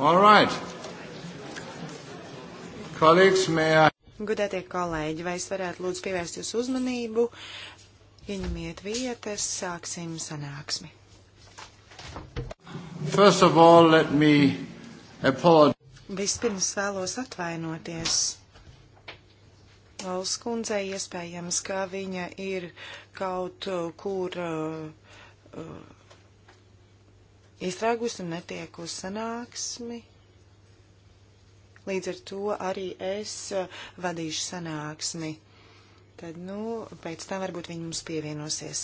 All right. Colleagues, may I... Gudētie kolēģi, vai es varētu lūdzu pievērst jūsu uzmanību? Ieņemiet vietas, sāksim sanāksmi. First of all, let me apologize. Vispirms vēlos atvainoties. Valsts kundzei iespējams, ka viņa ir kaut kur uh, uh, iestrēgusi un netiek uz sanāksmi. Līdz ar to arī es eh, vadīšu sanāksmi. Tad, nu, pēc tam varbūt viņi mums pievienosies.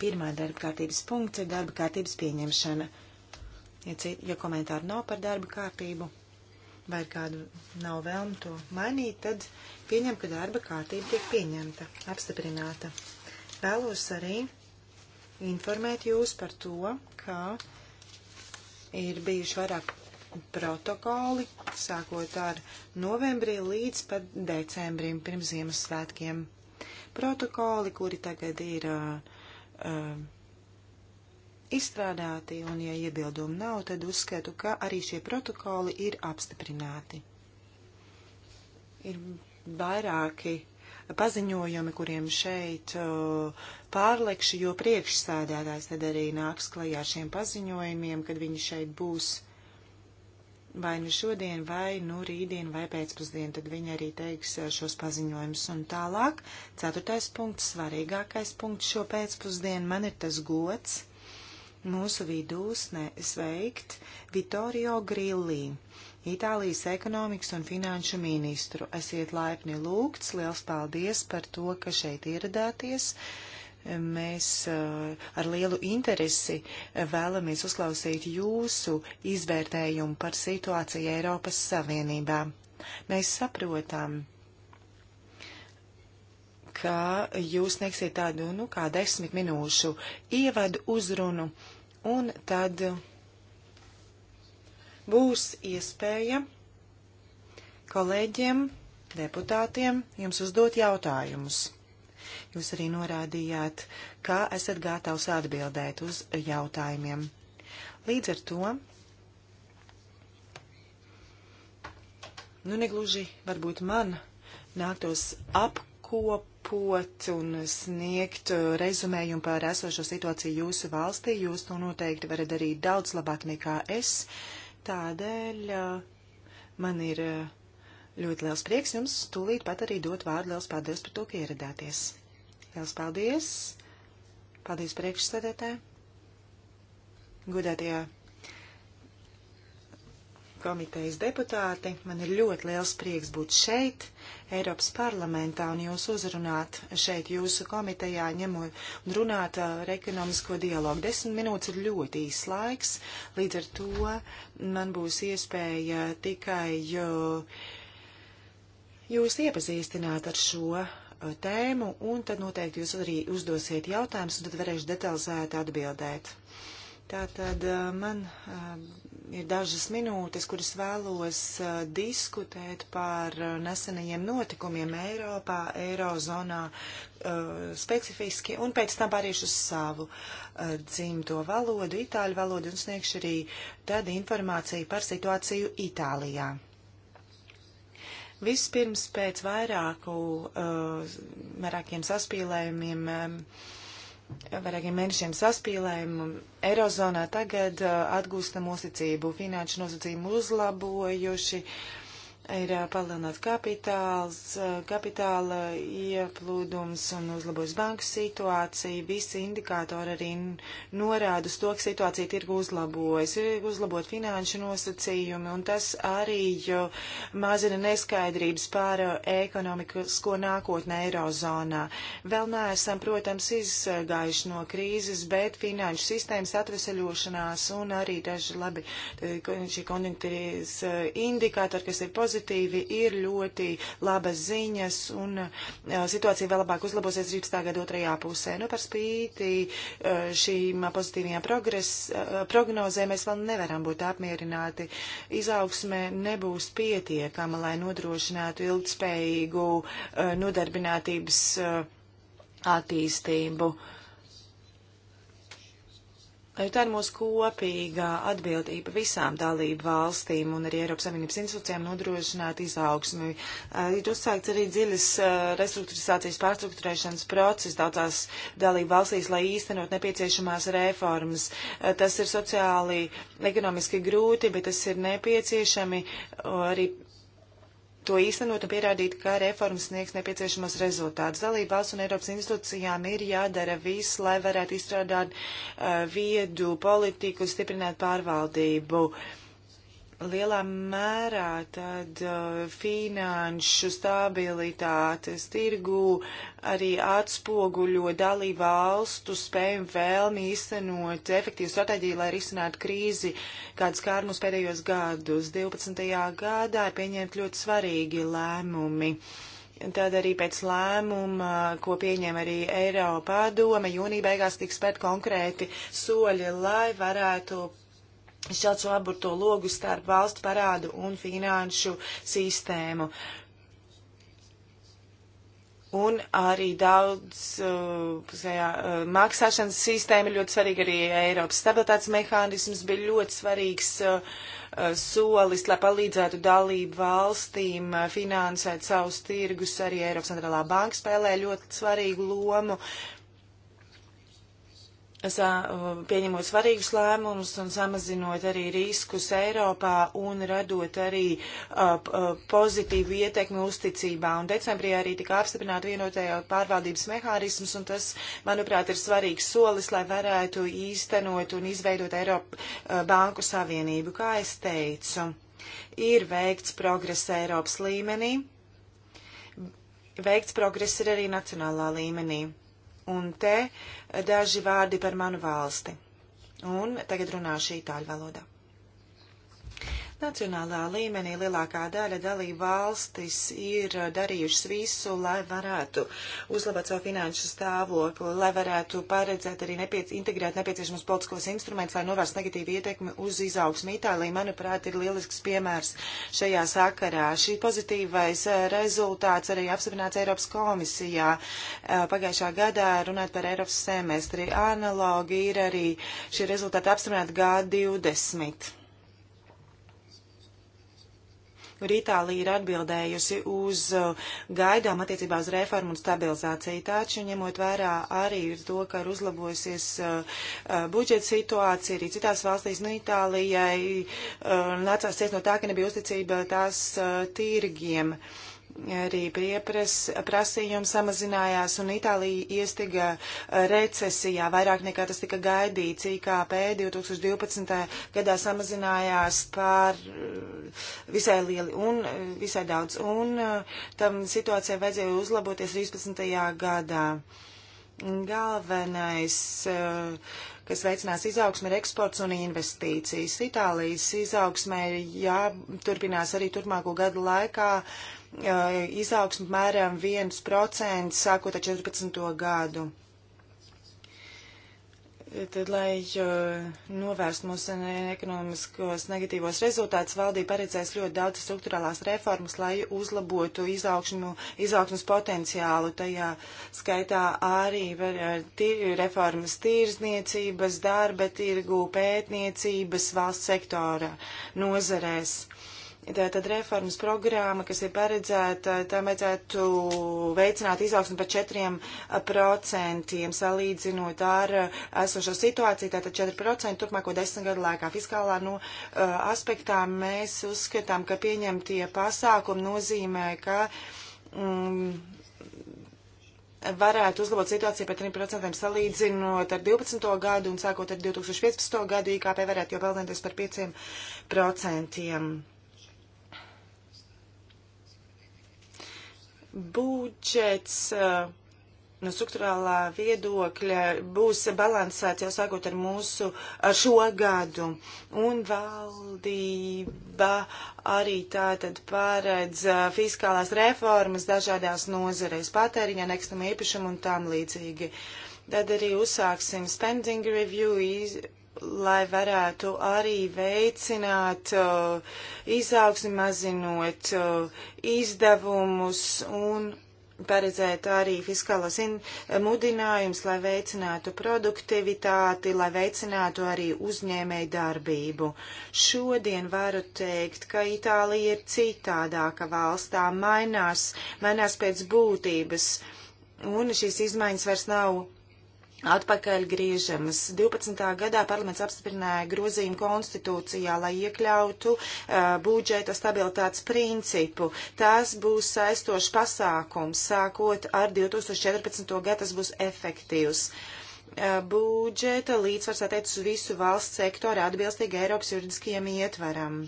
Pirmā darba kārtības punkts ir darba kārtības pieņemšana. Ja, cit, ja komentāri nav par darba kārtību, vai kādu nav vēlme to mainīt, tad pieņem, ka darba kārtība tiek pieņemta, apstiprināta. Vēlos arī informēt jūs par to, ka ir bijuši vairāk protokoli, sākot ar novembrī līdz pat decembrim pirms Ziemassvētkiem. Protokoli, kuri tagad ir uh, uh, izstrādāti, un ja iebildumi nav, tad uzskatu, ka arī šie protokoli ir apstiprināti. Ir vairāki paziņojumi, kuriem šeit uh, pārlekšu, jo priekšsēdētājs tad arī nāks klajā ar šiem paziņojumiem, kad viņi šeit būs vai nu šodien, vai nu rītdien, vai pēcpusdien, tad viņi arī teiks uh, šos paziņojumus. Un tālāk, ceturtais punkts, svarīgākais punkts šo pēcpusdienu, man ir tas gods mūsu vidū sveikt Vitorio Grillī Itālijas ekonomikas un finanšu ministru. Esiet laipni lūgts, liels paldies par to, ka šeit ieradāties. Mēs eh, ar lielu interesi eh, vēlamies uzklausīt jūsu izvērtējumu par situāciju Eiropas Savienībā. Mēs saprotam, ka jūs sniegsiet tādu, nu, kā desmit minūšu ievadu uzrunu, un tad uh, būs iespēja kolēģiem, deputātiem jums uzdot jautājumus. Jūs arī norādījāt, kā esat gatavs atbildēt uz jautājumiem. Līdz ar to, nu negluži varbūt man nāktos apkop apkopot un sniegt rezumējumu par esošo situāciju jūsu valstī. Jūs to noteikti varat darīt daudz labāk nekā es. Tādēļ man ir ļoti liels prieks jums tūlīt pat arī dot vārdu. Liels paldies par to, ka ieradāties. Liels paldies! Paldies priekšsēdētē! Godētie komitejas deputāti, man ir ļoti liels prieks būt šeit Eiropas parlamentā un jūs uzrunāt šeit jūsu komitejā, ņemot un runāt uh, ar ekonomisko dialogu. Desmit minūtes ir ļoti īs laiks, līdz ar to man būs iespēja tikai uh, jūs iepazīstināt ar šo uh, tēmu, un tad noteikti jūs arī uzdosiet jautājumus, un tad varēšu detalizēti atbildēt. Tātad man ir dažas minūtes, kuras vēlos uh, diskutēt par uh, nesenajiem notikumiem Eiropā, Eirozonā uh, specifiski, un pēc tam pāriešu uz savu uh, dzimto valodu, itāļu valodu, un sniegšu arī tad informāciju par situāciju Itālijā. Vispirms pēc vairāku, uh, vairākiem saspīlējumiem. Um, vairākiem mēnešiem saspīlējumu Eirozonā tagad uh, atgūstam uzticību. Finanšu nosacījumu uzlabojuši, uh, ir palielināts kapitāls, kapitāla ieplūdums un uzlabos banku situācija. Visi indikātori arī norāda uz to, ka situācija tirgu uzlabojas, ir uzlabot finanšu nosacījumi, un tas arī mazina neskaidrības pār ekonomisko nākotnē Eirozonā. Vēl neesam, protams, izgājuši no krīzes, bet finanšu sistēmas atveseļošanās un arī daži labi šī konjunktīvas indikātori, kas ir pozitīvi, pozitīvi, ir ļoti labas ziņas un situācija vēl labāk uzlabosies 13. gada otrajā pusē. Nu, par spīti šīm pozitīvajām prognozēm mēs vēl nevaram būt apmierināti. Izaugsme nebūs pietiekama, lai nodrošinātu ilgspējīgu nodarbinātības attīstību. Uh, Tā ir mūsu kopīgā atbildība visām dalību valstīm un arī Eiropas Savienības institūcijām nodrošināt izaugsmi. Ir uzsākts arī dziļas restruktūrizācijas pārstruktūrēšanas process daudzās dalību valstīs, lai īstenot nepieciešamās reformas. Tas ir sociāli, ekonomiski grūti, bet tas ir nepieciešami arī to īstenot un pierādīt, ka reformas sniegs nepieciešamos rezultātus. Dalībās un Eiropas institūcijām ir jādara viss, lai varētu izstrādāt uh, viedu politiku, stiprināt pārvaldību. Uh, lielā mērā tad uh, finanšu stabilitātes tirgu arī atspoguļo dalību valstu spēju un vēlmi izcenot efektīvu strateģiju, lai risinātu krīzi, kāds skār mums pēdējos gadus. 12. gadā ir pieņemti ļoti svarīgi lēmumi. Tad arī pēc lēmuma, ko pieņēma arī Eiropa padome, jūnija beigās tiks spērt konkrēti soļi, lai varētu šāds aburto logu starp valstu parādu un finanšu sistēmu. Un arī daudz uh, jā, uh, maksāšanas sistēma ir ļoti svarīga, arī Eiropas stabilitātes mehānisms bija ļoti svarīgs uh, uh solis, lai palīdzētu dalību valstīm uh, finansēt savus tirgus. Arī Eiropas centrālā banka spēlē ļoti svarīgu lomu. Uh, Um, pieņemot svarīgus lēmumus un samazinot arī riskus Eiropā un radot arī uh, uh pozitīvu ietekmi uzticībā. Un decembrī arī tika apstiprināta vienotējā pārvaldības mehānisms, un tas, manuprāt, ir svarīgs solis, lai varētu īstenot un izveidot Eiropu uh, Banku Savienību. Kā es teicu, ir veikts progress Eiropas līmenī, veikts progress ir arī nacionālā līmenī Un te daži vārdi par manu valsti. Un tagad runāšu itāļu valodā. Nacionālā līmenī lielākā daļa dalību valstis ir eh, darījušas visu, lai varētu uzlabot savu finanšu stāvokli, lai varētu paredzēt arī nepiec integrēt nepieciešamos politiskos instrumentus, lai novērst negatīvu ietekmi uz izaugsmu Itālijā. Manuprāt, ir lielisks piemērs šajā sakarā. Šī pozitīvais eh, rezultāts arī apstiprināts Eiropas komisijā eh, pagājušā gadā, runājot par Eiropas semestri. Analogi ir arī šie rezultāti apstiprināti G20 kur Itālija ir atbildējusi uz uh, gaidām attiecībā uz reformu un stabilizāciju. Taču ņemot vērā arī to, ka ir uzlabojusies uh, uh, budžeta situācija arī citās valstīs, nu Itālijai nācās ciest no tā, ka nebija uzticība tās tirgiem. Uh, arī pieprasījums samazinājās un Itālija iestiga eh, recesijā vairāk nekā tas tika gaidīts. IKP 2012. gadā samazinājās par eh, visai lieli un eh, visai daudz, un tam situācijai vajadzēja uzlaboties 13. gadā. Galvenais uh, kas veicinās izaugsmi ir eksports un investīcijas. Itālijas izaugsmē jāturpinās arī turpmāko gadu laikā izaugsmu mēram 1% sākot ar 14. gadu. Tad, lai novērstu mūsu ekonomiskos negatīvos rezultātus, valdība paredzēs ļoti daudz struktūrālās reformas, lai uzlabotu izaugšanu, izaugsmas potenciālu. Tajā skaitā arī var, tīr, reformas tīrzniecības, darba tirgu, pētniecības, valsts sektora nozarēs. Tātad reformas programma, kas ir paredzēta, tā vajadzētu veicināt izaugsmu par 4% salīdzinot ar esošo situāciju, tātad 4% turpmāko desmit gadu laikā. Fiskālā no, nu, uh, aspektā mēs uzskatām, ka pieņemtie pasākumi nozīmē, ka. Mm, varētu uzlabot situāciju par 3% salīdzinot ar 12. gadu un sākot ar 2015. gadu IKP varētu jau pelnēties par 5%. Budžets eh, no struktūrālā viedokļa būs balansēts jau sākot ar mūsu ar šo gadu. Un valdība arī tātad paredz eh, fiskālās reformas dažādās nozareis patēriņā, nekustamā īpašuma un tam līdzīgi. Tad arī uzsāksim spending review, iz, lai varētu arī veicināt uh, izaugsmi, mazinot uh, izdevumus un paredzēt arī fiskālos eh, mudinājumus, lai veicinātu produktivitāti, lai veicinātu arī uzņēmēju darbību. Šodien varu teikt, ka Itālija ir citādāka valstā, mainās, mainās pēc būtības, un šīs izmaiņas vairs nav atpakaļ griežamas. 12. gadā parlaments apstiprināja grozījumu konstitūcijā, lai iekļautu uh, budžeta stabilitātes principu. Tas būs saistošs pasākums, sākot ar 2014. gadu tas būs efektīvs. Uh, budžeta līdzsvars attiec uz visu valsts sektoru atbilstīgi Eiropas juridiskajiem ietvaram.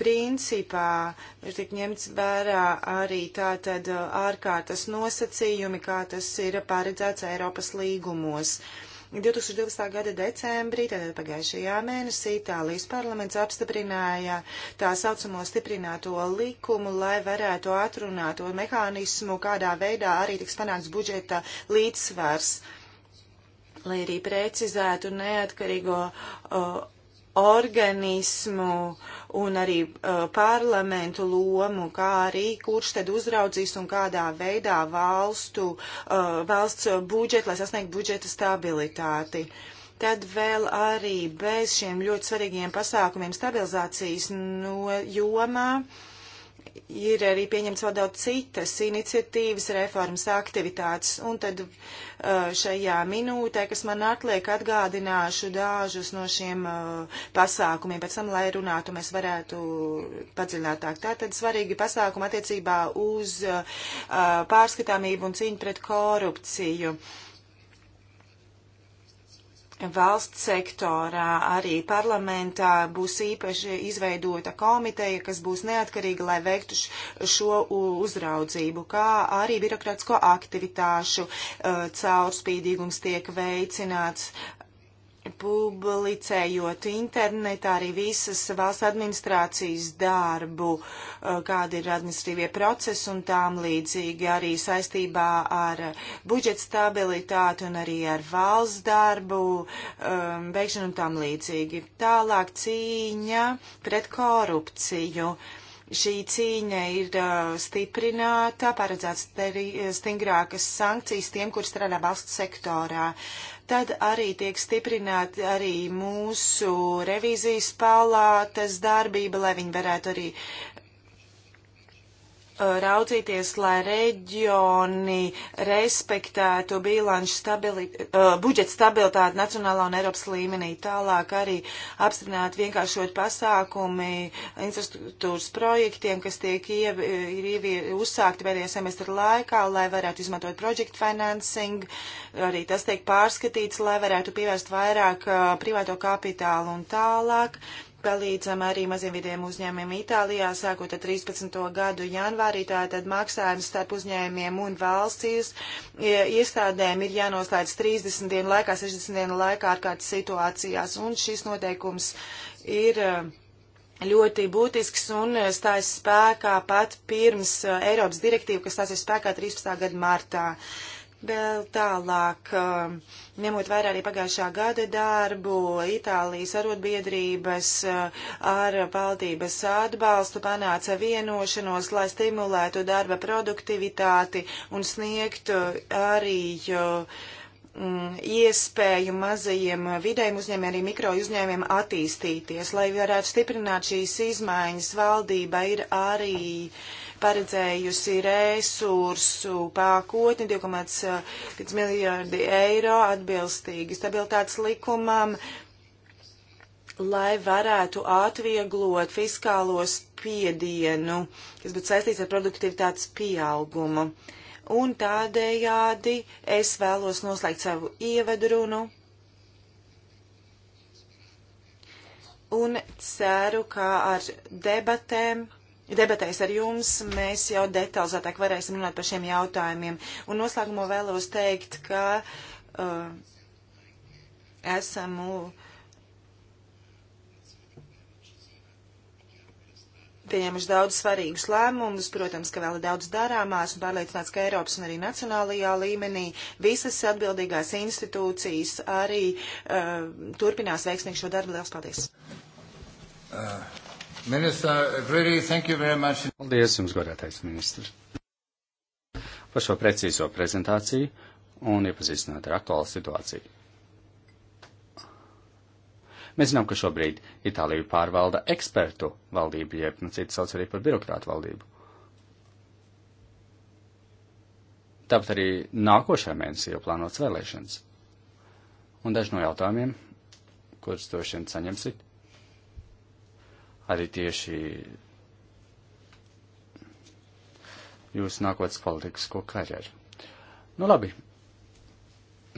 Principā ir tik ņemts vērā arī tātad uh, ārkārtas nosacījumi, kā tas ir paredzēts Eiropas līgumos. 2020. gada decembrī, tātad pagājušajā mēnesī, Itālijas parlaments apstiprināja tā saucamo stiprināto likumu, lai varētu atrunāt to mehānismu, kādā veidā arī tiks panāks budžeta līdzsvars lai arī precizētu neatkarīgo uh, organismu un arī uh, parlamentu lomu, kā arī kurš tad uzraudzīs un kādā veidā valstu, uh, valsts budžetu, lai sasniegtu budžeta stabilitāti. Tad vēl arī bez šiem ļoti svarīgiem pasākumiem stabilizācijas no jomā. Uh, ir arī pieņemts vēl daudz citas iniciatīvas, reformas, aktivitātes. Un tad uh, šajā minūtē, kas man atliek, atgādināšu dažus no šiem uh, pasākumiem. Pēc tam, lai runātu, mēs varētu padziļinātāk. Tātad svarīgi pasākumi attiecībā uz uh, pārskatāmību un cīņu pret korupciju. Uh, valsts sektorā, arī parlamentā būs īpaši izveidota komiteja, kas būs neatkarīga, lai veiktu šo uzraudzību, kā arī birokrātsko aktivitāšu uh, caurspīdīgums tiek veicināts, publicējot internetā arī visas valsts administrācijas darbu, eh, kādi ir administratīvie procesi un tām līdzīgi arī saistībā ar budžeta stabilitāti un arī ar valsts darbu, ehm, veikšanu um, un tām līdzīgi. Tālāk cīņa pret korupciju. Uh, Šī cīņa ir uh, stiprināta, paredzēts stingrākas sankcijas tiem, kur strādā valsts sektorā. Tad arī tiek stiprināta arī mūsu revīzijas palātas darbība, lai viņi varētu arī uh, Eh, raudzīties, lai reģioni respektētu bilanšu stabili, uh, budžeta stabilitāti nacionālā un Eiropas līmenī. Tālāk arī apstiprināt vienkāršot pasākumi infrastruktūras projektiem, kas tiek iev, ir, ir uzsākti pēdējā semestra laikā, lai varētu izmantot project financing. Arī tas tiek pārskatīts, lai varētu pievērst vairāk uh, privāto kapitālu un tālāk. Uh, palīdzam arī maziem vidiem uzņēmumiem Itālijā, sākot ar 13. gadu janvārī, tātad maksājums starp uzņēmumiem un valsts iestādēm ir jānoslēdz 30 dienu laikā, 60 dienu laikā ārkārtas situācijās, un šis noteikums ir e, ļoti būtisks un e, stājas spēkā pat pirms e, Eiropas direktīva, kas stāsies spēkā 13. gada martā. Uh, Vēl tālāk, um, ņemot vērā arī pagājušā gada darbu, Itālijas arotbiedrības uh, ar valdības atbalstu panāca vienošanos, lai stimulētu darba produktivitāti un sniegtu arī uh, mm, iespēju mazajiem vidējiem uzņēmiem, arī mikro uzņēmiem attīstīties. Lai varētu stiprināt šīs izmaiņas, valdība ir arī uh, paredzējusi resursu pakotni 2,5 miljardi eiro atbilstīgi stabilitātes likumam, lai varētu atvieglot fiskālo spiedienu, kas būtu saistīts ar produktivitātes pieaugumu. Un tādējādi es vēlos noslēgt savu ievadrunu un ceru, ka ar debatēm debatēs ar jums, mēs jau detalizētāk varēsim runāt par šiem jautājumiem. Un noslēgumā vēlos teikt, ka uh, esam. Pieņēmuši daudz svarīgus lēmumus, protams, ka vēl ir daudz darāmās un pārliecināts, ka Eiropas un arī nacionālajā līmenī visas atbildīgās institūcijas arī uh, turpinās veiksmīgi šo darbu. Lielas paldies! Uh. Minister, really, thank you very much. Paldies jums, godātais ministrs, par šo precīzo prezentāciju un iepazīstināt ar aktuālu situāciju. Mēs zinām, ka šobrīd Itāliju pārvalda ekspertu valdību, jeb, nu, citi sauc arī par birokrātu valdību. Tāpat arī nākošajā mēnesī jau plānotas vēlēšanas. Un daži no jautājumiem, kurus to šodien saņemsit, arī tieši jūsu nākotnes politisko karjeru. Nu labi,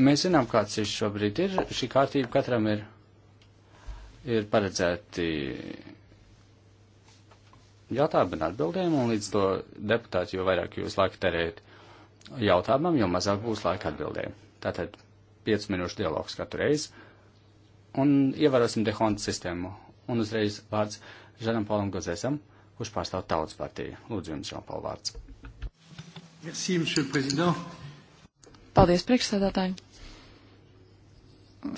mēs zinām, kāds ir šobrīd ir. Šī kārtība katram ir, ir paredzēti jautājumi un atbildēm, un līdz to deputāti, jo vairāk jūs laika terēt jautājumam, jo mazāk būs laika atbildēm. Tātad 5 minūšu dialogs katru reizi, un ievērosim dehonta sistēmu Un uzreiz vārds Žanam Paulam Gozesam, kurš pārstāv Tautas partiju. Lūdzu, jums, Žan Paul, vārds. Merci, monsieur le président. Paldies, priekšsēdētāji.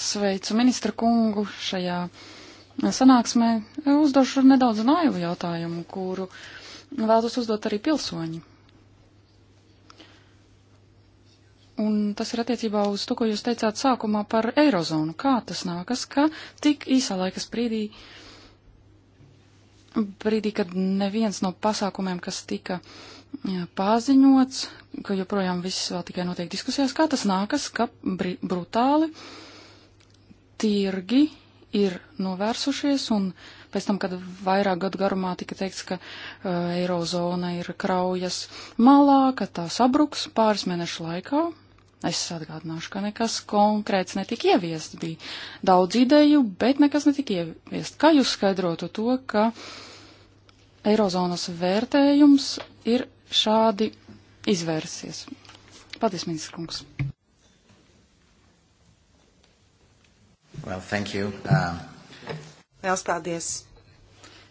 Sveicu ministra kungu šajā sanāksmē. Uzdošu nedaudz naivu jautājumu, kuru vēlos uzdot arī pilsoņi. Un tas ir attiecībā uz to, ko jūs teicāt sākumā par Eirozonu. Kā tas nākas, ka tik īsā laika sprīdī, brīdī, kad neviens no pasākumiem, kas tika jā, paziņots, ka joprojām viss vēl tikai notiek diskusijās, kā tas nākas, ka bri, brutāli tirgi ir novērsušies un pēc tam, kad vairāk gadu garumā tika teikts, ka uh, Eirozona ir kraujas malā, ka tā sabruks pāris mēnešu laikā, Es atgādināšu, ka nekas konkrēts netika ieviests. Bija daudz ideju, bet nekas netika ieviests. Kā jūs skaidrotu to, ka Eirozonas vērtējums ir šādi izvērsies? Paldies, ministrs kungs. Well, thank you. Um... Liels paldies.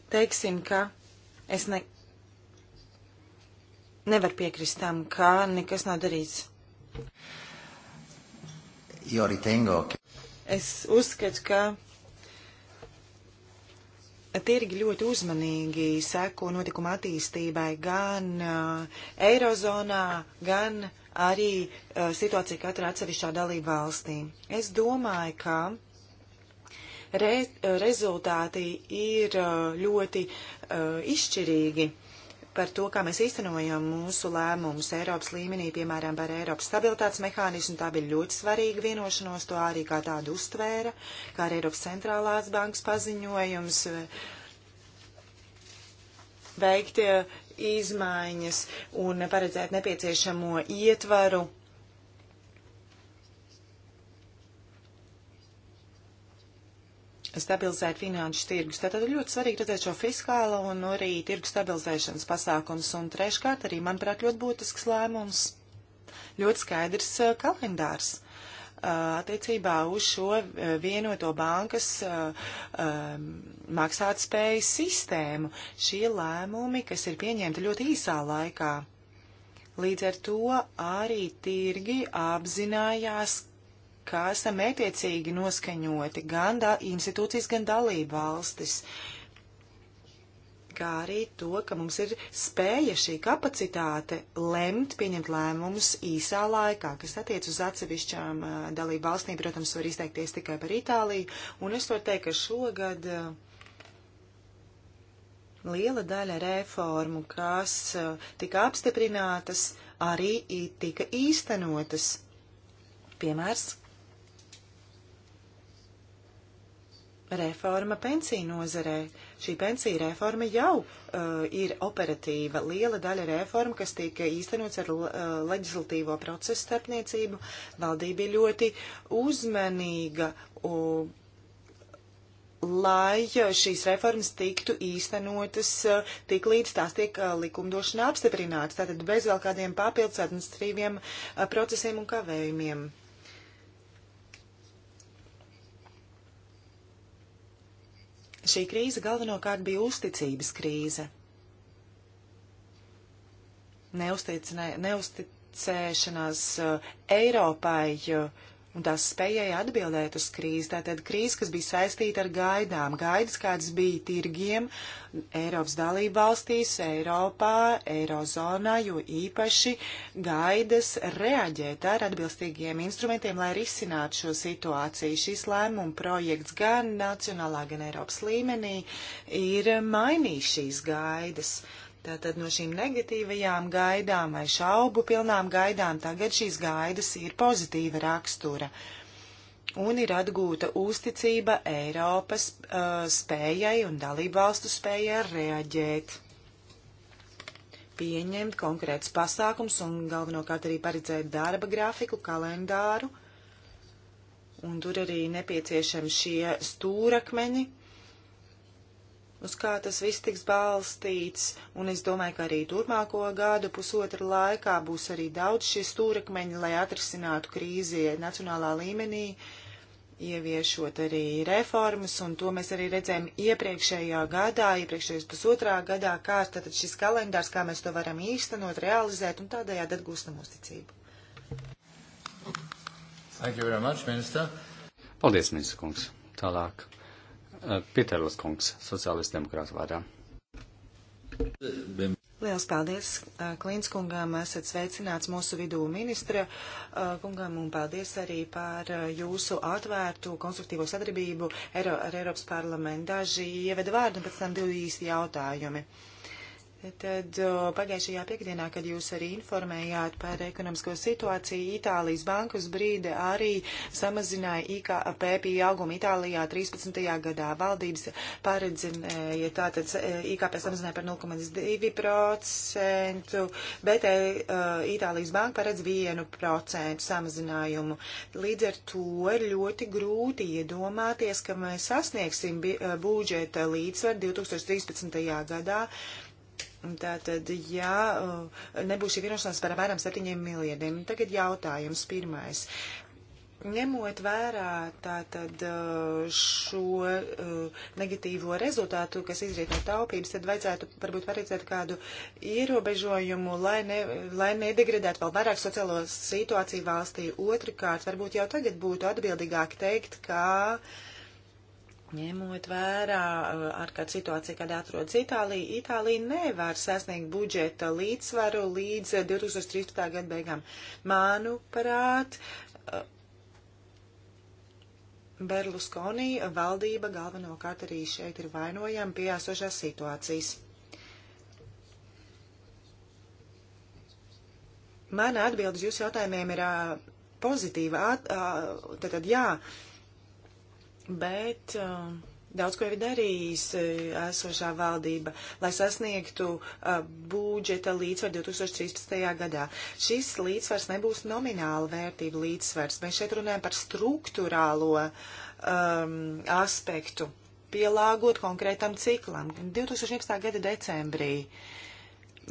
Teiksim, ka es ne... nevaru piekrist tam, ka nekas nav darīts. Io ritengo che... Es uzskatu, ka tirgi ļoti uzmanīgi seko notikuma attīstībai gan uh, Eirozonā, gan arī uh, situācija katrā atsevišķā dalība valstī. Es domāju, ka re, uh, rezultāti ir uh, ļoti uh, izšķirīgi par to, kā mēs īstenojam mūsu lēmumus Eiropas līmenī, piemēram, par Eiropas stabilitātes mehānismu. Tā bija ļoti svarīga vienošanos, to arī kā tādu uztvēra, kā arī Eiropas centrālās bankas paziņojums veikt eh, izmaiņas un paredzēt nepieciešamo ietvaru stabilizēt finanšu tirgus. Tātad ir ļoti svarīgi redzēt šo fiskālo un arī tirgu stabilizēšanas pasākums. Un treškārt arī, manuprāt, ļoti būtisks lēmums, ļoti skaidrs uh, kalendārs uh, attiecībā uz šo uh, vienoto bankas um, maksātspējas sistēmu. Šie lēmumi, kas ir pieņemti ļoti īsā laikā. Līdz ar to arī tirgi apzinājās, ka esam mētiecīgi noskaņoti gan da, institūcijas, gan dalība valstis, kā arī to, ka mums ir spēja šī kapacitāte lemt, pieņemt lēmumus īsā laikā, kas attiec uz atsevišķām uh, dalību valstīm, protams, var izteikties tikai par Itāliju, un es varu teikt, ka šogad uh, liela daļa reformu, kas uh, tika apstiprinātas, arī tika īstenotas. Piemērs reforma pensiju nozarē. Šī pensiju reforma jau uh, ir operatīva. Liela daļa reforma, kas tiek īstenots ar uh, leģislatīvo procesu starpniecību, valdība ir ļoti uzmanīga, uh, lai šīs reformas tiktu īstenotas uh, tik līdz tās tiek uh, likumdošanā apstiprinātas, tātad bez vēl kādiem papildus administratīviem uh, procesiem un kavējumiem. Uh, Šī krīze galvenokārt bija uzticības krīze. Neusticēšanās uh, Eiropai uh, un tās spējēja atbildēt uz krīzi. Tātad krīze, kas bija saistīta ar gaidām, gaidas, kādas bija tirgiem Eiropas dalībvalstīs, Eiropā, Eirozonā, jo īpaši gaidas reaģēt ar atbilstīgiem instrumentiem, lai risinātu šo situāciju. Šis lēmuma projekts gan nacionālā, gan Eiropas līmenī ir mainījis šīs gaidas. Uh, Tātad no šīm negatīvajām gaidām vai šaubu pilnām gaidām tagad šīs gaidas ir pozitīva rakstura. Un ir atgūta uzticība Eiropas uh, spējai un dalībvalstu spējai reaģēt, pieņemt konkrētus pasākums un galvenokārt arī paredzēt darba grafiku, kalendāru. Un tur arī nepieciešami šie stūrakmeņi, uh, uz kā tas viss tiks balstīts, un es domāju, ka arī turpmāko gadu pusotra laikā būs arī daudz šie stūrakmeņi, lai atrisinātu krīzi nacionālā līmenī, ieviešot arī reformas, un to mēs arī redzējām iepriekšējā gadā, iepriekšējais pusotrā gadā, kā tad šis kalendārs, kā mēs to varam īstenot, realizēt, un tādējādi atgūstam uzticību. Thank you very much, minister. Paldies, ministra kungs. Tālāk. Piterlis kungs, sociālistu demokrātu vārdā. Liels paldies Klīns kungām, esat sveicināts mūsu vidū ministra kungām un paldies arī par jūsu atvērtu konstruktīvo sadarbību ar Eiropas parlamentu. Daži ievada vārdu un pēc tam divi īsti jautājumi. Uh, Tad pagājušajā piekdienā, kad jūs arī informējāt par ekonomisko situāciju, Itālijas bankas brīde arī samazināja IKP pieaugumu Itālijā 13. gadā. Valdības paredzināja tātad e, IKP samazināja par 0,2%, bet e, Itālijas banka paredz 1% samazinājumu. Līdz ar to ir ļoti grūti iedomāties, ka mēs sasniegsim e, budžeta līdzsvaru 2013. gadā. Tātad, ja uh, nebūs šī vienošanās par apmēram 7 miljoniem, tagad jautājums pirmais. Ņemot vērā tātad uh, šo uh, negatīvo rezultātu, kas izriet no taupības, tad vajadzētu varbūt paredzēt kādu ierobežojumu, lai, ne, lai nedegradētu vēl vairāk sociālo situāciju valstī. Otrakārt, varbūt jau tagad būtu atbildīgāk teikt, ka. Uh, ņemot vērā uh, ar kādu situāciju, kad atrodas Itālija, Itālija nevar sasniegt budžeta līdzsvaru līdz 2013. Uh, gada beigām. Manuprāt, uh, Berluskonī valdība galvenokārt arī šeit ir vainojama pie esošās situācijas. Mana atbildes jūsu jautājumiem ir pozitīva. At, tad, tad jā, uh, bet uh, daudz ko ir darījis uh, esošā valdība, lai sasniegtu uh, budžeta līdzsvaru 2013. gadā. Šis līdzsvars nebūs nomināla vērtība līdzsvars. Mēs šeit runājam par struktūrālo um, aspektu, pielāgot konkrētam ciklam. 2011. gada decembrī uh,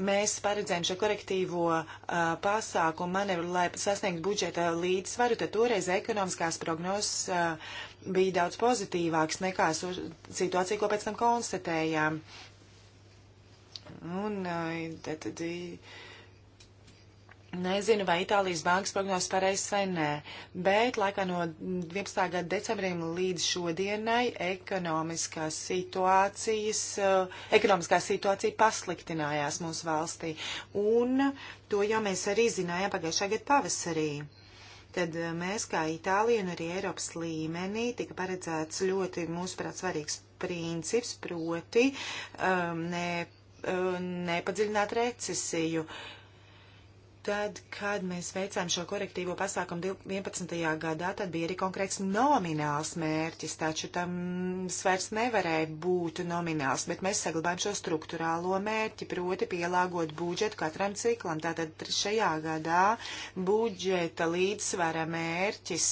mēs paredzējām šo korektīvo uh, pasākumu manevru, lai sasniegtu budžeta līdzsvaru, tad toreiz ekonomiskās prognozes uh, bija daudz pozitīvāks nekā situācija, ko pēc tam konstatējām. Un uh, tad, tad, tad Nezinu, vai Itālijas bankas prognozes pareizs vai nē, bet laikā no 12. gada decembrim līdz šodienai ekonomiskā, situācijas, eh, ekonomiskā situācija pasliktinājās mūsu valstī. Un to jau mēs arī zinājām pagājušā gada pavasarī. Tad eh, mēs, kā Itālija un arī Eiropas līmenī, tika paredzēts ļoti, mūsuprāt, svarīgs princips, proti um, ne, um, nepadziļināt recesiju. Uh, Tad, kad mēs veicām šo korektīvo pasākumu 11. gadā, tad bija arī konkrēts nomināls mērķis, taču tam svairs nevarēja būt nomināls, bet mēs saglabājam šo struktūrālo mērķi, proti pielāgot budžetu katram ciklam. Tātad šajā gadā budžeta līdzsvara mērķis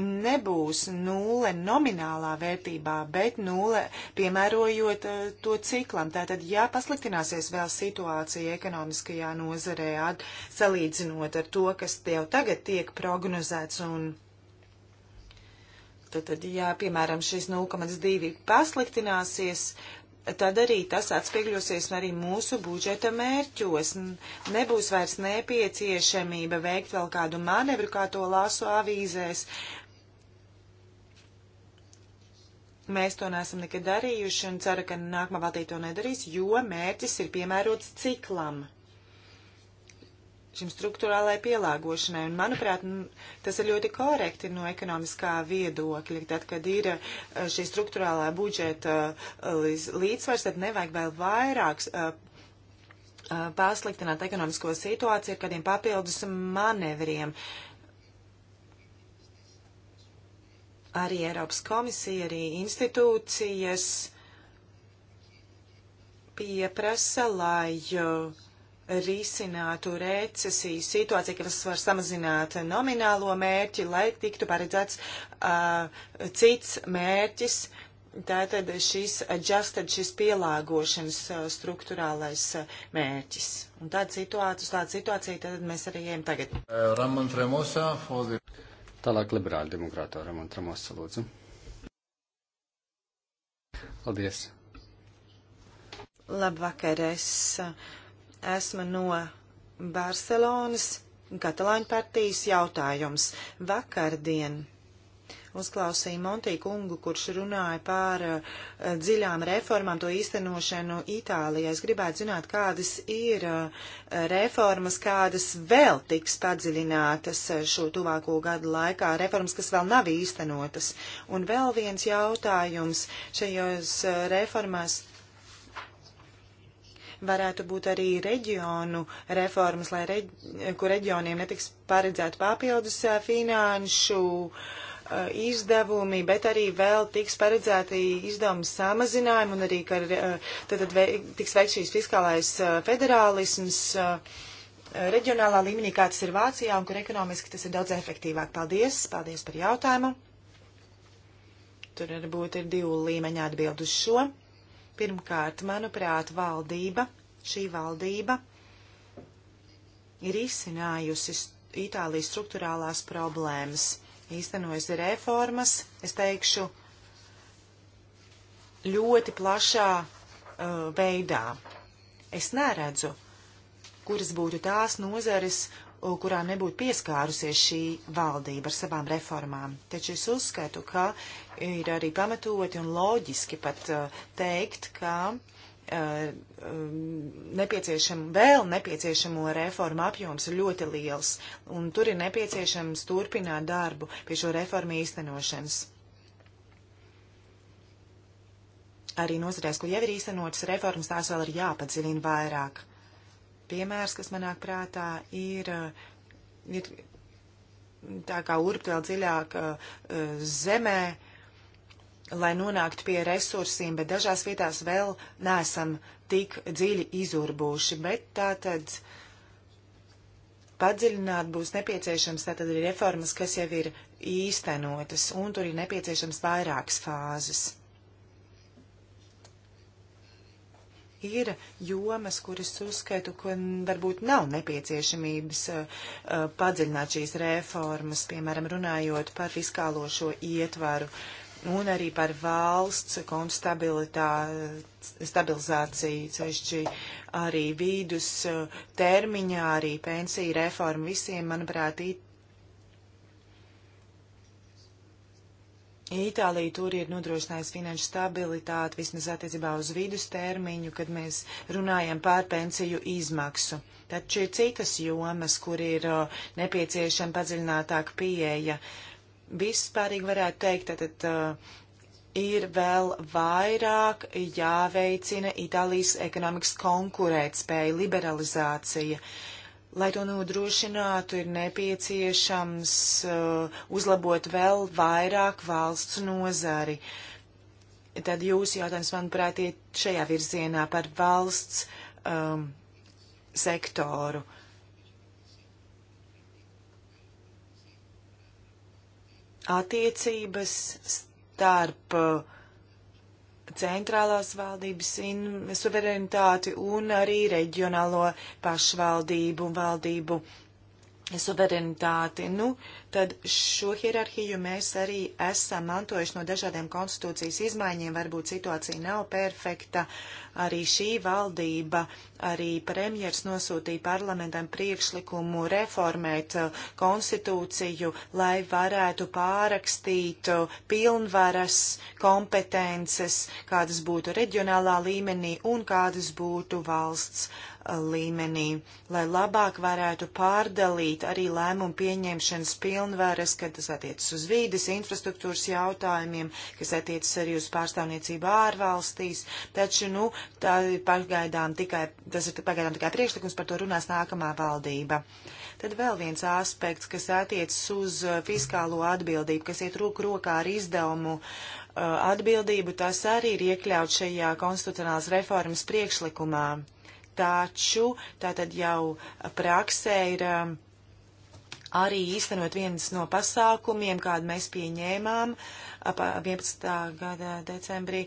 nebūs nulle nominālā vērtībā, bet nulle piemērojot eh, to ciklam. Tātad, ja pasliktināsies vēl situācija ekonomiskajā nozarē, at, salīdzinot ar to, kas jau tagad tiek prognozēts un. Tātad, ja, piemēram, šis 0,2 pasliktināsies, tad arī tas atspiegļosies arī mūsu budžeta mērķos. Nebūs vairs nepieciešamība veikt vēl kādu manevru, kā to lasu avīzēs, Mēs to neesam nekad darījuši un ceru, ka nākamā valdība to nedarīs, jo mērķis ir piemērots ciklam, šim struktūrālai pielāgošanai. Un, manuprāt, tas ir ļoti korekti no ekonomiskā viedokļa. Tad, kad ir uh, šī struktūrālā budžeta uh, līdzsvars, tad nevajag vēl vairāk uh, pasliktināt ekonomisko situāciju ar kādiem papildus manevriem. Uh, arī Eiropas komisija, arī institūcijas pieprasa, lai uh, risinātu recesijas situāciju, kas var samazināt nominālo mērķi, lai tiktu paredzēts uh, cits mērķis. Tātad šis adjusted, šis pielāgošanas uh, struktūrālais uh, mērķis. Un tāda situācija, tāda situācija, tad mēs arī ejam tagad. Ramon Tremosa, for the... Tālāk liberāļu demokrātoram un tramosa lūdzu. Paldies. Labvakar, es uh, esmu no Barcelonas, Katalāņu partijas jautājums. Vakardien Uzklausīja Monti kungu, kurš runāja par uh, dziļām reformām, to īstenošanu Itālijā. Es gribētu zināt, kādas ir uh, reformas, kādas vēl tiks padziļinātas eh, šo tuvāko gadu laikā, reformas, kas vēl nav īstenotas. Un vēl viens jautājums šajos uh, reformās varētu būt arī reģionu reformas, lai reģ, kur reģioniem netiks paredzēt papildus finanšu uh, Eh, izdevumi, bet arī vēl tiks paredzēti izdevumu samazinājumi un arī, ka eh, tad, tad tiks veikts šīs fiskālais eh, federālisms reģionālā līmenī, kā tas ir Vācijā, un kur ekonomiski tas ir daudz efektīvāk. Paldies, paldies par jautājumu. Tur varbūt ir divu līmeņu atbild uz šo. Pirmkārt, manuprāt, valdība, šī valdība ir izcinājusi Itālijas struktūrālās problēmas īstenojas reformas, es teikšu, ļoti plašā uh, veidā. Es neredzu, kuras būtu tās nozares, kurām nebūtu pieskārusies šī valdība ar savām reformām. Taču es uzskatu, ka ir arī pamatoti un loģiski pat uh, teikt, ka uh, Uh, um, nepieciešam, vēl nepieciešamo reformu apjoms ir ļoti liels, un tur ir nepieciešams turpināt darbu pie šo reformu īstenošanas. Arī nozarēs, kur jau ir īstenotas reformas, tās vēl ir jāpadziļina vairāk. Piemērs, kas manāk prātā, ir, uh, ir tā kā urbt vēl dziļāk uh, zemē, lai nonāktu pie resursiem, bet dažās vietās vēl neesam tik dziļi izurbūši. Bet tā tad padziļināt būs nepieciešams, tā tad ir reformas, kas jau ir īstenotas, un tur ir nepieciešams vairākas fāzes. ir jomas, kuras uzskaitu, ka varbūt nav nepieciešamības uh, padziļināt šīs reformas, piemēram, runājot par fiskālo šo ietvaru un arī par valsts kontu stabilizāciju, ceļšķi arī vīdus eh, termiņā, arī pensiju reformu visiem, manuprāt, it Itālija tur ir nodrošinājusi finanšu stabilitāti vismaz attiecībā uz vidus termiņu, kad mēs runājam par pensiju izmaksu. Taču ir citas jomas, kur ir eh, nepieciešama padziļinātāka pieeja. Uh, vispārīgi varētu teikt, tad uh, ir vēl vairāk jāveicina Itālijas ekonomikas konkurētspēja, liberalizācija. Lai to nodrošinātu, ir nepieciešams uh, uzlabot vēl vairāk valsts nozari. Tad jūsu jautājums, manuprāt, ir šajā virzienā par valsts um, sektoru. Uh, attiecības starp uh, centrālās valdības suverenitāti un arī reģionālo pašvaldību un valdību suverenitāti. Nu, uh, tad šo hierarhiju mēs arī esam mantojuši no dažādiem konstitūcijas izmaiņiem. Varbūt situācija nav perfekta. Arī šī valdība, arī premjers nosūtīja parlamentam priekšlikumu reformēt uh, konstitūciju, lai varētu pārakstīt uh, pilnvaras, kompetences, kādas būtu reģionālā līmenī un kādas būtu valsts uh, līmenī, lai labāk varētu pārdalīt arī lēmumu pieņemšanas pilnvaras pilnvaras, kad tas attiecas uz vīdes, infrastruktūras jautājumiem, kas attiecas arī uz pārstāvniecību ārvalstīs. Taču, nu, tā ir pagaidām tikai, tas ir pagaidām tikai priekšlikums, par to runās nākamā valdība. Tad vēl viens aspekts, kas attiecas uz uh, fiskālo atbildību, kas iet roku rokā ar izdevumu uh, atbildību, tas arī ir iekļauts šajā konstitucionālas reformas priekšlikumā taču tātad jau praksē ir um, arī īstenot viens no pasākumiem, kādu mēs pieņēmām 11. gada decembrī,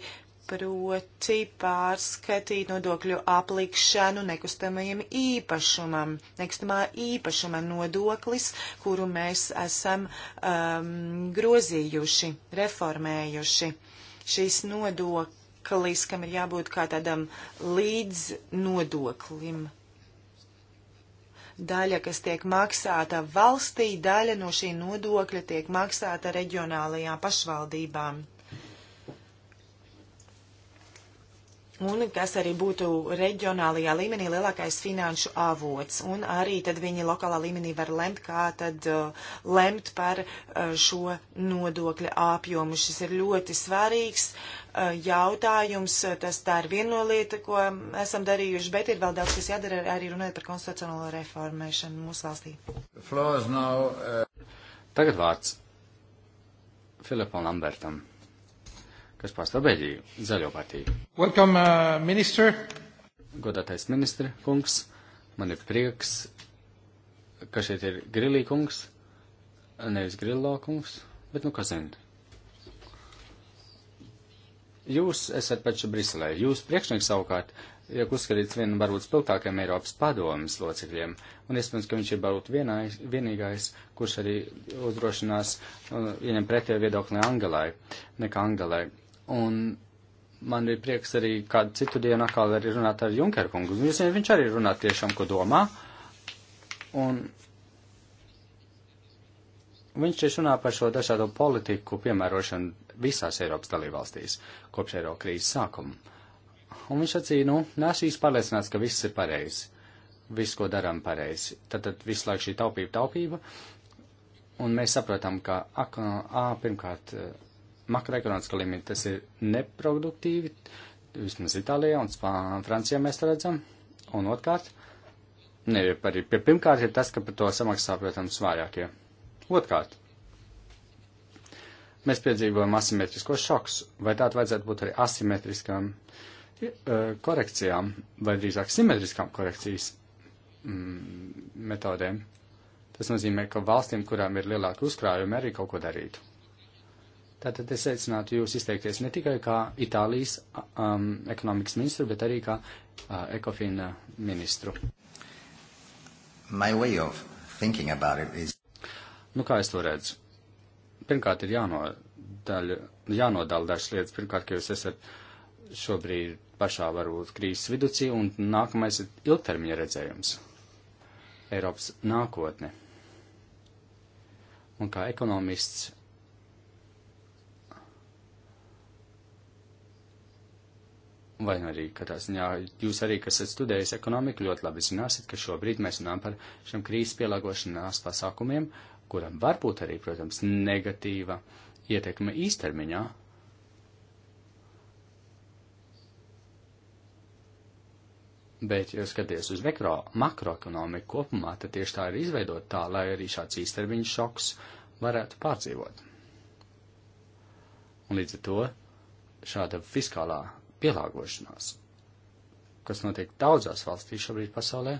proti pārskatīt nodokļu aplikšanu nekustamajam īpašumam, nekustamā īpašuma nodoklis, kuru mēs esam um, grozījuši, reformējuši. Šis nodoklis, kam ir jābūt kā tādam līdznodoklim, daļa, kas tiek maksāta valstī, daļa no šī nodokļa tiek maksāta reģionālajām pašvaldībām. un kas arī būtu reģionālajā līmenī lielākais finanšu avots. Un arī tad viņi lokālā līmenī var lemt, kā tad uh, lemt par uh, šo nodokļa apjomu. Šis ir ļoti svarīgs uh, jautājums. Tas tā ir viena no lieta, ko esam darījuši, bet ir vēl daudz, kas jādara arī runājot par konstitucionālo reformēšanu mūsu valstī. Now, uh, Tagad vārds Filipam Lambertam kas pārstāv Beļģiju, Zaļo partiju. Welcome, uh, minister! Godātais ministra kungs, man ir prieks, ka šeit ir Grilī kungs, nevis Grillā kungs, bet nu kas zina. Jūs esat paši Briselē, jūs priekšnieks savukārt tiek uzskatīts vienam varbūt spilgtākiem Eiropas padomas locekļiem, un iespējams, ka viņš ir varbūt vienais, vienīgais, kurš arī uzdrošinās uh, viņam pretējo viedokli Angelai, nekā Angelai. Un man bija prieks arī kādu citu dienu atkal arī runāt ar Junkeru kungu. Jūs zināt, viņš arī runā tiešām, ko domā. Un viņš tieši runā par šo dažādo politiku piemērošanu visās Eiropas dalībvalstīs kopš Eiro krīzes sākuma. Un viņš acīja, nu, nesīs pārliecināts, ka viss ir pareizi. Viss, ko darām pareizi. Tad, tad visu laiku šī taupība, taupība. Un mēs saprotam, ka, ak, ā, pirmkārt, makroekonomiska līmenī tas ir neproduktīvi, vismaz Itālijā un Spānijā, Francijā mēs to redzam. Un otrkārt, ne, arī pie pirmkārt ir tas, ka par to samaksā, protams, vājākie. Otrkārt, mēs piedzīvojam asimetriskos šoks, vai tāda vajadzētu būt arī asimetriskām uh, korekcijām, vai drīzāk simetriskām korekcijas mm, metodēm. Tas nozīmē, ka valstīm, kurām ir lielāki uzkrājumi, arī kaut ko darītu. Tātad es aicinātu jūs izteikties ne tikai kā Itālijas um, ekonomikas ministru, bet arī kā uh, ekofina ministru. Is... Nu, kā es to redzu? Pirmkārt, ir jānodaļ, jānodala dažas lietas. Pirmkārt, ka jūs esat šobrīd pašā varbūt krīzes viducī, un nākamais ir ilgtermiņa redzējums. Eiropas nākotne. Un kā ekonomists vai arī, ka tās, jā, jūs arī, kas esat studējis ekonomiku, ļoti labi zināsiet, ka šobrīd mēs runājam par šiem krīzes pielāgošanās pasākumiem, kuram var būt arī, protams, negatīva ietekme īstermiņā. Bet, ja skaties uz mikro, makroekonomiku kopumā, tad tieši tā ir izveidot tā, lai arī šāds īstermiņa šoks varētu pārdzīvot. Un līdz ar to šāda fiskālā pielāgošanās, kas notiek daudzās valstīs šobrīd pasaulē,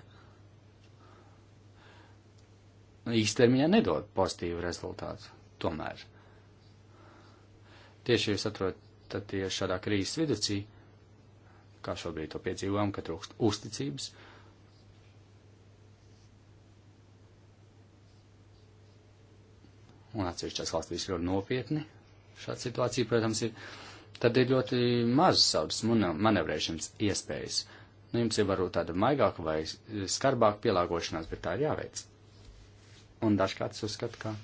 nu, īstermiņā nedod pozitīvu rezultātu. Tomēr tieši jūs atrodat tieši šādā krīzes viducī, kā šobrīd to piedzīvojam, ka trūkst uzticības. Un atsevišķās valstīs ļoti nopietni šāda situācija, protams, ir tad ir ļoti maz savas manevrēšanas iespējas. Nu, jums ir varbūt tāda maigāka vai skarbāka pielāgošanās, bet tā ir jāveic. Un dažkārt es uzskatu, ka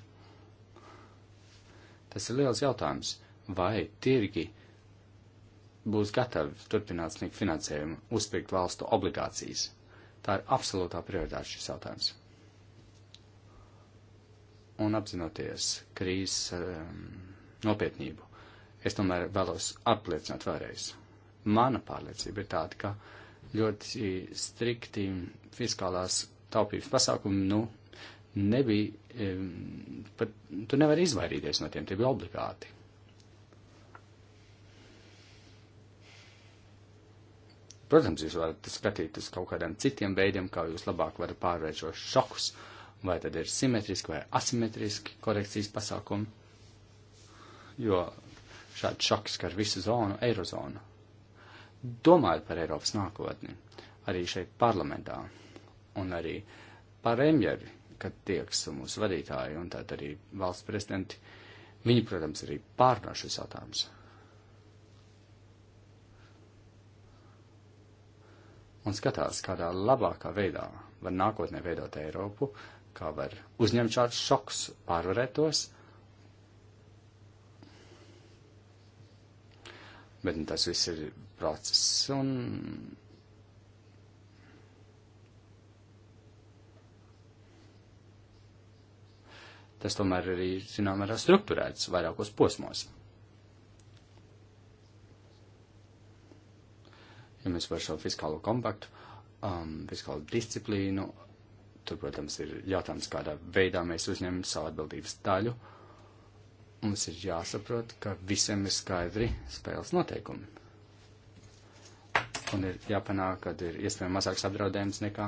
tas ir liels jautājums, vai tirgi būs gatavi turpināt sniegt finansējumu, uzpirkt valstu obligācijas. Tā ir absolūtā prioritāte šis jautājums. Un apzinoties krīzes um, nopietnību, es tomēr vēlos apliecināt vēlreiz. Mana pārliecība ir tāda, ka ļoti strikti fiskālās taupības pasākumi, nu, nebija, pat tu nevari izvairīties no tiem, tie bija obligāti. Protams, jūs varat skatīt uz kaut kādiem citiem veidiem, kā jūs labāk varat pārvērt šos šokus, vai tad ir simetriski vai asimetriski korekcijas pasākumi, jo Šāds šoks skar visu zonu, eirozonu. Domājot par Eiropas nākotni, arī šeit parlamentā, un arī par premjeri, kad tieks mūsu vadītāji, un tad arī valsts prezidenti, viņi, protams, arī pārnā šis jautājums. Un skatās, kādā labākā veidā var nākotnē veidot Eiropu, kā var uzņemt šādus šoks, pārvarēt tos, Bet nu, tas viss ir process un. Tas tomēr arī, zinām, ir strukturēts vairākos posmos. Ja mēs varam šo fiskālo kompaktu, um, fiskālo disciplīnu, tur, protams, ir jautājums, kādā veidā mēs uzņemam savu atbildības daļu. Uh, Mums ir jāsaprot, ka visiem ir skaidri spēles noteikumi. Un ir jāpanāk, ka ir iespējami mazāks apdraudējums nekā,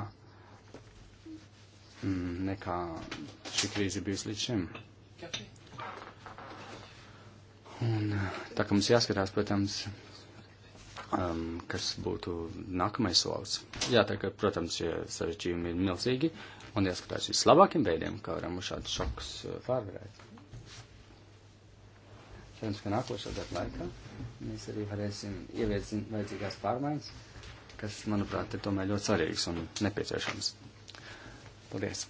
mm, nekā šī krīze bijusi līdz šim. Un tā kā mums jāskatās, protams, um, kas būtu nākamais solis. Jā, tā kā, protams, ja sarežģījumi ir milzīgi, un jāskatās vislabākiem veidiem, kā varam šādus šokus uh, pārvarēt. Cerams, ka nākošā gada laikā mēs arī varēsim ieviest vajadzīgās pārmaiņas, kas, manuprāt, ir tomēr ļoti svarīgas un nepieciešamas. Paldies!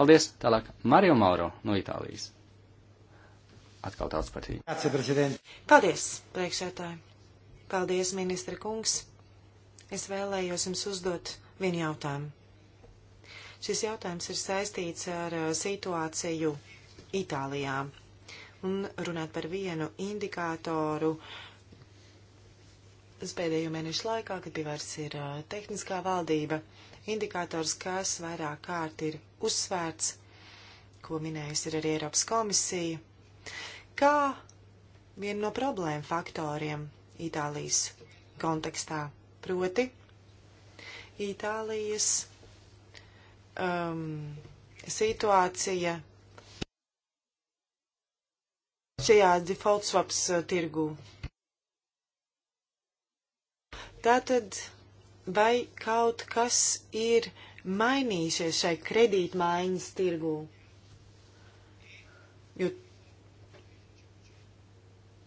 Paldies! Tālāk Mario Mauro no Itālijas. Atkal tāds patīk. Paldies, priekšsētāji! Paldies, ministra kungs! Es vēlējos jums uzdot vienu jautājumu. Šis jautājums ir saistīts ar situāciju Itālijā un runāt par vienu indikātoru pēdējo mēnešu laikā, kad pie vairs ir uh, tehniskā valdība. Indikators, kas vairāk kārt ir uzsvērts, ko minējusi ir arī Eiropas komisija, kā vienu no problēmu faktoriem Itālijas kontekstā. Proti, Itālijas um, situācija šajā default swaps uh, tirgū. Tātad, vai kaut kas ir mainījušies šai kredītmaiņas tirgū? Jo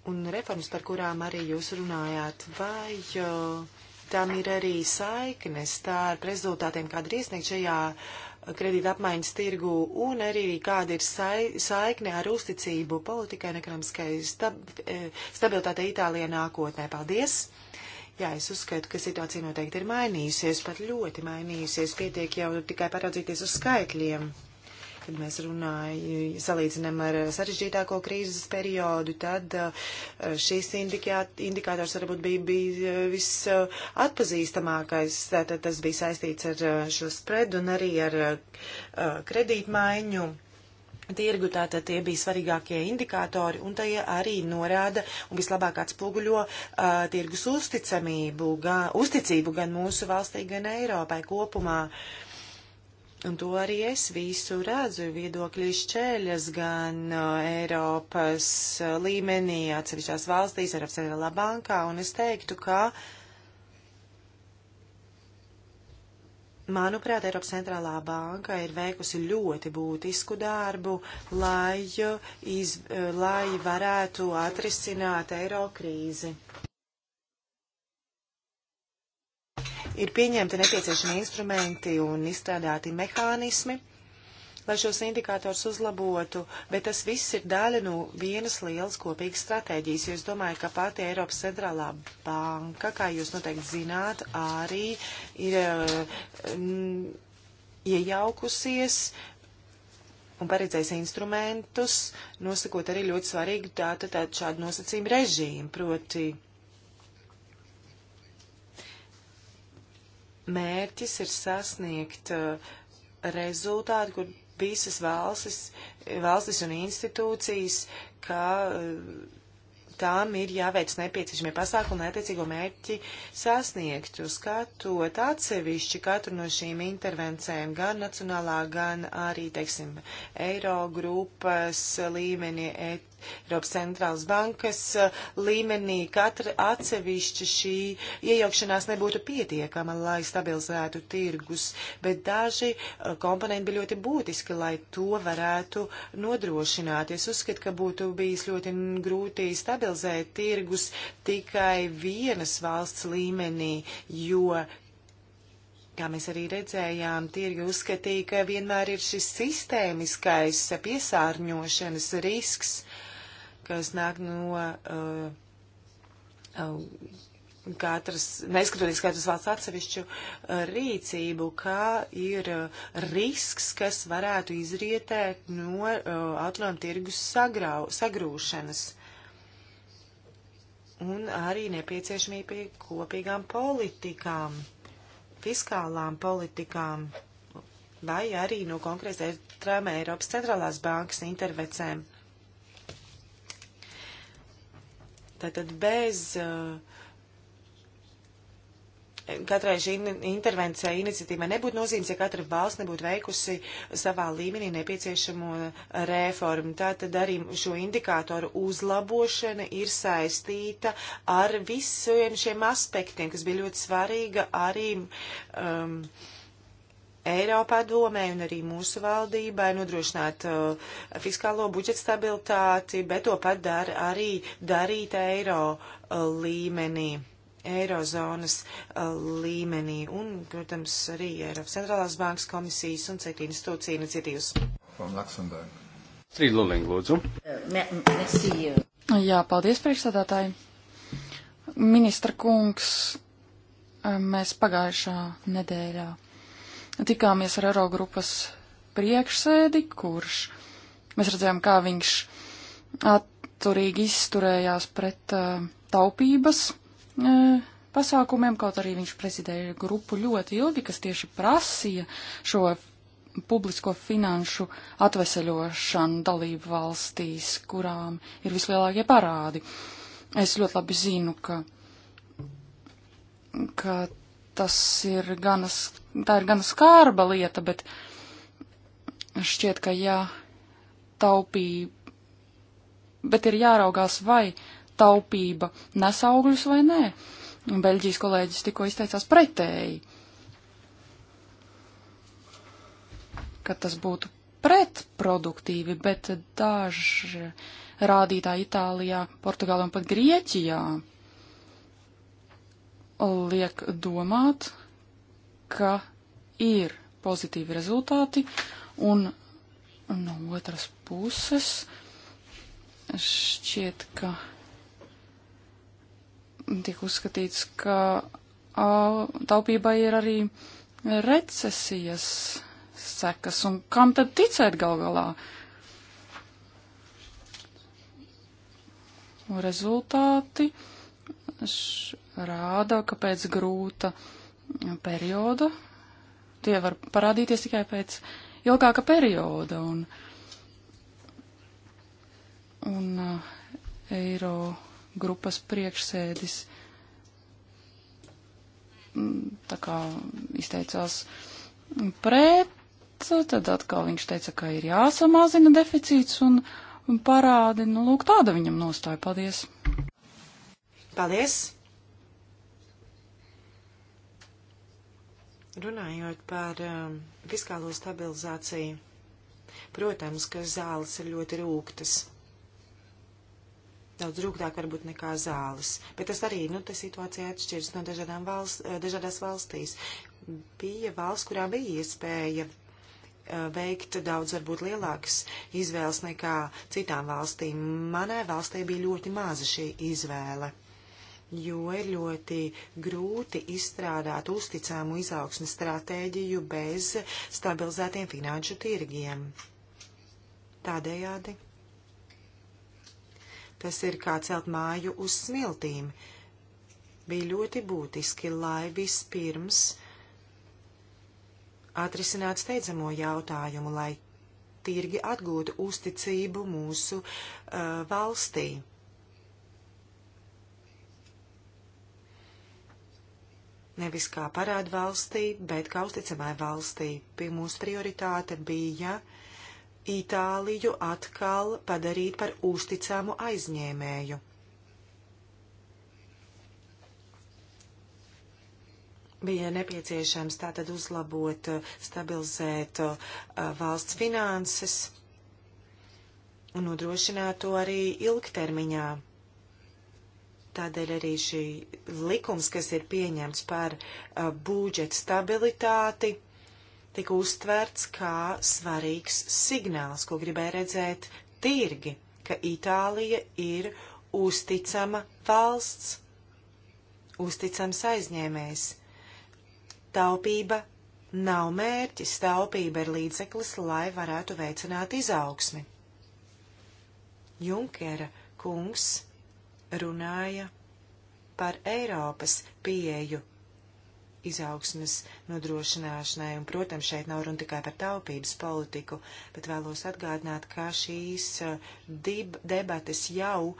un reformas, par kurām arī jūs runājāt, vai jo, uh, tam ir arī saiknes tā ar rezultātiem, kāda ir iesniegta šajā uh, kredīta apmaiņas tirgu un arī kāda ir sai, saikne ar uzticību politikai un ekonomiskai stab, e, stabilitātei Itālijā nākotnē. Paldies! Jā, es uzskatu, ka situācija noteikti ir mainījusies, pat ļoti mainījusies. Pietiek jau tikai paraudzīties uz skaitļiem kad mēs runājam, salīdzinām ar sarežģītāko krīzes periodu, tad eh, šīs indikātors varbūt bija, bija visatpazīstamākais. Tātad tas bija saistīts ar eh, šo spredu un arī ar eh, kredītmaiņu. Tirgu tātad tie bija svarīgākie indikātori, un tie arī norāda un vislabāk atspoguļo uh, tirgus uzticamību, gan, uzticību gan mūsu valstī, gan Eiropai kopumā. Uh, Un to arī es visu redzu viedokļu šķēļas gan uh, Eiropas uh, līmenī, atsevišķās valstīs, Eiropas Centrālā bankā, un es teiktu, ka, manuprāt, Eiropas Centrālā banka ir veikusi ļoti būtisku darbu, lai, uh, iz, uh, lai varētu atrisināt eiro krīzi. Ir pieņemti nepieciešami instrumenti un izstrādāti mehānismi, lai šos indikātors uzlabotu, bet tas viss ir daļa no vienas lielas kopīgas stratēģijas, jo es domāju, ka pati Eiropas centrālā banka, kā jūs noteikti zināt, arī ir mm, iejaukusies un paredzēs instrumentus, nosakot arī ļoti svarīgu tātad tā, šādu nosacījumu režīmu, proti mērķis ir sasniegt uh, rezultātu, kur visas valstis, valstis un institūcijas, ka uh, tām ir jāveic nepieciešamie pasākumi, lai attiecīgo mērķi sasniegtu. Skatot atsevišķi katru no šīm intervencēm, gan nacionālā, gan arī, teiksim, eiro grupas līmenī, et, Eiropas centrālas bankas eh, līmenī katra atsevišķa šī iejaukšanās nebūtu pietiekama, lai stabilizētu tirgus, bet daži eh, komponenti bija ļoti būtiski, lai to varētu nodrošināt. Es uzskatu, ka būtu bijis ļoti grūti stabilizēt tirgus tikai vienas valsts līmenī, jo kā mēs arī redzējām, tirgi uzskatīja, ka vienmēr ir šis sistēmiskais piesārņošanas risks, kas nāk no uh, uh katras, neskatoties katras valsts atsevišķu uh, rīcību, kā ir uh, risks, kas varētu izrietēt no uh, atlēm tirgus sagrau, sagrūšanas. Un arī nepieciešamība pie kopīgām politikām, fiskālām politikām, vai arī no konkrētām Eiropas centrālās bankas intervecēm. Tātad bez eh, katrai šī intervencija iniciatīvai nebūtu nozīmes, ja katra valsts nebūtu veikusi savā līmenī nepieciešamo eh, reformu. Tātad arī šo indikātoru uzlabošana ir saistīta ar visiem šiem aspektiem, kas bija ļoti svarīga arī. Um, Eiropā domē un arī mūsu valdībai nodrošināt uh, fiskālo budžetu stabilitāti, bet to pat dar, arī darīt eiro uh, līmenī, eirozonas uh, līmenī un, protams, arī Eiropas centrālās bankas komisijas un citu institūciju iniciatīvas. Strīd Luling, lūdzu. Uh, uh. Jā, paldies priekšsādātāji. Ministra kungs, uh, mēs pagājušā nedēļā tikāmies ar Eirogrupas priekšsēdi, kurš mēs redzējām, kā viņš atturīgi izturējās pret uh, taupības uh, pasākumiem, kaut arī viņš prezidēja grupu ļoti ilgi, kas tieši prasīja šo publisko finanšu atveseļošanu dalību valstīs, kurām ir vislielākie parādi. Es ļoti labi zinu, ka, ka tas ir ganas tā ir gan skārba lieta, bet šķiet, ka jā, taupība, bet ir jāraugās, vai taupība nes augļus vai nē. Beļģijas kolēģis tikko izteicās pretēji, ka tas būtu pretproduktīvi, bet daži rādītāji Itālijā, Portugālē un pat Grieķijā liek domāt, ka ir pozitīvi rezultāti, un no otras puses šķiet, ka tiek uzskatīts, ka taupībai ir arī recesijas sekas, un kam tad ticēt gal galā? Rezultāti rāda, ka pēc grūta uh, periodu. Tie var parādīties tikai pēc ilgāka perioda. Un, un uh, eiro grupas priekšsēdis mm, tā kā izteicās pret, tad atkal viņš teica, ka ir jāsamazina deficīts un, un parādi. Nu, lūk, tāda viņam nostāja. Paldies! Paldies! Runājot par um, fiskālo stabilizāciju, protams, ka zāles ir ļoti rūgtas. Daudz rūgtāk varbūt nekā zāles, bet tas arī, nu, tā situācija atšķiras no dažādām valsts, eh, dažādās valstīs. Bija valsts, kurā bija iespēja eh, veikt daudz, varbūt lielākas izvēles nekā citām valstīm. Manai valstī bija ļoti maza šī izvēle jo ir ļoti grūti izstrādāt uzticāmu izaugsmes stratēģiju bez stabilizētiem finanšu tirgiem. Tādējādi tas ir kā celt māju uz smiltīm. Bija ļoti būtiski, lai vispirms atrisināt steidzamo jautājumu, lai tirgi atgūtu uzticību mūsu uh, valstī nevis kā parādu valstī, bet kā uzticamai valstī. Pie mūsu prioritāte bija Itāliju atkal padarīt par uzticamu aizņēmēju. bija nepieciešams tātad uzlabot, stabilizēt uh, valsts finanses un nodrošināt to arī ilgtermiņā. Tādēļ arī šī likums, kas ir pieņemts par uh, būdžeta stabilitāti, tika uztverts kā svarīgs signāls, ko gribēja redzēt tirgi, ka Itālija ir uzticama valsts, uzticams aizņēmējs. Taupība nav mērķis, taupība ir līdzeklis, lai varētu veicināt izaugsmi. Junkera kungs runāja par Eiropas pieeju izaugsmes nodrošināšanai, un, protams, šeit nav runa tikai par taupības politiku, bet vēlos atgādināt, ka šīs uh, debates jau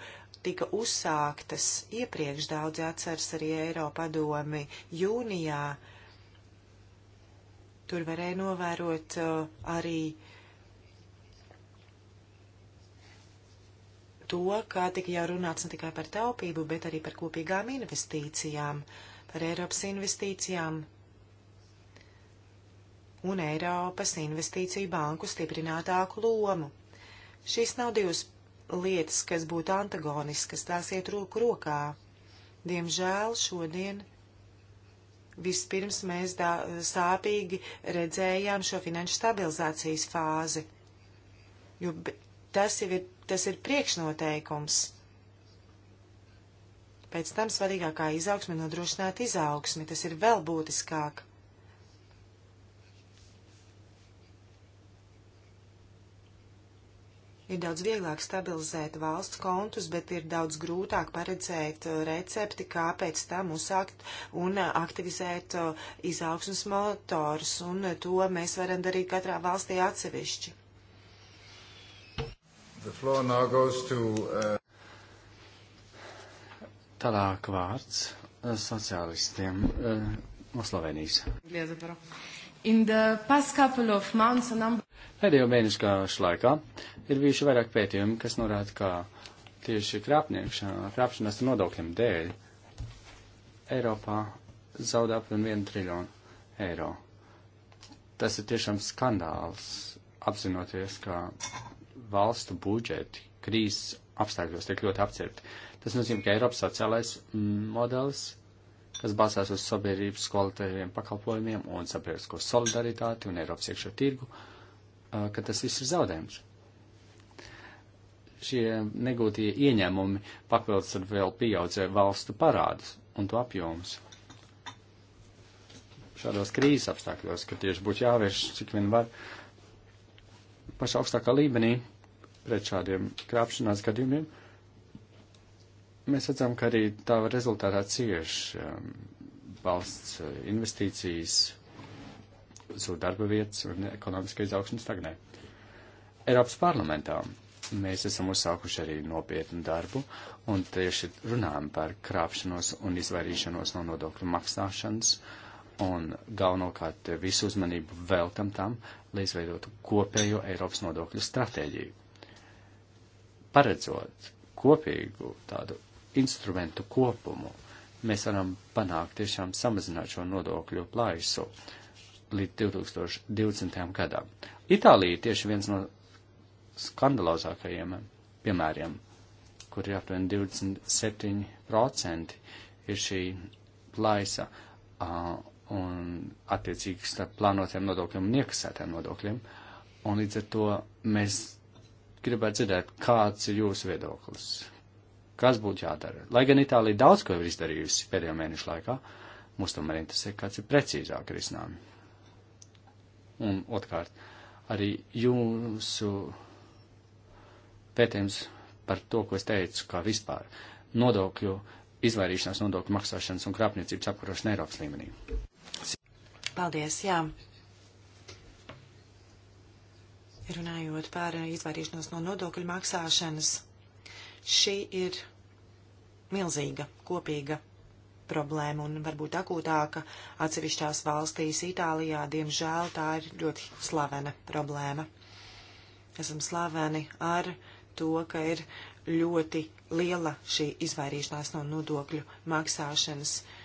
tika uzsāktas iepriekš daudzi atceras arī Eiropa domi jūnijā. Tur varēja novērot uh, arī uh, to, kā tika jau runāts ne tikai par taupību, bet arī par kopīgām investīcijām, par Eiropas investīcijām un Eiropas investīciju banku stiprinātāku lomu. Šīs nav divas lietas, kas būtu antagoniskas, tās iet roku rokā. Diemžēl šodien vispirms mēs dā, sāpīgi redzējām šo finanšu stabilizācijas fāzi, jo Tas jau ir, tas ir priekšnoteikums. Pēc tam svarīgākā izaugsme nodrošināt izaugsmi, tas ir vēl būtiskāk. Ir daudz vieglāk stabilizēt valsts kontus, bet ir daudz grūtāk paredzēt uh, recepti, kā pēc tam uzsākt un uh, aktivizēt uh, izaugsmas motors, un to mēs varam darīt katrā valstī atsevišķi. The floor now goes to. Uh... Tālāk vārds uh, sociālistiem uh, no Slovenijas. Number... Pēdējo mēnešu gājušu laikā ir bijuši vairāk pētījumi, kas norāda, ka tieši krāpšanās nodokļiem dēļ Eiropā zaudē apmēram 1 triljonu eiro. Tas ir tiešām skandāls, apzinoties, ka valstu budžeti krīzes apstākļos tiek ļoti apcerti. Tas nozīmē, ka Eiropas sociālais modelis, kas balstās uz sabiedrības kvalitātiem pakalpojumiem un sabiedrisko solidaritāti un Eiropas iekšā tirgu, ka tas viss ir zaudējums. Šie negūtie ieņēmumi papildus ar vēl pieaudzē valstu parādus un to apjomus. Šādos krīzes apstākļos, ka tieši būtu jāvērš, cik vien var, pašā augstākā līmenī pret šādiem krāpšanās gadījumiem, mēs redzam, ka arī tā rezultātā cieš um, valsts uh, investīcijas, zūd darba vietas un ekonomiskā izaugsme stagnē. Eiropas parlamentā mēs esam uzsākuši arī nopietnu darbu un tieši runājam par krāpšanos un izvairīšanos no nodokļu maksāšanas un galvenokārt visu uzmanību veltam tam, lai izveidotu kopējo Eiropas nodokļu stratēģiju paredzot kopīgu tādu instrumentu kopumu, mēs varam panākt tiešām samazināt šo nodokļu plaisu līdz 2020. gadam. Itālija ir tieši viens no skandalozākajiem piemēriem, kur ir aptuveni 27% ir šī plaisa uh, un attiecīgi starp plānotiem nodokļiem un iekasētiem nodokļiem. Un līdz ar to mēs gribētu dzirdēt, kāds ir jūsu viedoklis. Kas būtu jādara? Lai gan Itālija daudz ko ir izdarījusi pēdējo mēnešu laikā, mums tomēr interesē, kāds ir precīzāk risinājumi. Un otrkārt, arī jūsu pētījums par to, ko es teicu, kā vispār nodokļu izvairīšanās, nodokļu maksāšanas un krāpniecības apkarošana Eiropas līmenī. Paldies, jā. Runājot par izvairīšanos no nodokļu maksāšanas, šī ir milzīga kopīga problēma un varbūt akūtāka atsevišķās valstīs. Itālijā, diemžēl, tā ir ļoti slavena problēma. Esam slaveni ar to, ka ir ļoti liela šī izvairīšanās no nodokļu maksāšanas. Uh,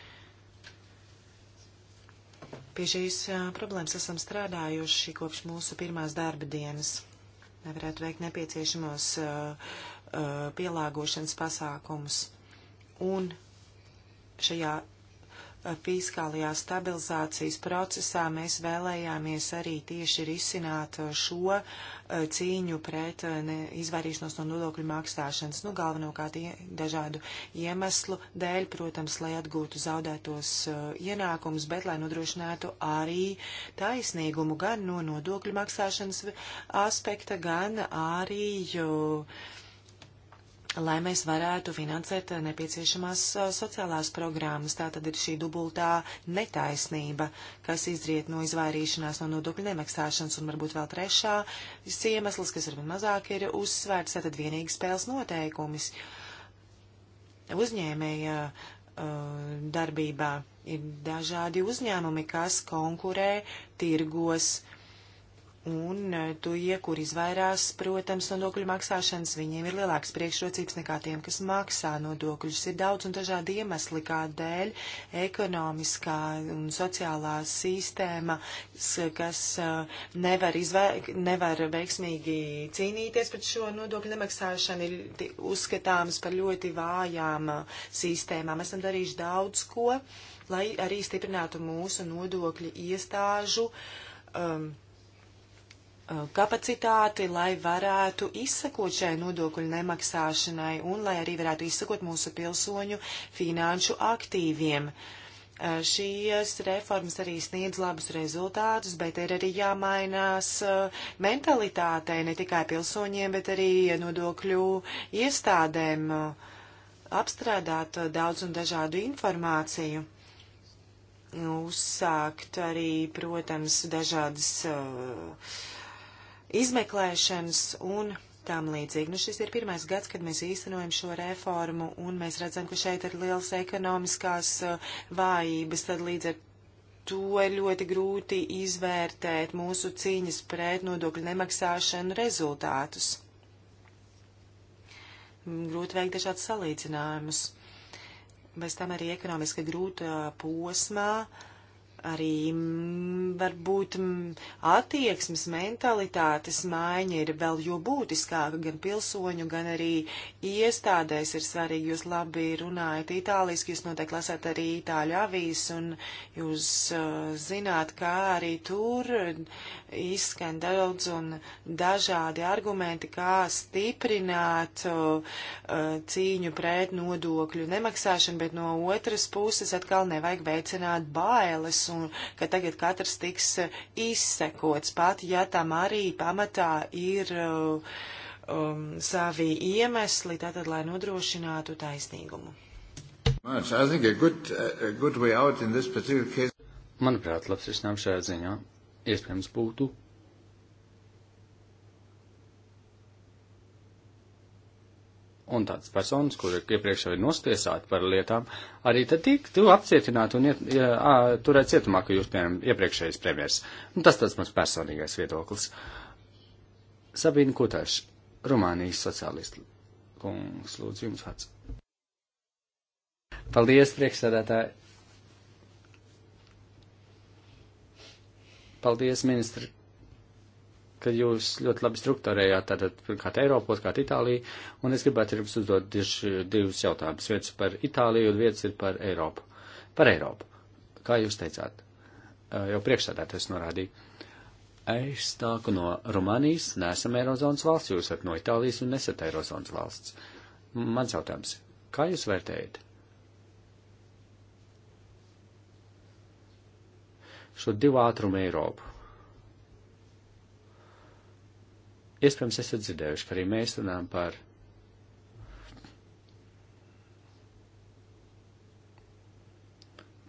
Pie šīs problēmas esam strādājuši kopš mūsu pirmās darba dienas. Nevarētu veikt nepieciešamos uh, uh, pielāgošanas pasākumus. Un šajā fiskālajā stabilizācijas procesā mēs vēlējāmies arī tieši risināt uh, šo uh, cīņu pret uh, ne, izvairīšanos no nodokļu maksāšanas, nu, galvenokārt ie, dažādu iemeslu dēļ, protams, lai atgūtu zaudētos uh, ienākumus, bet lai nodrošinātu arī taisnīgumu gan no nodokļu maksāšanas aspekta, gan arī. Uh, lai mēs varētu finansēt nepieciešamās sociālās programmas. Tā tad ir šī dubultā netaisnība, kas izriet no izvairīšanās no nodokļu nemaksāšanas, un varbūt vēl trešā iemesls, kas arvien mazāk ir uzsvērts, tātad vienīgi spēles noteikumis uzņēmēja darbībā. Ir dažādi uzņēmumi, kas konkurē tirgos Un e, tie, kur izvairās, protams, nodokļu maksāšanas, viņiem ir lielāks priekšrocības nekā tiem, kas maksā nodokļus. Ir daudz un dažādi iemesli, kādēļ ekonomiskā un sociālā sistēma, kas e, nevar, izvair, nevar veiksmīgi cīnīties pret šo nodokļu nemaksāšanu, ir uzskatāms par ļoti vājām e, sistēmām. Esam darījuši daudz ko, lai arī stiprinātu mūsu nodokļu iestāžu. Um, Uh, kapacitāti, lai varētu izsekot šai nodokļu nemaksāšanai un lai arī varētu izsekot mūsu pilsoņu finanšu aktīviem. Uh, šīs reformas arī sniedz labus rezultātus, bet ir arī jāmainās uh, mentalitātei ne tikai pilsoņiem, bet arī nodokļu iestādēm apstrādāt daudz un dažādu informāciju uzsākt arī, protams, dažādas uh, izmeklēšanas un tam līdzīgi. Nu, šis ir pirmais gads, kad mēs īstenojam šo reformu, un mēs redzam, ka šeit ir liels ekonomiskās uh, vājības, tad līdz ar to ir ļoti grūti izvērtēt mūsu cīņas pret nodokļu nemaksāšanu rezultātus. Grūti veikt dažādas salīdzinājumus. Bez tam arī ekonomiski grūtā posmā uh, arī varbūt attieksmes mentalitātes maiņa ir vēl jo būtiskāka gan pilsoņu, gan arī iestādēs ir svarīgi. Jūs labi runājat itāliski, jūs noteikti lasāt arī itāļu avīs, un jūs uh, zināt, kā arī tur izskan daudz un dažādi argumenti, kā stiprināt uh, cīņu pret nodokļu nemaksāšanu, bet no otras puses atkal nevajag veicināt bailes un ka tagad katrs tiks eh, izsekots, pat ja tam arī pamatā ir eh, um, savi iemesli, tātad, lai nodrošinātu taisnīgumu. Manuprāt, labs risinājums šajā ziņā iespējams būtu un tādas personas, kur iepriekš jau ir nostiesāti par lietām, arī tad tiktu apcietināti un iet, ja, ā, turēt cietumā, ka jūs, piemēram, iepriekšējais premjers. Nu, tas tas mans personīgais viedoklis. Sabīna Kutaš, Rumānijas sociālistu kungs, lūdzu jums vārds. Paldies, priekšsēdētāji. Paldies, ministri ka jūs ļoti labi struktūrējāt tātad pirmkārt Eiropu, otrkārt Itāliju, un es gribētu jums uzdot divus jautājumus. Viens par Itāliju un viens ir par Eiropu. Par Eiropu. Kā jūs teicāt? Jau priekšsādātājs norādīja. Es nāku no Rumānijas, nesam Eirozonas valsts, jūs esat no Itālijas un nesat Eirozonas valsts. Mans jautājums, kā jūs vērtējat? Šo divu ātrumu Eiropu Iespējams, esat dzirdējuši, ka arī mēs runājam par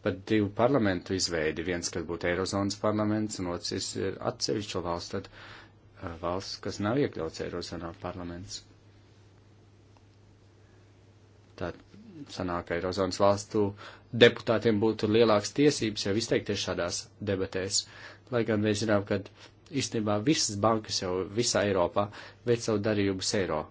pat divu parlamentu izveidi. Viens, kas būtu Eirozonas parlaments, un otrs ir atsevišķo valsts, tad valsts, kas nav iekļauts Eirozonā parlaments. Tad sanāk, ka Eirozonas valstu deputātiem būtu lielāks tiesības jau izteikties šādās debatēs, lai gan mēs zinām, ka īstenībā visas bankas jau visā Eiropā veic savu darījumus eiro.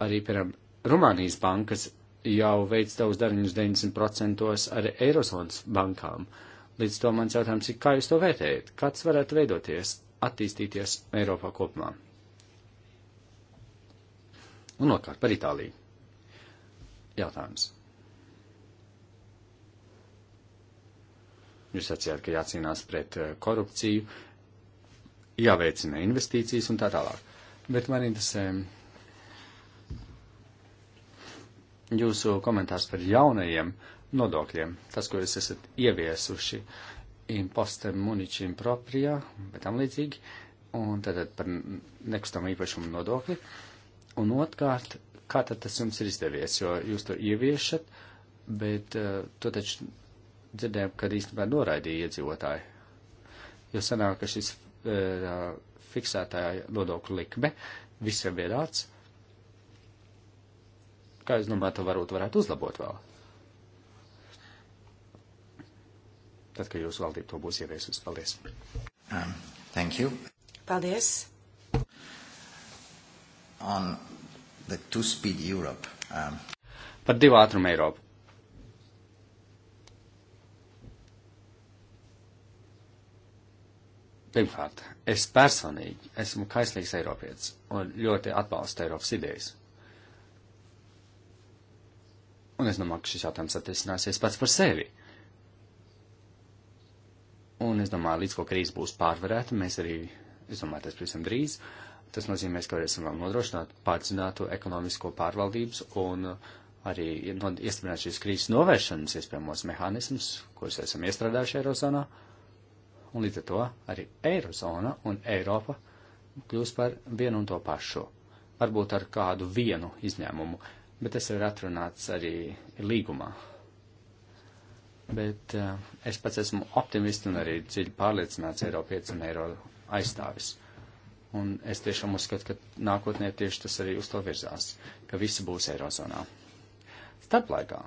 Arī, piemēram, Rumānijas bankas jau veic savus darījumus 90% ar Eirozonas bankām. Līdz to mans jautājums ir, kā jūs to vērtējat? Kāds varētu veidoties, attīstīties Eiropā kopumā? Un otrkārt par Itāliju. Jautājums. Jūs sacījāt, ka jācīnās pret eh, korupciju, jāveicina investīcijas un tā tālāk. Bet man interesē jūsu komentārs par jaunajiem nodokļiem, tas, ko jūs esat ieviesuši impostem muničim proprijā, bet tam līdzīgi, un tad par nekustam īpašumu nodokli. Un otrkārt, kā tad tas jums ir izdevies, jo jūs to ieviešat, bet uh, to taču dzirdējām, kad īstenībā noraidīja iedzīvotāji. Jo sanāk, ka šis ir fiksētā nodokļa likme, viss ir vienāds. Kā es domāju, to varbūt varētu uzlabot vēl. Tad, kad jūsu valdība to būs ieviesusi. Paldies. Um, thank you. Paldies. On the two-speed Europe. Um. Par divu ātrumu Eiropu. Pirmkārt, es personīgi esmu kaislīgs Eiropietis un ļoti atbalstu Eiropas idejas. Un es domāju, ka šis jautājums atrisināsies pats par sevi. Un es domāju, līdz ko krīze būs pārvarēta, mēs arī, es domāju, tas pavisam drīz, tas nozīmēs, ka varēsim vēl nodrošināt pārdzinātu ekonomisko pārvaldības un arī iestiprināt šīs krīzes novēršanas iespējamos mehānismus, kurus esam iestrādājuši Eirozonā. Uh, un līdz ar to arī Eirozona un Eiropa kļūs par vienu un to pašu. Varbūt ar kādu vienu izņēmumu, bet tas ir atrunāts arī līgumā. Bet uh, es pats esmu optimists un arī dziļi pārliecināts Eiro 5 un Eiro aizstāvis. Un es tiešām uzskatu, ka nākotnē tieši tas arī uz to virzās, ka visi būs Eirozonā. Starplaikā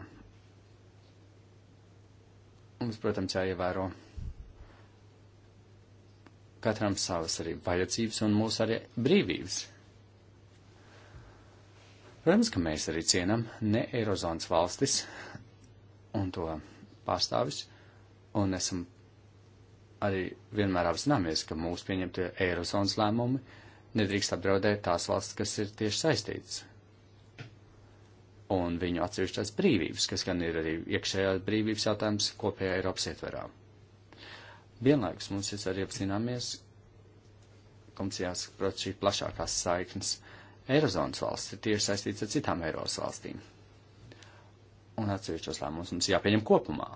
mums, protams, jāievēro katram savas arī vajadzības un mūsu arī brīvības. Protams, ka mēs arī cienam ne Eirozonas valstis un to pārstāvis, un esam arī vienmēr apzināmies, ka mūsu pieņemtie Eirozonas lēmumi nedrīkst apdraudēt tās valsts, kas ir tieši saistītas. Un viņu atsevišķās brīvības, kas gan ir arī iekšējās brīvības jautājums kopējā Eiropas ietverā. Vienlaikus mums ir arī apzināmies, ka mums jāsaprot šī plašākās saiknes. Eirozonas valsts ir tieši saistīts ar citām Eiropas valstīm. Un atsevišķos lēmumus mums jāpieņem kopumā.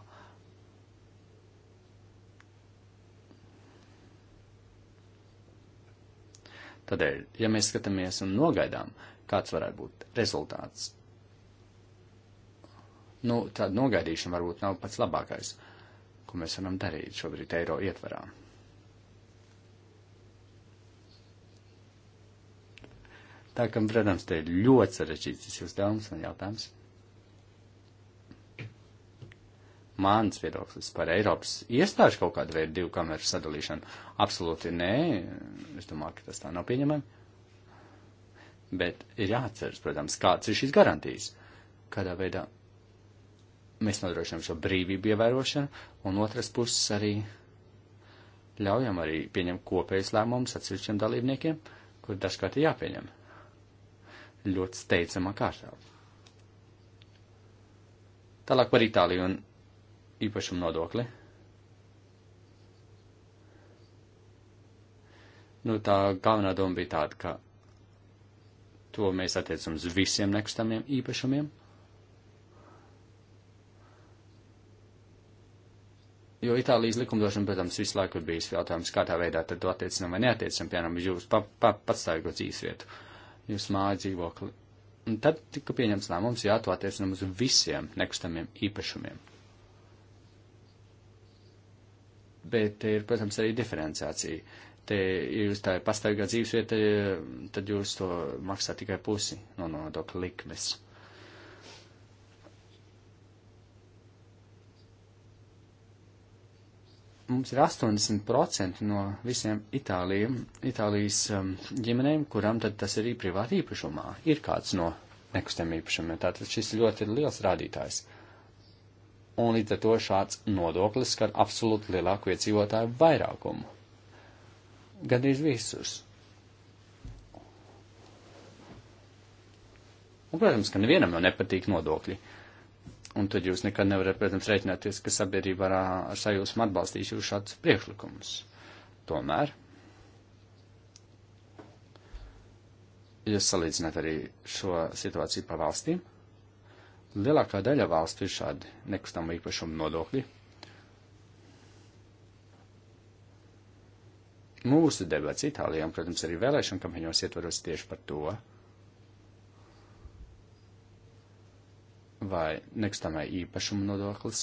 Tādēļ, ja mēs skatāmies un nogaidām, kāds varētu būt rezultāts, nu, tad nogaidīšana varbūt nav pats labākais. Uh, ko mēs varam darīt šobrīd eiro ietvarā. Tā kā, protams, te ir ļoti sarežģīts uzdevums un jautājums. Mans viedoklis par Eiropas iestāžu kaut kādu veidu divu kameru sadalīšanu absolūti nē. Es domāju, ka tas tā nav pieņemami. Bet ir jāatceras, protams, kāds ir šīs garantijas, kādā veidā mēs nodrošinām šo brīvību ievērošanu, un otras puses arī ļaujam arī pieņemt kopējas lēmumus atsevišķiem dalībniekiem, kur dažkārt ir jāpieņem. Ļoti steidzamā kārtā. Tālāk par Itāliju un īpašumu nodokli. Nu, tā galvenā doma bija tāda, ka to mēs attiecam uz visiem nekustamiem īpašumiem. jo Itālijas likumdošana, protams, visu laiku ir bijis jautājums, kādā veidā tad to attiecinam vai neattiecinam, piemēram, uz jūsu pa, pa, patstāvīgo dzīvesvietu, jūsu māju dzīvokli. Un tad tika pieņemts lēmums, jā, to attiecinam uz visiem nekustamiem īpašumiem. Bet te ir, protams, arī diferenciācija. Te, ja jūs tā ir pastāvīgā dzīvesvieta, tad jūs to maksāt tikai pusi no nodokļa likmes. mums ir 80% no visiem Itālijam, Itālijas um, ģimenēm, kuram tad tas ir privāti īpašumā, ir kāds no nekustiem īpašumiem. Tātad šis ļoti ir liels rādītājs. Un līdz ar to šāds nodoklis skar absolūti lielāku iedzīvotāju vairākumu. Gandrīz visus. Un, protams, ka nevienam jau nepatīk nodokļi. Uh, un tad jūs nekad nevarat, protams, reiķināties, ka sabiedrība ar, ar sajūsmu atbalstīs jūs šāds priekšlikums. Tomēr, ja salīdzināt arī šo situāciju pa valstīm, lielākā daļa valstu ir šādi nekustamo īpašumu nodokļi. Mūsu debats Itālijām, protams, arī vēlēšana kampaņos ietvaros tieši par to, vai nekustamai īpašuma nodoklis,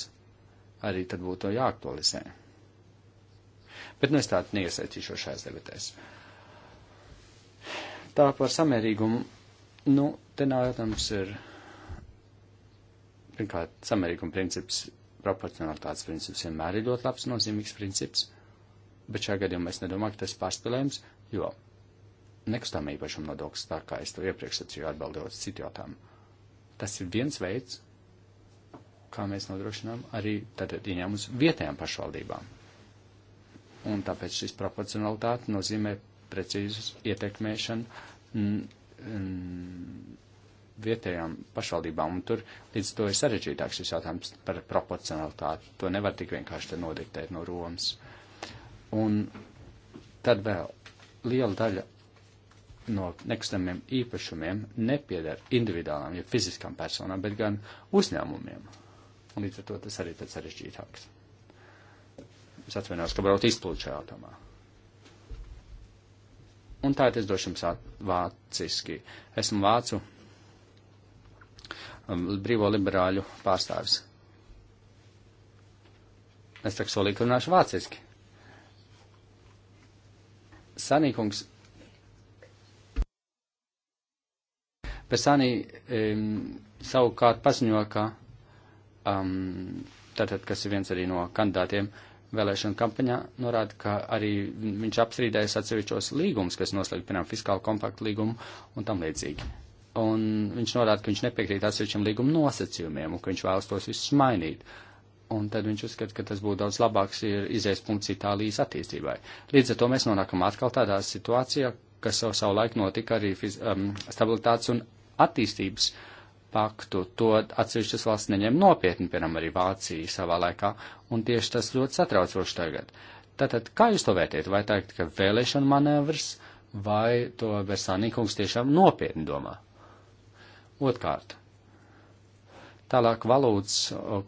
arī tad būtu jāaktualizē. Bet nu es tādu neiesaistīšu šajās debatēs. Tā par samērīgumu, nu, te nav jautājums ir, pirmkārt, samērīguma princips, proporcionalitātes princips vienmēr ir ļoti labs nozīmīgs princips, bet šajā gadījumā es nedomāju, ka tas pārspēlējums, jo nekustamā īpašuma nodoklis, tā kā es to iepriekš sacīju atbildot citu jautājumu Tas ir viens veids, kā mēs nodrošinām arī tātad ieņēmumus vietējām pašvaldībām. Un tāpēc šis proporcionalitāte nozīmē precīzus ietekmēšanu mm, mm, vietējām pašvaldībām, un tur līdz to ir sarežģītāk šis jautājums par proporcionalitāti. To nevar tik vienkārši te nodiktēt no Romas. Un tad vēl liela daļa no nekustamiem īpašumiem nepieder individuālām, ja fiziskām personām, bet gan uzņēmumiem. Un līdz ar to tas arī tāds sarežģītāks. Es atvainojos, ka varbūt izplūdu šajā jautājumā. Un tā es došu jums vāciski. Esmu vācu um, brīvo liberāļu pārstāvis. Es tā solīju, ka runāšu vāciski. Sanīkums Pesānī um, savukārt paziņo, ka um, tātad, kas ir viens arī no kandidātiem vēlēšana kampaņā, norāda, ka arī viņš apstrīdējas atsevišķos līgumus, kas noslēgta, piemēram, fiskālu kompaktu līgumu un tam līdzīgi. Un viņš norāda, ka viņš nepiekrīt atsevišķiem līgumu nosacījumiem un ka viņš vēlas tos visus mainīt. Un tad viņš uzskata, ka tas būtu daudz labāks ir izējas punkts Itālijas attīstībai. Līdz ar to mēs nonākam atkal tādā situācijā, kas jau savu laiku notika arī fiz, um, stabilitātes un attīstības paktu, to atsevišķas valsts neņem nopietni, piemēram, arī Vācija savā laikā, un tieši tas ļoti satraucoši tagad. Tātad, kā jūs to vērtiet? Vai teikt, ka vēlēšana manevrs, vai to Versānīkungs tiešām nopietni domā? Otkārt, tālāk valūtas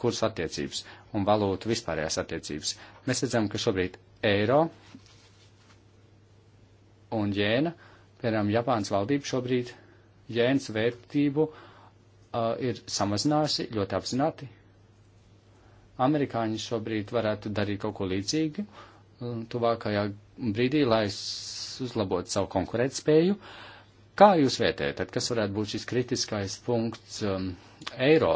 kurs attiecības un valūtu vispārējās attiecības. Mēs redzam, ka šobrīd eiro un jēna, piemēram, Japānas valdība šobrīd jēnas vērtību uh, ir samazinājusi ļoti apzināti. Amerikāņi šobrīd varētu darīt kaut ko līdzīgu uh, tuvākajā brīdī, lai uzlabotu savu konkurētspēju. Kā jūs vērtējat, kas varētu būt šis kritiskais punkts um, eiro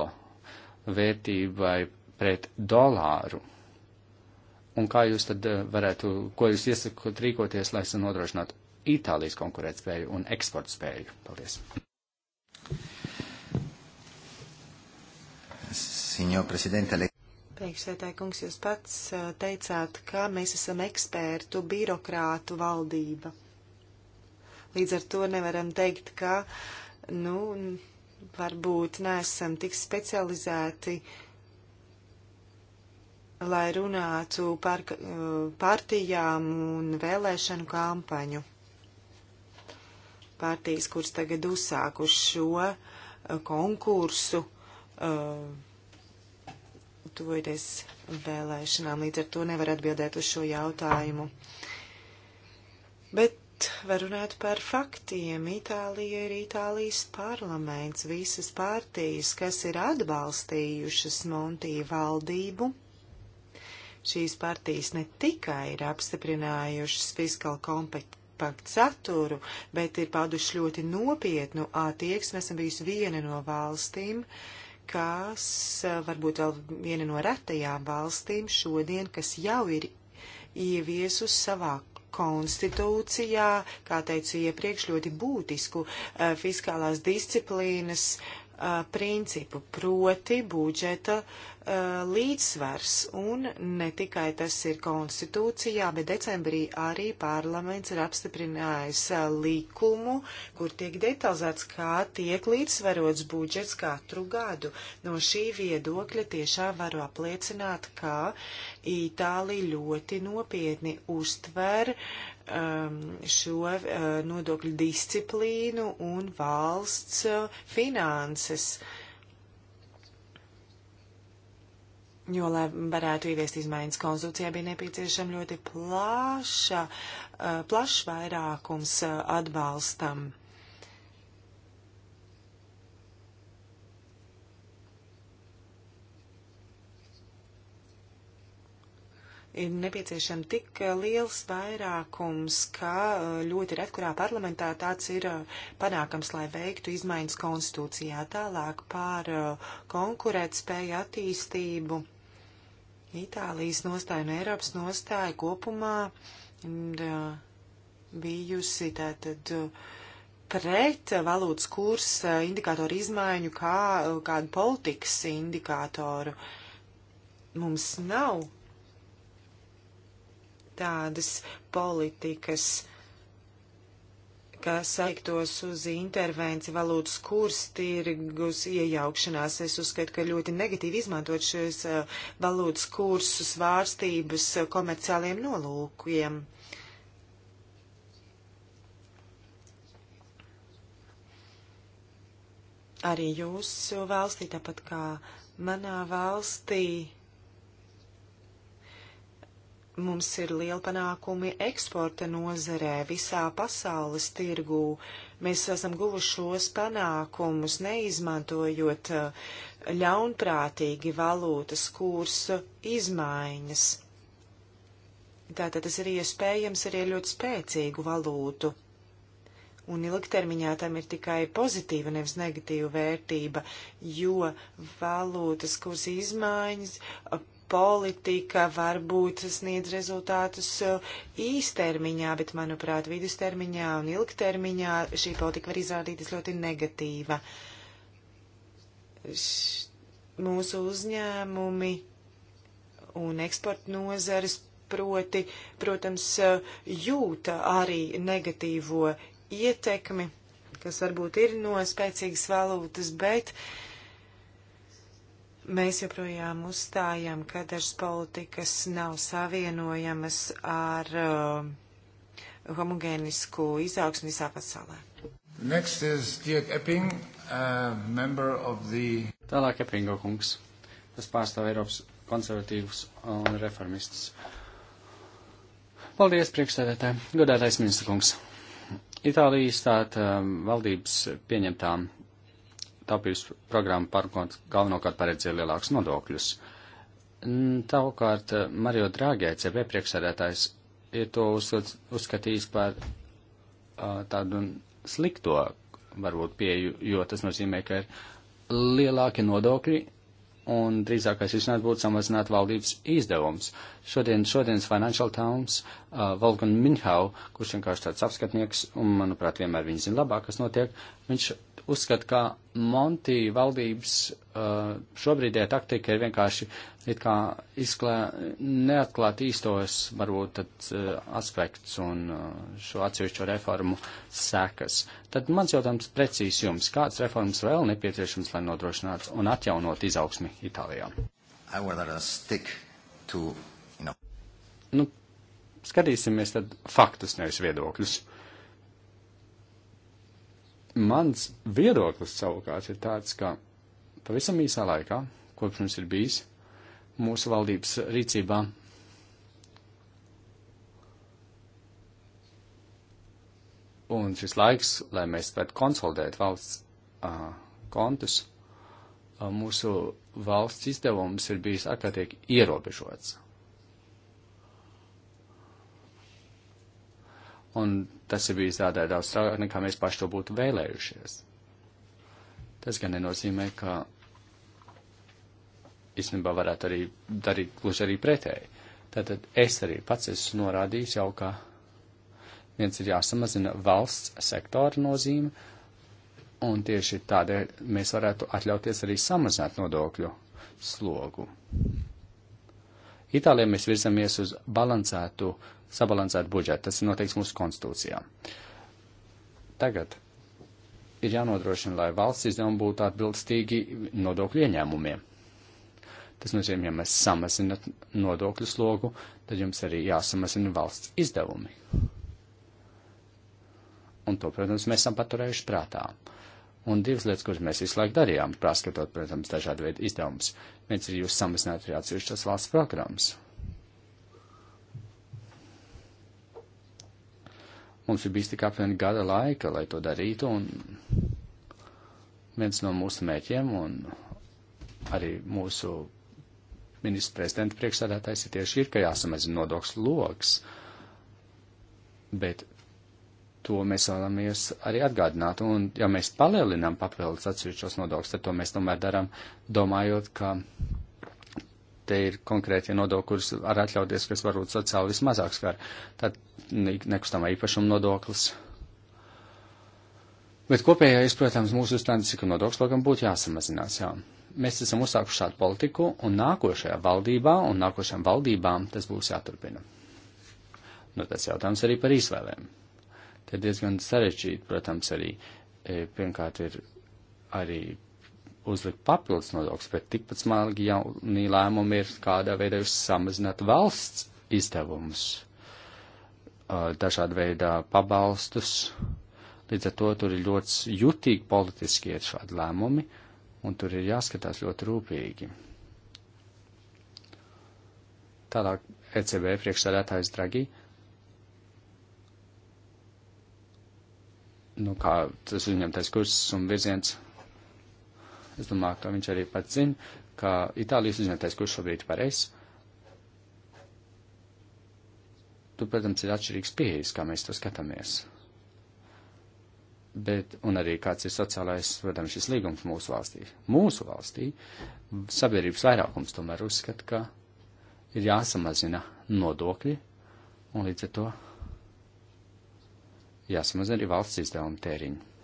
vērtībai pret dolāru? Un kā jūs tad uh, varētu, ko jūs iesakot rīkoties, lai nodrošinātu Itālijas konkurētspēju un eksportspēju? Paldies! signor Presidente. Le... Priekšsētāji kungs, jūs pats teicāt, ka mēs esam ekspertu birokrātu valdība. Līdz ar to nevaram teikt, ka, nu, varbūt neesam tik specializēti, lai runātu par partijām un vēlēšanu kampaņu. Partijas, kuras tagad uzsākuši šo konkursu, uh, tuvojoties vēlēšanām, līdz ar to nevar atbildēt uz šo jautājumu. Bet var runāt par faktiem. Itālija ir Itālijas parlaments, visas partijas, kas ir atbalstījušas Montī valdību. Šīs partijas ne tikai ir apstiprinājušas fiskālu kompetenci, paktu saturu, bet ir pauduši ļoti nopietnu attieksmi. Esam bijusi viena no valstīm, uh, kas eh, varbūt vēl viena no retajām valstīm šodien, kas jau ir ieviesus savā konstitūcijā, kā teicu iepriekš, ļoti būtisku eh, fiskālās disciplīnas uh, principu, proti budžeta uh, līdzsvars. Un ne tikai tas ir konstitūcijā, bet decembrī arī parlaments ir apstiprinājis uh, likumu, kur tiek detalizēts, kā tiek līdzsvarots budžets katru gadu. No šī viedokļa tiešām varu apliecināt, ka Itālija ļoti nopietni uztver uh, Um, šo uh, nodokļu disciplīnu un valsts uh, finanses. Jo, lai varētu ieviest izmaiņas konstitūcijā, bija nepieciešama ļoti plaša, uh, plašs vairākums atbalstam. ir nepieciešama tik eh, liels vairākums, ka eh, ļoti retkurā parlamentā tāds ir eh, panākams, lai veiktu izmaiņas konstitūcijā tālāk pār konkurētspēju attīstību. Itālijas nostāja un Eiropas nostāja kopumā mm, bijusi tātad pret valūtas kursa indikātoru izmaiņu kā kādu politikas indikātoru. Mums nav tādas politikas, kas saiktos uz intervenciju valūtas kurstirgus iejaukšanās. Es uzskatu, ka ļoti negatīvi izmantot šos uh, valūtas kursus vārstības uh, komerciāliem nolūkiem. Arī jūsu valstī, tāpat kā manā valstī, Mums ir liela panākumi eksporta nozerē, visā pasaules tirgū. Mēs esam guvuši šos panākumus, neizmantojot eh, ļaunprātīgi valūtas kursu izmaiņas. Tātad tas ir iespējams arī ļoti spēcīgu valūtu. Un ilgtermiņā tam ir tikai pozitīva, nevis negatīva vērtība, jo valūtas kursa izmaiņas politika varbūt sniedz rezultātus uh, īstermiņā, bet, manuprāt, vidustermiņā un ilgtermiņā šī politika var izrādīties ļoti negatīva. Š mūsu uzņēmumi un eksporta nozares proti, protams, uh, jūta arī negatīvo ietekmi, kas varbūt ir no spēcīgas valūtas, bet uh, Mēs joprojām uzstājam, ka dažas politikas nav savienojamas ar uh, homogēnisku izaugsmu visā pasaulē. Next is Dirk Epping, uh, member of the... Tālāk Eppingo kungs. Tas pārstāv Eiropas konservatīvus un reformistus. Paldies, priekšsēdētāji. Godētais ministra kungs. Itālijas tātad um, valdības pieņemtām taupības programma pārkot galvenokārt paredzēja lielākus nodokļus. Tavukārt eh, Mario Drāgē, e CB priekšsēdētājs, ir to uz, uzskatījis par uh, tādu slikto, varbūt, pieju, jo tas nozīmē, ka ir lielāki nodokļi un drīzākais risinājums būtu samazināt valdības izdevums. Šodien, šodienas Financial Times Valgan Minhau, kurš vienkārši tāds apskatnieks, un, manuprāt, vienmēr viņi zina labāk, kas notiek, viņš uzskata, ka Monti valdības šobrīdē taktika ir vienkārši it kā izklē, neatklāt īstos, varbūt, tad, aspekts un šo atsevišķo reformu sekas. Tad mans jautājums precīzi jums, kāds reformas vēl nepieciešams, lai nodrošinātu un atjaunot izaugsmi Itālijā? To, you know. Nu, Skatīsimies tad faktus, nevis viedokļus. Mans viedoklis savukārt ir tāds, ka pavisam īsā laikā, kopš mums ir bijis mūsu valdības rīcībā, un šis laiks, lai mēs varētu konsolidēt valsts uh, kontus, uh, mūsu valsts izdevums ir bijis ārkārtīgi ierobežots. un tas ir bijis tādēļ daudz strāk, nekā mēs paši to būtu vēlējušies. Tas gan nenozīmē, ka īstenībā varētu arī darīt gluži arī pretēji. Tātad es arī pats esmu norādījis jau, ka viens ir jāsamazina valsts sektora nozīme, un tieši tādēļ mēs varētu atļauties arī samazināt nodokļu slogu. Itālijā mēs virzamies uz balansētu, sabalansētu budžetu. Tas ir noteikts mūsu konstitūcijā. Tagad ir jānodrošina, lai valsts izdevumi būtu atbilstīgi nodokļu ieņēmumiem. Tas nozīmē, ja mēs samazinat nodokļu slogu, tad jums arī jāsamazina valsts izdevumi. Un to, protams, mēs esam paturējuši prātā. Uh, Un divas lietas, kuras mēs visu laiku darījām, prāskatot, protams, dažādu veidu izdevumus, mēs arī jūs samazināt arī atsevišķas valsts programmas. Mums ir bijis tik apmēram gada laika, lai to darītu, un viens no mūsu mēķiem un arī mūsu ministra prezidenta priekšsādātājs ir tieši ir, ka jāsamazina nodokļu loks, bet to mēs vēlamies arī atgādināt. Un, ja mēs palielinām papildus atsevišķos nodokļus, tad to mēs tomēr darām, domājot, ka te ir konkrētie nodokļi, kurus var atļauties, kas varbūt sociāli vismazāk skar. Tad nekustamā īpašuma nodoklis. Bet kopējais, protams, mūsu uzstādījums ir, ka nodoklis logam būtu jāsamazinās, jā. Mēs esam uzsākuši šādu politiku, un nākošajā valdībā un nākošajām valdībām tas būs jāturpina. Nu, tas jautājums arī par izvēlēm. Te diezgan sarežģīti, protams, arī e, pirmkārt ir arī uzlikt papildus nodokļus, bet tikpat smalki jaunī lēmumi ir kādā veidā samazināt valsts izdevumus, e, dažāda veidā pabalstus. Līdz ar to tur ir ļoti jutīgi politiski iet šādi lēmumi, un tur ir jāskatās ļoti rūpīgi. Tālāk ECB priekšsēdētājs Dragi nu, kā tas viņamtais kurss un virziens. Es domāju, ka viņš arī pats zina, ka Itālijas uzņemtais kurss šobrīd ir pareizs. Tur, protams, ir atšķirīgs pieejas, kā mēs to skatāmies. Bet, un arī kāds ir sociālais, protams, šis līgums mūsu valstī. Mūsu valstī sabiedrības vairākums tomēr uzskata, ka ir jāsamazina nodokļi, un līdz ar to jāsamazina arī valsts izdevuma tēriņi.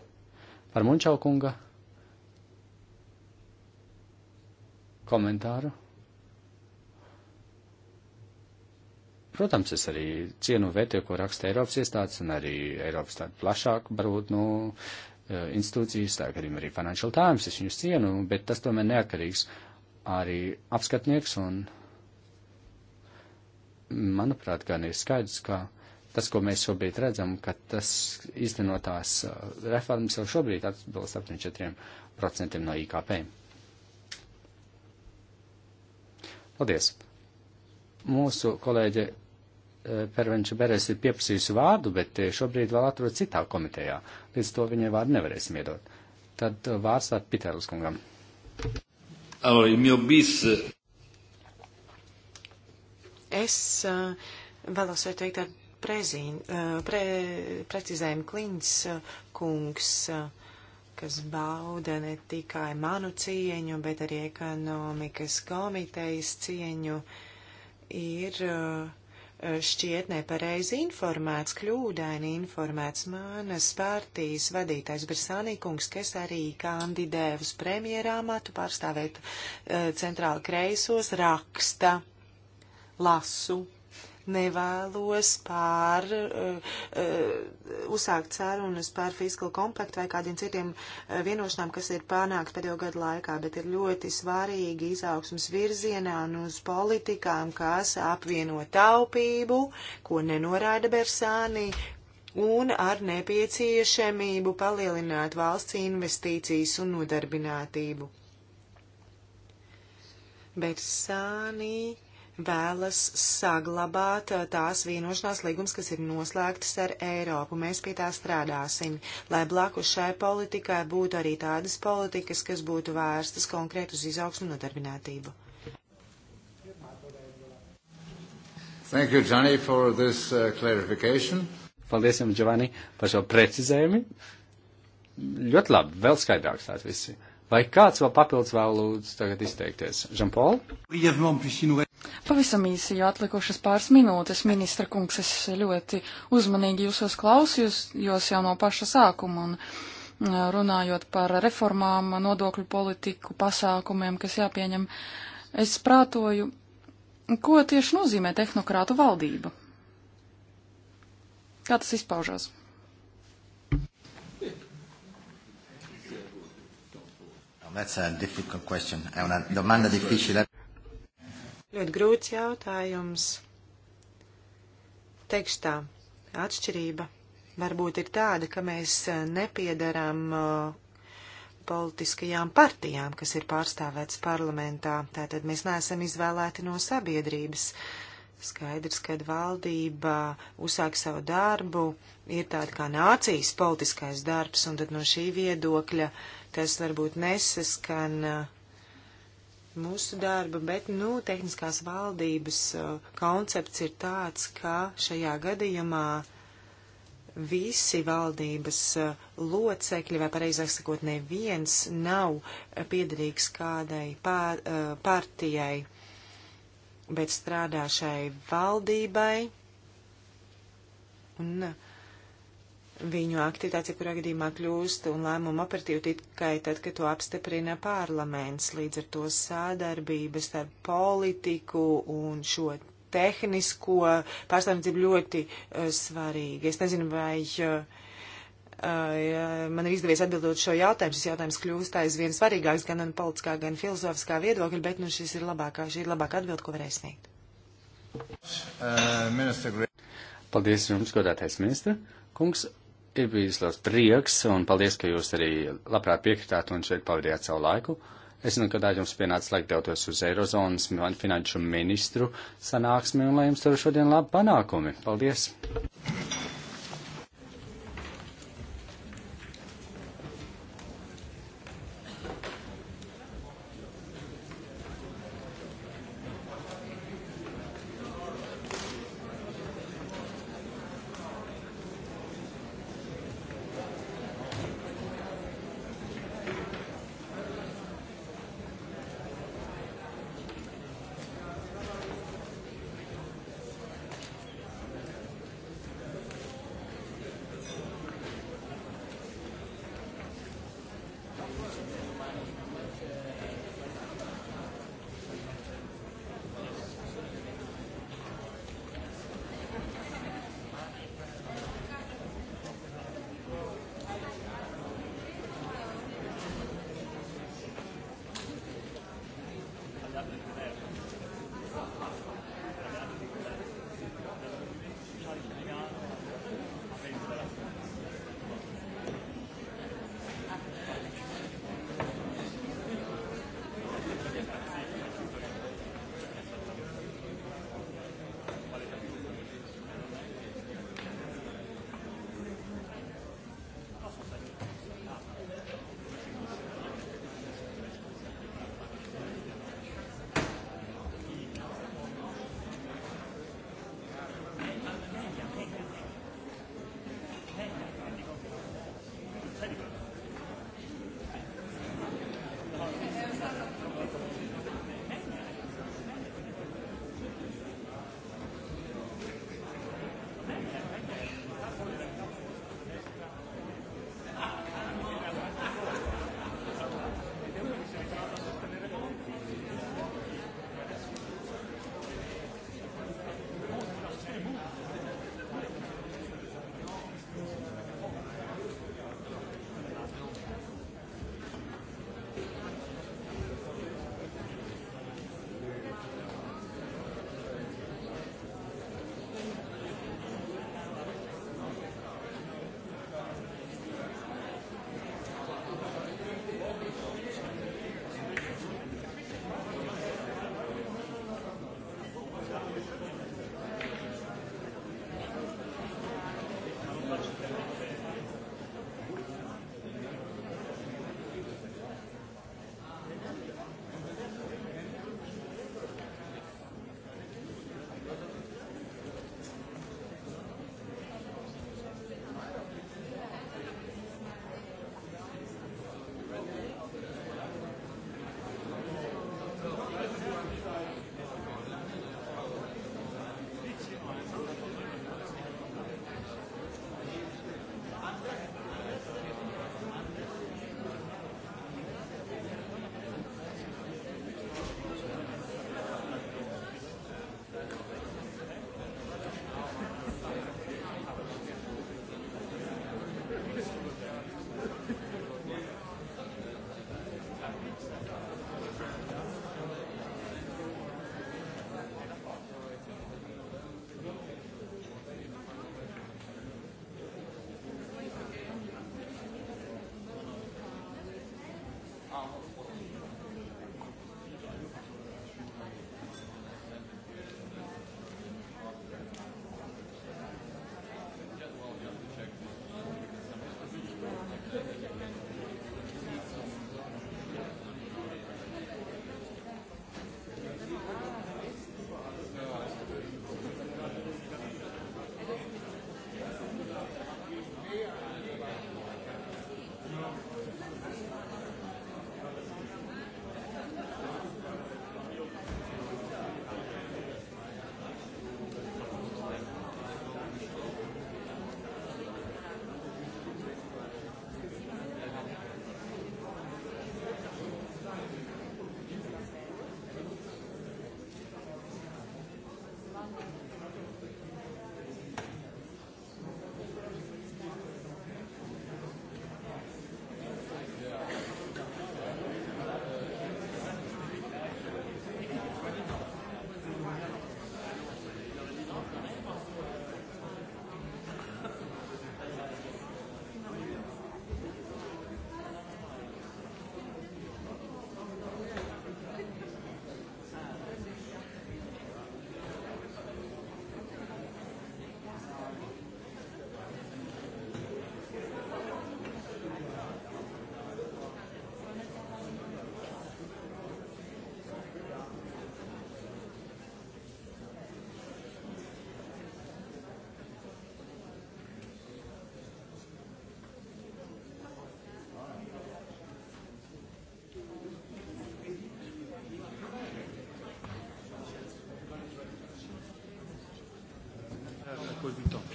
Par Munčau kunga komentāru. Protams, es arī cienu vērtēju, ko raksta Eiropas iestādes un arī Eiropas tādu plašāku, varbūt, nu, e, institūcijas, tā arī, arī Financial Times, es viņus cienu, bet tas tomēr neatkarīgs arī apskatnieks un, manuprāt, gan ir skaidrs, ka. Kā tas, ko mēs šobrīd redzam, ka tas īstenotās uh, reformas jau šobrīd atbilst apmēram 4% no IKP. Paldies! Mūsu kolēģe uh, Pervenča Beres ir pieprasījusi vārdu, bet uh, šobrīd vēl atrodas citā komitejā, līdz to viņai vārdu nevarēsim iedot. Tad vārds tātad Pitēlus kungam. Es uh, vēlos vēl teikt tādu prezin, eh, pre, precizējumu Klints eh, kungs, eh, kas bauda ne tikai manu cieņu, bet arī ekonomikas komitejas cieņu, ir šķiet nepareizi informēts, kļūdaini informēts manas partijas vadītājs Bersānī kungs, kas arī kandidē uz premjerā matu pārstāvēt uh, centrāli kreisos, raksta, lasu, nevēlos pār, uh, uh, uzsākt sarunas par fiskalu kompaktu vai kādiem citiem eh, vienošanām, kas ir panākt pēdējo gadu laikā, bet ir ļoti svarīgi izaugsmas virzienā un uz politikām, kas apvieno taupību, ko nenorāda Bersāni, un ar nepieciešamību palielināt valsts investīcijas un nodarbinātību. Bersāni vēlas saglabāt uh, tās vienošanās līgums, kas ir noslēgtas ar Eiropu. Mēs pie tā strādāsim, lai blakus šai politikai būtu arī tādas politikas, kas būtu vērstas konkrēt uz izaugsmu un nodarbinātību. Thank you, Johnny, for this uh, clarification. Paldies jums, Giovanni, par šo precizējumu. Ļoti labi, vēl skaidrāks tās visi. Vai kāds vēl papildus vēl lūdzu tagad izteikties? Žanpol? Pavisam īsi, jo atlikušas pāris minūtes, ministra kungs, es ļoti uzmanīgi jūsos klausījos jau no paša sākuma un mm, runājot par reformām, nodokļu politiku, pasākumiem, kas jāpieņem, es prātoju, ko tieši nozīmē tehnokrātu valdība. Kā tas izpaužās? That's a difficult question. È una domanda difficile. Ļoti grūts jautājums. Tekstā atšķirība varbūt ir tāda, ka mēs eh, nepiedarām eh, politiskajām partijām, kas ir pārstāvētas parlamentā. Tātad mēs neesam izvēlēti no sabiedrības. Skaidrs, kad valdība uzsāk savu darbu, ir tāda kā nācijas politiskais darbs, un tad no šī viedokļa tas varbūt nesaskan uh, mūsu darba, bet, nu, tehniskās valdības uh, koncepts ir tāds, ka šajā gadījumā visi valdības uh, locekļi, vai pareizāk sakot, neviens nav piederīgs kādai pār, uh, partijai, bet strādā šai valdībai. Un, uh, viņu aktivitācija, kurā gadījumā kļūst un lēmumu operatīvi tikai tad, kad to apstiprina parlaments. Līdz ar to sādarbības starp politiku un šo tehnisko pārstāvniecību ļoti uh, eh, svarīgi. Es nezinu, vai. Uh, Uh, man ir izdevies atbildot šo jautājumu. Šis jautājums kļūst aizvien svarīgāks gan no politiskā, gan filozofiskā viedokļa, bet nu, šis ir labākā, šī ir labākā atbilde, ko varēs sniegt. Uh, Paldies jums, godātais ministra. Kungs, ir bijis liels prieks, un paldies, ka jūs arī labprāt piekritāt un šeit pavadījāt savu laiku. Es zinu, ka tā jums pienāca laika doties uz Eirozonas finanšu ministru sanāksmi, un lai jums tur šodien labi panākumi. Paldies!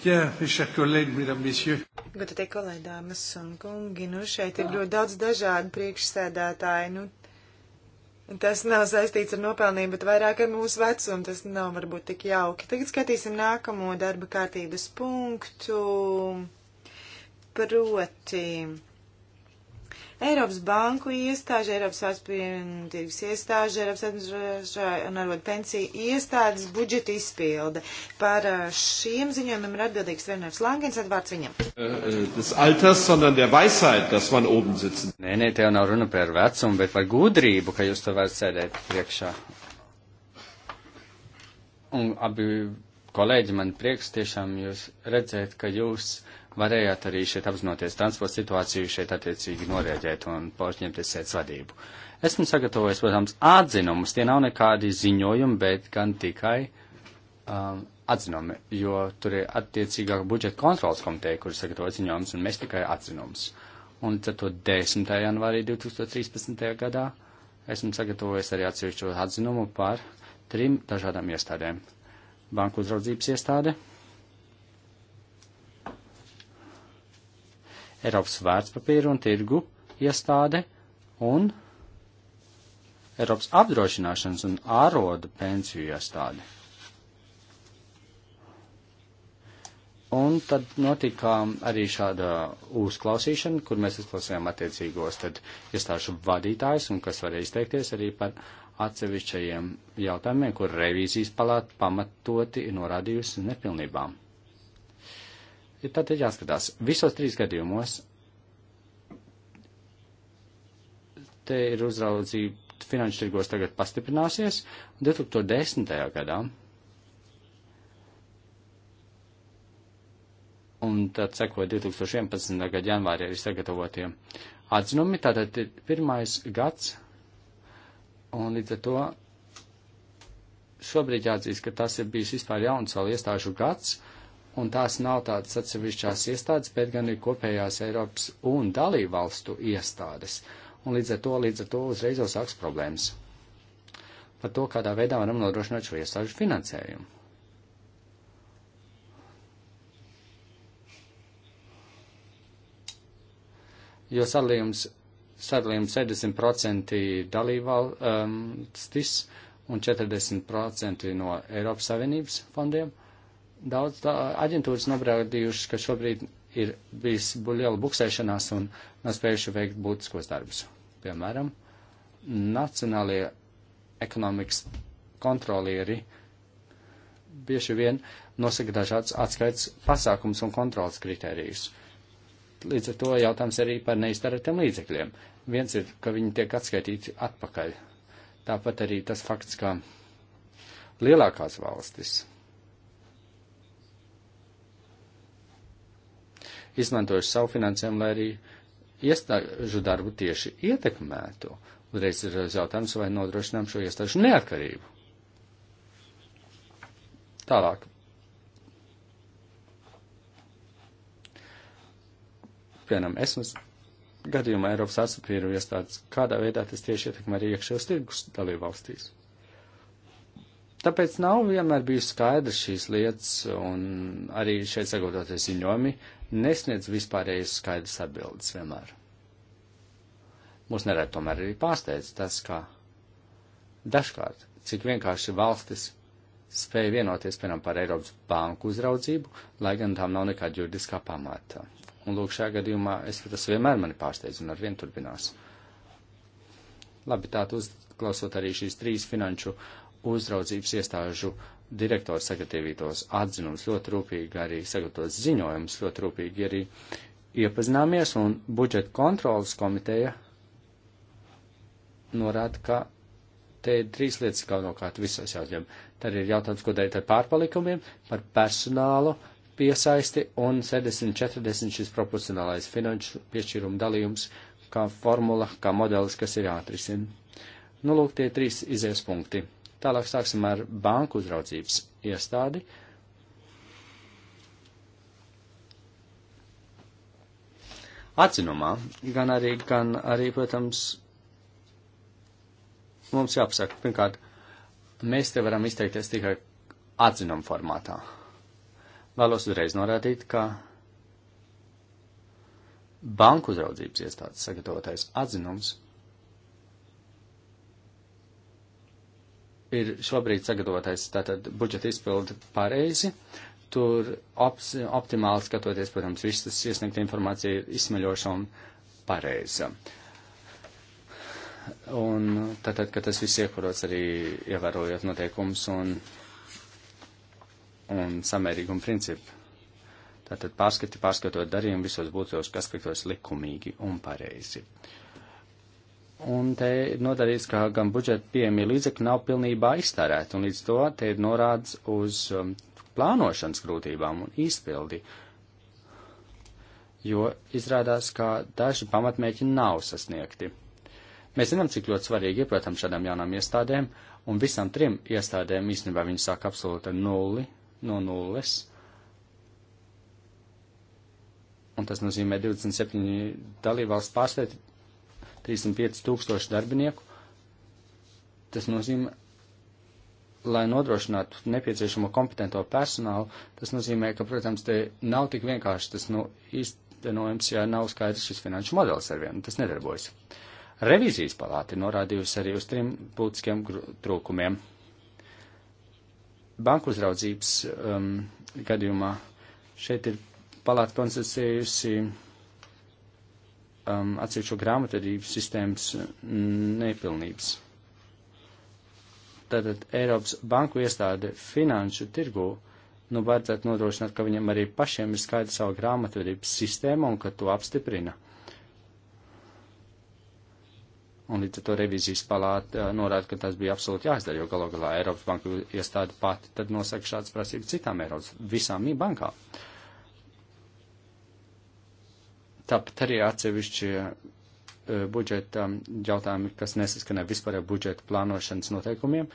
Bien, mes chers collègues, mesdames, messieurs. Godatie kolēģi, dāmas un kungi, nu šeit ir ļoti daudz dažādu priekšsēdētāju. Nu, tas nav saistīts ar nopelnību, bet vairāk ar mūsu vecumu. Tas nav varbūt tik jauki. Tagad skatīsim nākamo darba kārtības punktu. Proti Eiropas banku iestāžu, Eiropas valsts iestāžu, Eiropas administrāžu un arot pensiju iestādes budžeta izpilde. Par šiem ziņojumiem ir atbildīgs Renārs Langens, atvārds viņam. Tas alters, sondern der Weisheit, dass man oben sitzen. Nē, nē, tev nav runa par vecumu, bet par gudrību, ka jūs to varat sēdēt priekšā. Un abi kolēģi, man prieks tiešām jūs redzēt, ka jūs varējāt arī šeit apzinoties transporta situāciju, šeit attiecīgi norēģēt un pārņemties sēdz vadību. Esmu sagatavojis, protams, atzinumus, tie nav nekādi ziņojumi, bet gan tikai um, atzinumi, jo tur ir attiecīgāk budžeta kontrols komiteja, kur sagatavo ziņojumus, un mēs tikai atzinumus. Un tad to 10. janvārī 2013. gadā esmu sagatavojis arī atsevišķo atzinumu par trim dažādām iestādēm. Banku uzraudzības iestāde, Eiropas vērtspapīru un tirgu iestāde un Eiropas apdrošināšanas un ārodu pensiju iestādi. Un tad notika arī šāda uzklausīšana, kur mēs uzklausījām attiecīgos tad iestāšu vadītājus un kas varēja izteikties arī par atsevišķajiem jautājumiem, kur revīzijas palāta pamatoti norādījusi nepilnībām ir tad ir jāskatās. Visos trīs gadījumos te ir uzraudzība finanšu tirgos tagad pastiprināsies, un 2010. gadā. Un tad sekoja 2011. gada janvārī arī sagatavotie atzinumi. Tātad ir pirmais gads, un līdz ar to šobrīd jāatzīst, ka tas ir bijis vispār jauns vēl iestāžu gads, uh, un tās nav tādas atsevišķās iestādes, bet gan ir kopējās Eiropas un dalībvalstu iestādes. Un līdz ar to, līdz ar to uzreiz jau sāks problēmas par to, kādā veidā varam nodrošināt šo iestāžu finansējumu. jo sadalījums, sadalījums 70% dalībvalstis um, un 40% no Eiropas Savienības fondiem. Uh, Daudz tā, aģentūras nobraudījušas, ka šobrīd ir bijis liela buksēšanās un nav spējuši veikt būtiskos darbus. Piemēram, nacionālie ekonomikas kontrolieri bieži vien nosaka dažādas atskaits pasākums un kontrolas kritērijus. Līdz ar to jautājums arī par neiztērētiem līdzekļiem. Viens ir, ka viņi tiek atskaitīti atpakaļ. Tāpat arī tas fakts, ka lielākās valstis izmantojuši savu finansējumu, lai arī iestāžu darbu tieši ietekmētu. Uzreiz ir jautājums, vai nodrošinām šo iestāžu neatkarību. Tālāk. Piemēram, esmas gadījumā Eiropas atsapīru iestādes, kādā veidā tas tieši ietekmē arī iekšējos tirgus dalību valstīs. Tāpēc nav vienmēr bijusi skaidrs šīs lietas, un arī šeit sagatavotie ziņojumi nesniedz vispārējais skaidrs atbildes vienmēr. Mūs nerēt tomēr arī pārsteidz tas, ka dažkārt, cik vienkārši valstis spēja vienoties, piemēram, par Eiropas banku uzraudzību, lai gan tām nav nekāda juridiskā pamata. Un lūk, šajā gadījumā es, tas vienmēr mani pārsteidz un ar vien turpinās. Labi, tātad uzklausot arī šīs trīs finanšu uzraudzības iestāžu direktors sagatavītos atzinums ļoti rūpīgi, arī sagatavotos ziņojums ļoti rūpīgi arī iepazināmies, un budžeta kontrolas komiteja norāda, ka te ir trīs lietas galvenokārt visos jautājumiem. Tad ir jautājums, ko darīt ar pārpalikumiem, par personālu piesaisti un 70-40 šis proporcionālais finanšu piešķīrumu dalījums, kā formula, kā modelis, kas ir jāatrisina. Nu, lūk, tie trīs izies punkti. Tālāk sāksim ar banku uzraudzības iestādi. Atzinumā, gan arī, gan arī, protams, mums jāpasaka, pirmkārt, mēs te varam izteikties tikai atzinumu formātā. Vēlos uzreiz norādīt, ka banku uzraudzības iestādes sagatavotais atzinums – ir šobrīd sagatavotais tātad budžeta izpildi pareizi. Tur ops, optimāli skatoties, protams, viss tas iesniegta informācija ir izsmeļoša un pareiza. Un tātad, ka tas viss iekvarots arī ievērojot noteikums un, un samērīgumu principu. Tātad pārskati, pārskatot darījumu visos būtos aspektos likumīgi un pareizi. Uh, Un te ir nodarīts, ka gan budžeta pieejamie līdzekļi nav pilnībā iztērēti, un līdz to te ir norāds uz um, plānošanas grūtībām un izpildi. Jo izrādās, ka daži pamatmēķi nav sasniegti. Mēs zinām, cik ļoti svarīgi ir, protams, šādām jaunām iestādēm, un visām trim iestādēm īstenībā viņi sāk absolūti ar nulli, no nulles. Un tas nozīmē 27 dalībvalsts pārstāvjiem 35 tūkstoši darbinieku. Tas nozīmē, lai nodrošinātu nepieciešamo kompetento personālu, tas nozīmē, ka, protams, te nav tik vienkārši tas nu, īstenojums, ja nav skaidrs šis finanšu modelis ar vienu, tas nedarbojas. Revizijas palāta ir norādījusi arī uz trim būtiskiem trūkumiem. Banku uzraudzības um, gadījumā šeit ir palāta konstatējusi um, atsevišķo grāmatvedības sistēmas mm, nepilnības. Tātad Eiropas banku iestāde finanšu tirgu nu vajadzētu nodrošināt, ka viņam arī pašiem ir skaidra savu grāmatvedības sistēmu un ka to apstiprina. Un līdz ar to revizijas palāta uh, norāda, ka tas bija absolūti jāizdara, jo galu galā Eiropas banku iestāde pati tad nosaka šādas prasības citām Eiropas, visām bankām. Uh, Tāpat arī atsevišķi e, budžeta jautājumi, kas nesaskanē vispār ar budžeta plānošanas noteikumiem.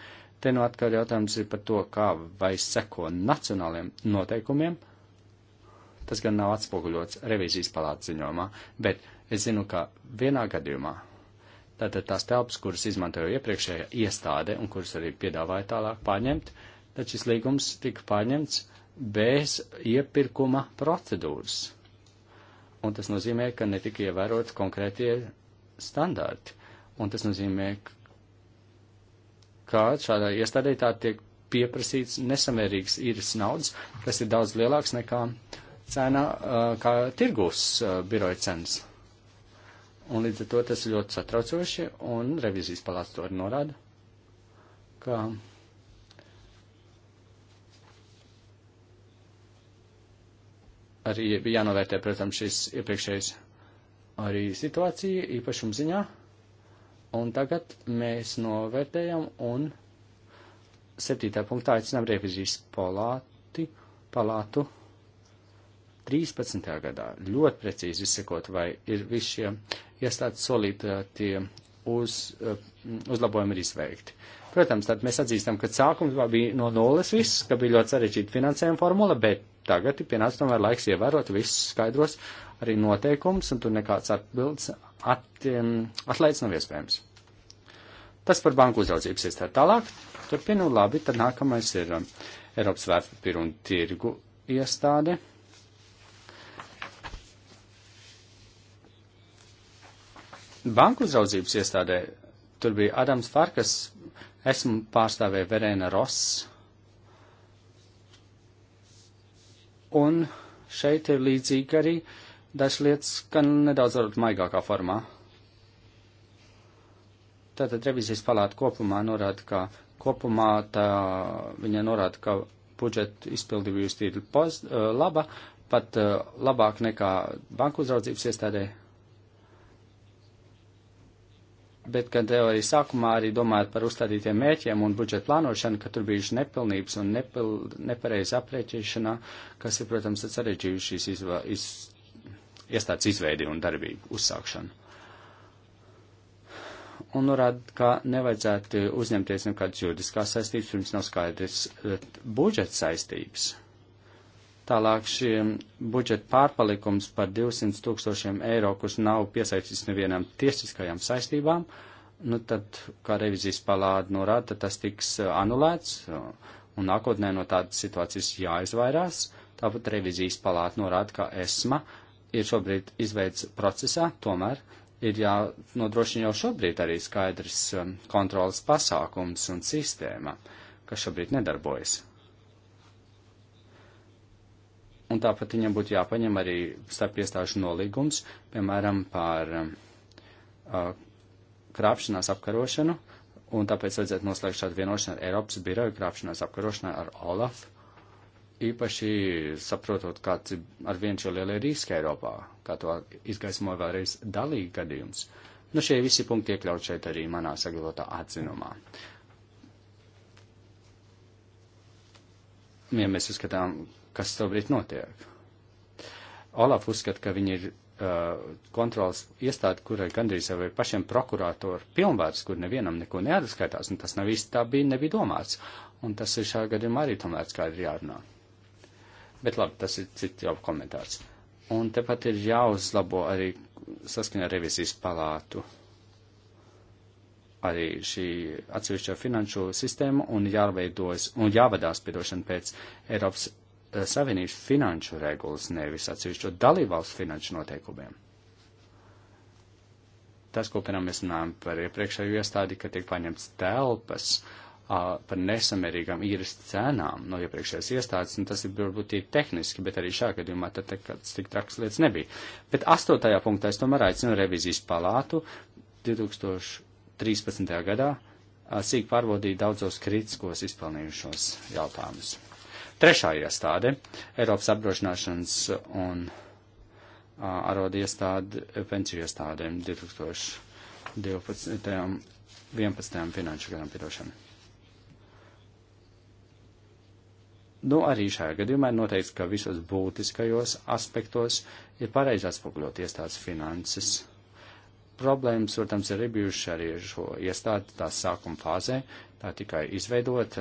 Te nu no atkal jautājums ir par to, kā vai seko nacionāliem noteikumiem. Tas gan nav atspoguļots revīzijas palātas ziņojumā, bet es zinu, ka vienā gadījumā tātad tās telpas, kuras izmantoja iepriekšējā iestāde un kuras arī piedāvāja tālāk pārņemt, tad šis līgums tika pārņemts bez iepirkuma procedūras un tas nozīmē, ka netika ievērots konkrētie standarti. Un tas nozīmē, ka šādā iestādē tā tiek pieprasīts nesamērīgs īres naudas, kas ir daudz lielāks nekā cena, kā tirgus biroja cenas. Un līdz ar to tas ir ļoti satraucoši, un revizijas palāts to arī norāda, ka arī bija jānovērtē, protams, šis iepriekšējais arī situācija īpašuma ziņā. Un tagad mēs novērtējam un septītā punktā aicinām revizijas palāti, palātu 13. gadā ļoti precīzi izsekot, vai ir visi šie iestādes solītie uz, eh, uzlabojumi ir izveikti. Protams, tad mēs atzīstam, ka sākums bija no nulles viss, ka bija ļoti sarežģīta finansējuma formula, bet tagad ir pienācis tomēr laiks ievērot visus skaidros arī noteikumus, un tur nekāds atbildes at, um, atlaids nav iespējams. Tas par banku uzraudzības iestādi tālāk. Turpinu labi, tad nākamais ir um, Eiropas vērtspapīru un tirgu iestāde. Banku uzraudzības iestādē tur bija Adams Farkas, esmu pārstāvēja Verēna Ross, Un šeit ir līdzīgi arī dažas lietas, gan nedaudz varbūt maigākā formā. Tātad revizijas palāta kopumā norāda, ka kopumā tā, viņa norāda, ka budžeta izpildījuma justība ir eh, laba, pat eh, labāk nekā banku uzraudzības iestādē bet gan teorijas sākumā arī domājot par uzstādītiem mērķiem un budžeta plānošanu, ka tur bijuši nepilnības un nepil, nepareiza aprēķināšana, kas ir, protams, sarežģījuši šīs izva, iz, iestādes izveidi un darbību uzsākšanu. Un norāda, ka nevajadzētu uzņemties nekādas juridiskās saistības, pirms nav skaidrs eh, budžeta saistības. Tālāk šiem budžeta pārpalikums par 200 tūkstošiem eiro, kurš nav piesaistīts nevienam tiesiskajām saistībām, nu tad, kā revizijas palāda norāda, tad tas tiks uh, anulēts uh, un nākotnē no tādas situācijas jāizvairās. Tāpat revizijas palāta norāda, ka ESMA ir šobrīd izveids procesā, tomēr ir jānodrošina jau šobrīd arī skaidrs um, kontrolas pasākums un sistēma, kas šobrīd nedarbojas un tāpat viņam būtu jāpaņem arī starp iestāžu nolīgums, piemēram, par uh, krāpšanās apkarošanu, un tāpēc vajadzētu noslēgt šādu vienošanu ar Eiropas biroju krāpšanās apkarošanā ar Olaf, īpaši saprotot, kāds ir ar vien šie lielie riski Eiropā, kā to izgaismoja vēlreiz dalīgi gadījums. Nu, šie visi punkti iekļaut šeit arī manā sagatavotā atzinumā. Ja mēs uzskatām, kas šobrīd notiek. Olaf uzskata, ka viņi ir uh, kontrolas iestāde, kurai gandrīz jau ir pašiem prokurātori pilnvērts, kur nevienam neko neatskaitās, un tas nav īsti tā bija, nebija domāts. Un tas ir šā gadījumā arī tomēr skaidri jārunā. Bet labi, tas ir cits jau komentārs. Un tepat ir jāuzlabo arī saskaņā revizijas palātu arī šī atsevišķo finanšu sistēma un jārveidojas un jāvadās piedošana pēc Eiropas Eh, Savienības finanšu regulas, nevis atsevišķo dalībvalstu finanšu noteikumiem. Tas, ko pirmā mēs runājam par iepriekšējo iestādi, ka tiek paņemts telpas a, par nesamērīgām īres cenām no iepriekšējās iestādes, un tas ir varbūt ir tehniski, bet arī šā gadījumā tad nekāds tik traks lietas nebija. Bet astotajā punktā es tomēr aicinu revizijas palātu 2013. gadā sīk pārbaudīt daudzos kritiskos izpelnījušos jautājumus. Trešā iestāde - Eiropas apdrošināšanas un arodu iestāde, pensiju iestādēm 2012. 11. finanšu gadam piedošana. Nu, arī šajā gadījumā ir noteikts, ka visos būtiskajos aspektos ir pareizi atspoguļot iestādes finanses. Problēmas, protams, ir bijušas arī šo iestādi tās sākuma fāzē, tā tikai izveidot,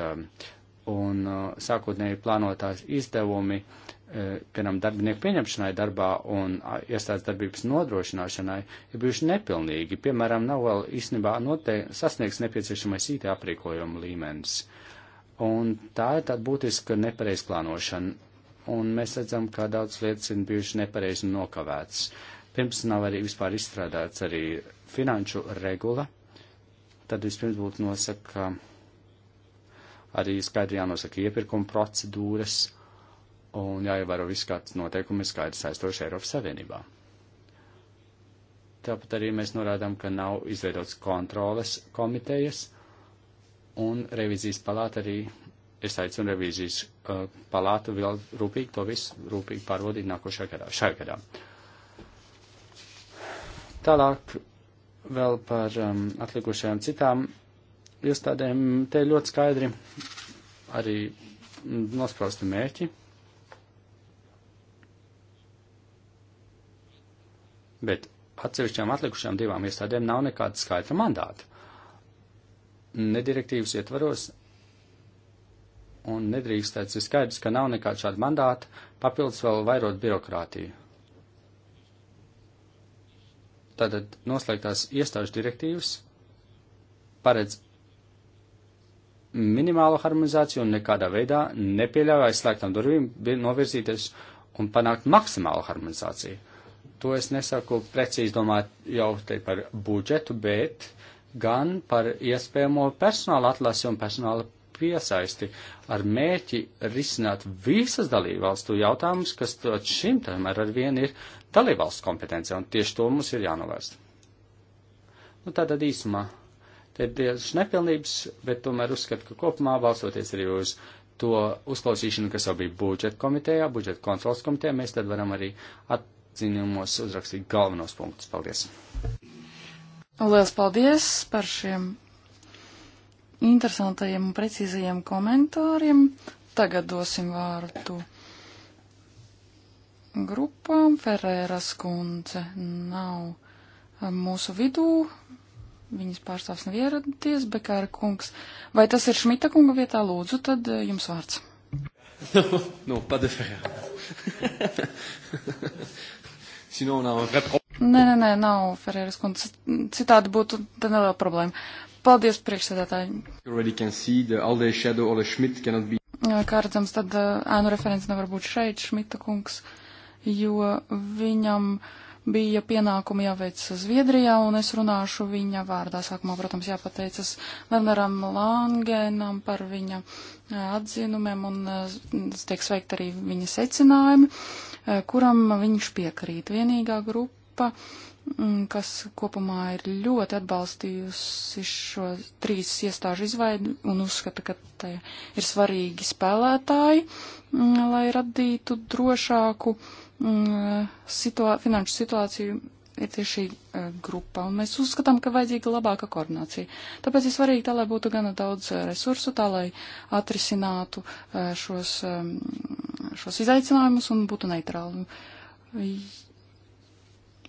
un uh, sākotnēji plānotās izdevumi, uh, piemēram, darbinieku pieņemšanai darbā un uh, iestādes darbības nodrošināšanai, ir bijuši nepilnīgi. Piemēram, nav vēl īstenībā sasniegts nepieciešamais IT aprīkojuma līmenis. Un tā ir tāda būtiska nepareizplānošana. Un mēs redzam, ka daudz lietas ir bijušas nepareizi nokavētas. Pirms nav arī vispār izstrādāts arī finanšu regula. Tad vispirms būtu nosaka, ka Arī skaidri jānosaka iepirkuma procedūras un jāievēro viss kāds noteikumi skaidri saistoši Eiropas Savienībā. Tāpat arī mēs norādām, ka nav izveidots kontroles komitejas un revizijas palāta arī, es aicinu revizijas uh, palātu vēl rūpīgi to visu rūpīgi pārvaldīt nākošajā gadā, šajā gadā. Tālāk vēl par um, atlikušajām citām iestādēm te ļoti skaidri arī nosprausti mērķi. Bet atsevišķām atlikušām divām iestādēm nav nekāda skaidra mandāta. Ne direktīvas ietvaros, un nedrīkst tāds ir skaidrs, ka nav nekāda šāda mandāta, papildus vēl vairot birokrātiju. Tātad noslēgtās iestāžu direktīvas paredz minimālu harmonizāciju un nekādā veidā nepieļauj aizslēgtām durvīm novirzīties un panākt maksimālu harmonizāciju. To es nesaku precīzi domāt jau te par budžetu, bet gan par iespējamo personāla atlasi un personāla piesaisti ar mērķi risināt visas dalībvalstu jautājumus, kas šim tomēr ar vienu ir dalībvalstu kompetencija, un tieši to mums ir jānovērst. Nu, tātad īsumā Te ir dažas nepilnības, bet tomēr uzskatu, ka kopumā balstoties arī uz to uzklausīšanu, kas jau bija budžeta komitejā, budžeta kontrols komitejā, mēs tad varam arī atzinumos uzrakstīt galvenos punktus. Paldies! Lielas paldies par šiem interesantajiem un precīzajiem komentāriem. Tagad dosim vārdu grupām. Ferēras kundze nav mūsu vidū, viņas pārstāvs nav ieradies, Bekāra kungs. Vai tas ir Šmita kunga vietā? Lūdzu, tad eh, jums vārds. no, no, pas de fer. Sinon, on a un vrai problème. Nē, nē, nē, nav Ferēras kundze. Citādi būtu neliela problēma. Paldies, priekšsēdētāji. Kā redzams, tad eh, ēnu referents nevar būt šeit, Šmita kungs, jo viņam. Uh, bija pienākumi jāveic Zviedrijā, un es runāšu viņa vārdā. Sākumā, protams, jāpateicas Lenneram Langenam par viņa eh, atzinumiem, un eh, tiek sveikt arī viņa secinājumi, eh, kuram viņš piekrīt. Vienīgā grupa mm, kas kopumā ir ļoti atbalstījusi šo trīs iestāžu izveidu un uzskata, ka te ir svarīgi spēlētāji, mm, lai radītu drošāku uh, Mm, eh, situā, finanšu situāciju ir tieši šī eh, grupa, un mēs uzskatām, ka vajadzīga labāka koordinācija. Tāpēc ir svarīgi tā, lai būtu gana daudz eh, resursu, tā, lai atrisinātu šos, ehm, šos izaicinājumus un būtu neitrāli.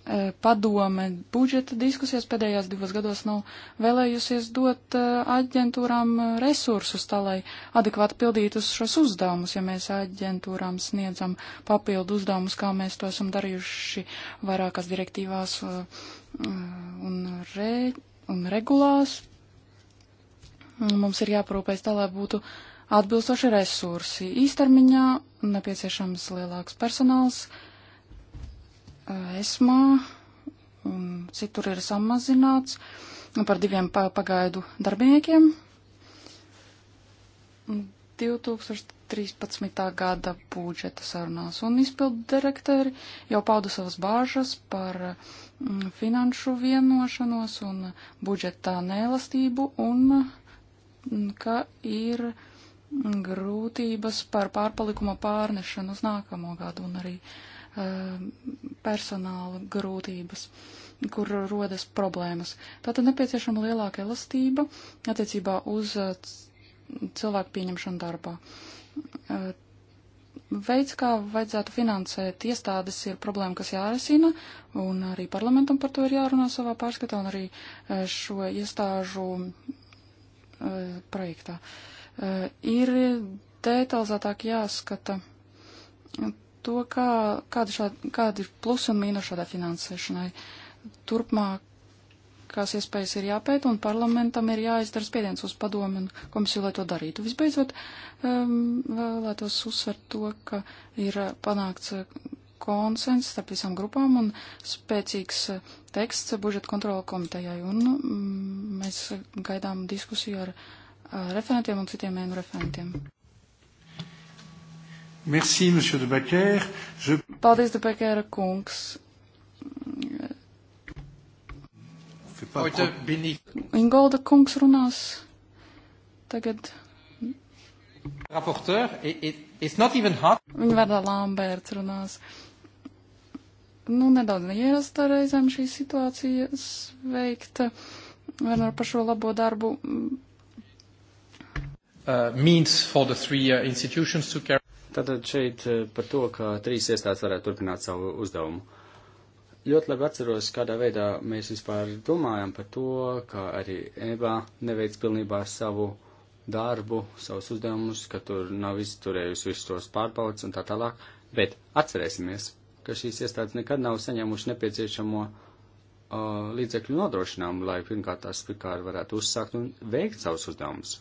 E, padome budžeta diskusijas pēdējās divas gados nav nu, vēlējusies dot e, aģentūrām e, resursus tā, lai adekvāti pildītu šos uzdevumus. Ja mēs aģentūrām sniedzam papildu uzdevumus, kā mēs to esam darījuši vairākās direktīvās un, re, un regulās, mums ir jāparūpēs tā, lai būtu atbilstoši resursi. Īstermiņā nepieciešams lielāks personāls esmā un citur ir samazināts nu, par diviem pagaidu darbiniekiem. 2013. gada budžeta sarunās un izpildu direktori jau pauda savas bāžas par mm, finanšu vienošanos un budžetā nēlastību un mm, ka ir mm, grūtības par pārpalikuma pārnešanu uz nākamo gadu un arī uh, Um, personāla grūtības, kur rodas problēmas. Tātad nepieciešama lielāka elastība attiecībā uz uh, cilvēku pieņemšanu darbā. Uh, veids, kā vajadzētu finansēt iestādes, ir problēma, kas jārisina, un arī parlamentam par to ir jārunā savā pārskatā, un arī uh, šo iestāžu projektā. Ir detalizētāk jāskata to, kā, kāda, šā, kāda ir plus un mīnus šādai finansēšanai. Turpmākās iespējas ir jāpēta, un parlamentam ir jāizdara spiediens uz padomu un komisiju, lai to darītu. Visbeidzot, um, vēlētos uzsvert to, ka ir panākts uh, konsens starp visām grupām un spēcīgs uh, teksts budžeta kontrola komitejai. Un mm, mēs gaidām diskusiju ar referentiem un citiem ēnu referentiem. Merci, monsieur de Baker. Je... Paldies, de Bakera kungs. Oita, Ingolda kungs runās tagad. Raporteur, it, it, it's not even hot. Viņa vārdā Lamberts runās. Nu, nedaudz neierastā reizēm šī situācija sveikta. Vienmēr par šo labo darbu. Uh, means for the three uh, institutions to carry. Tātad šeit eh, par to, ka trīs iestādes varētu turpināt savu uzdevumu. Ļoti labi atceros, kādā veidā mēs vispār domājam par to, ka arī EBA neveic pilnībā savu darbu, savus uzdevumus, ka tur nav izturējusi visus tos pārbaudas un tā tālāk, bet atcerēsimies, ka šīs iestādes nekad nav saņēmuši nepieciešamo uh, līdzekļu nodrošinājumu, lai pirmkārt tās pirmkārt varētu uzsākt un veikt savus uzdevumus.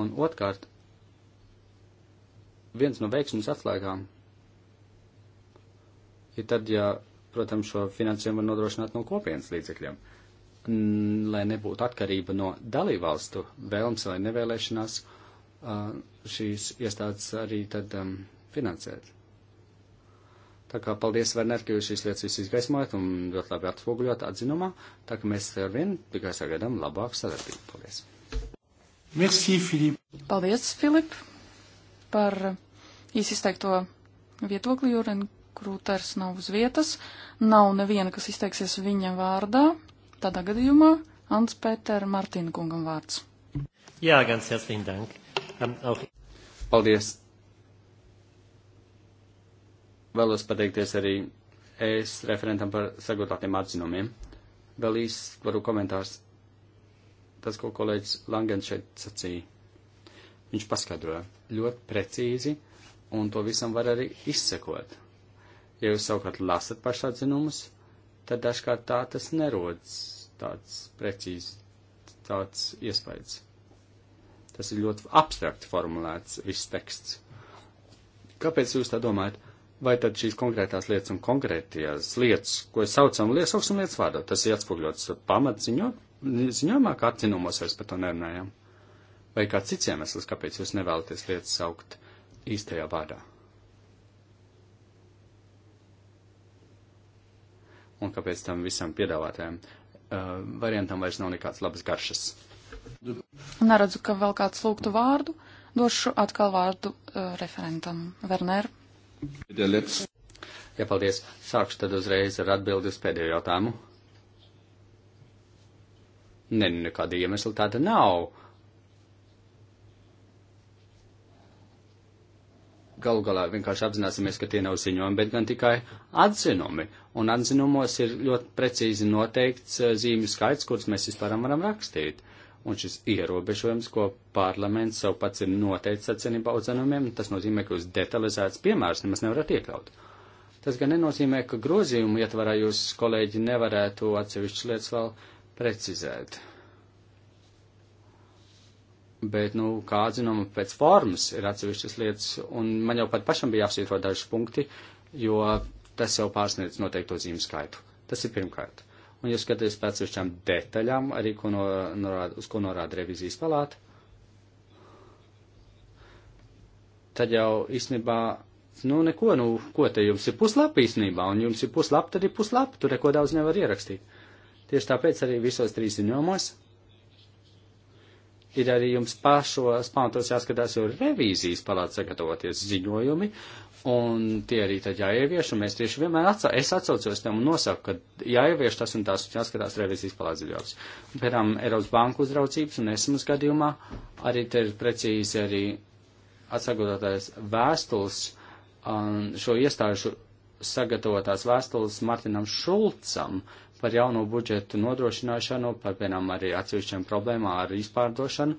Un otrkārt, viens no veiksmes atslēgām ir tad, ja, protams, šo finansējumu var nodrošināt no kopienas līdzekļiem, lai nebūtu atkarība no dalībvalstu vēlms vai nevēlēšanās šīs iestādes arī tad um, finansēt. Tā kā paldies Vernerki, jūs šīs lietas visu izgaismojat un ļoti labi atspoguļot atzinumā, tā ka mēs ar vien tikai sagaidām labāku sadarbību. Paldies! Merci, Filip! Paldies, Filip! par īsi izteikto viedokli. Jūren Krūters nav uz vietas, nav neviena, kas izteiksies viņa vārdā. Tādā gadījumā Ants Pēter Martina kungam vārds. Jā, gan sirsnīgi dank. Um, auch... Paldies. Vēlos pateikties arī es referentam par sagatavotiem atzinumiem. Vēl īsts varu komentārs. Tas, ko kolēģis Langens šeit sacīja Viņš paskaidroja ļoti precīzi, un to visam var arī izsekot. Ja jūs savukārt lasat pašatzinumus, tad dažkārt tā tas nerodas tāds precīzi tāds iespējas. Tas ir ļoti abstrakt formulēts viss teksts. Kāpēc jūs tā domājat? Vai tad šīs konkrētās lietas un konkrētās lietas, ko saucam lietas, saucam lietas vārdā, tas ir atspūgļots pamatziņojumā, kā atzinumos vairs par to nerunājam? vai kāds cits iemesls, kāpēc jūs nevēlaties lietas saukt īstajā vārdā. Un kāpēc tam visam piedāvātajam uh, variantam vairs nav nekāds labas garšas. Neredzu, ka vēl kāds lūgtu vārdu. Došu atkal vārdu uh, referentam. Werner. Jā, paldies. Sākšu tad uzreiz ar atbildi uz pēdējo jautājumu. Nē, ne, nu, nekāda iemesla tāda nav. galu galā vienkārši apzināsimies, ka tie nav ziņojumi, bet gan tikai atzinumi. Un atzinumos ir ļoti precīzi noteikts eh, zīmju skaits, kurus mēs vispār varam rakstīt. Un šis ierobežojums, ko parlaments sev pats ir noteicis atzinībā atzinumiem, tas nozīmē, ka jūs detalizēts piemērs nemaz nevarat iekļaut. Tas gan nenozīmē, ka grozījumu ietvarā jūs, kolēģi, nevarētu atsevišķas lietas vēl precizēt. Bet, nu, kā atzinuma pēc formas ir atsevišķas lietas, un man jau pat pašam bija jāapsvītro daži punkti, jo tas jau pārsniedz noteikto zīmju skaitu. Tas ir pirmkārt. Un, ja skatāties pēc atsevišķām detaļām, arī ko norāda, uz ko norāda revizijas palāta, tad jau īstenībā, nu, neko, nu, ko te jums ir puslapa īstenībā, un jums ir puslapa, tad ir puslapa, tur neko daudz nevar ierakstīt. Tieši tāpēc arī visos trīs ziņojumos ir arī jums pašos pamatos jāskatās jau revīzijas palāca sagatavoties ziņojumi, un tie arī tad jāievieš, un mēs tieši vienmēr atsau, es atsaucos tam un nosaku, ka jāievieš tas un tās jāskatās revīzijas palāca ziņojums. Pēram, Eiropas Banku uzraucības un esmas gadījumā arī te ir precīzi arī atsagotātais vēstules um, šo iestāžu sagatavotās vēstules Martinam Šulcam par jauno budžetu nodrošināšanu, par vienam arī atsevišķiem problēmām ar izpārdošanu.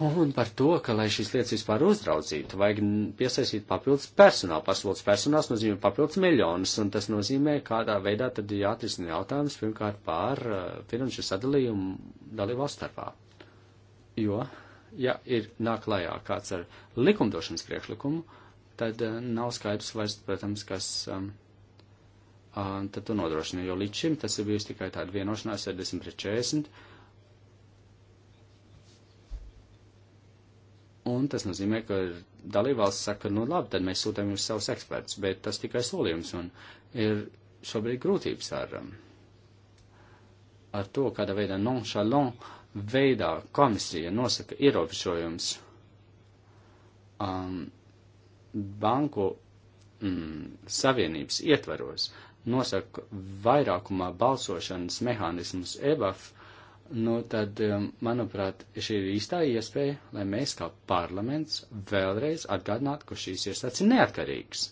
Un par to, ka, lai šīs lietas vispār uzraudzītu, vajag piesaistīt papildus personālu. Pasaules personāls nozīmē papildus miljonus, un tas nozīmē, kādā veidā tad jāatrisina jautājums pirmkārt par uh, finanšu sadalījumu dalībvalstu starpā. Jo, ja ir nāk lajā kāds ar likumdošanas priekšlikumu, tad uh, nav skaidrs vairs, protams, kas. Um, tad tu nodrošini, jo līdz šim tas ir bijis tikai tāda vienošanās 70 pret 40. Un tas nozīmē, ka dalībvalsts saka, nu labi, tad mēs sūtām jums savus ekspertus, bet tas tikai solījums un ir šobrīd grūtības ar, um, ar to, kādā veidā nonšalant veidā komisija nosaka ierobežojums um, banku mm, savienības ietvaros. Uh, nosaka vairākumā balsošanas mehānismus EBAF, nu tad, um, manuprāt, šī ir īstā iespēja, lai mēs kā parlaments vēlreiz atgādinātu, ka šīs iestādes ir neatkarīgas.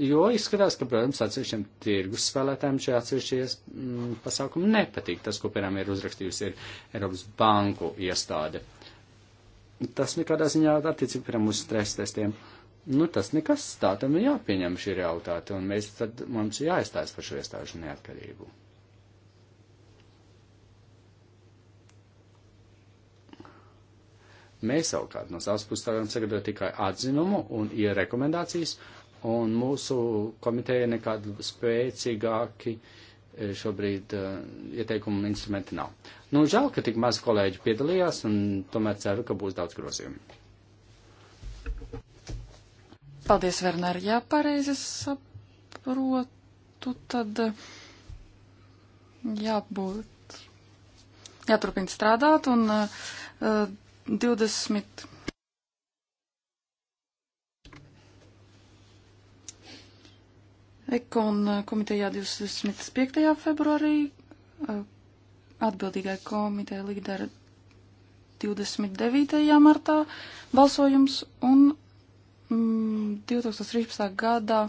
Jo izskatās, ka, protams, atsevišķiem tirgus spēlētājiem šie atsevišķies mm, pasākumi nepatīk. Tas, ko piemēram ir uzrakstījusi ir Eiropas banku iestāde. Tas nekādā ziņā attiecīgi, piemēram, uz stresa testiem. Uh, Nu, tas nekas tā, tam ir jāpieņem šī realitāte, un mēs tad mums ir jāizstājas par šo iestāžu neatkarību. Mēs savukārt no savas puses varam sagatavot tikai atzinumu un ierekomendācijas, un mūsu komiteja nekādu spēcīgāki e, šobrīd uh, ieteikumu instrumenti nav. Nu, žēl, ka tik maz kolēģi piedalījās, un tomēr ceru, ka būs daudz grozījumu. Paldies, Werner. Jā, pareizi saprotu, tad jābūt. Jāturpina strādāt un uh, eh, 20. Ekon komitejā 25. februārī uh, atbildīgai komiteja likdara 29. martā balsojums un 2013. Mm, gada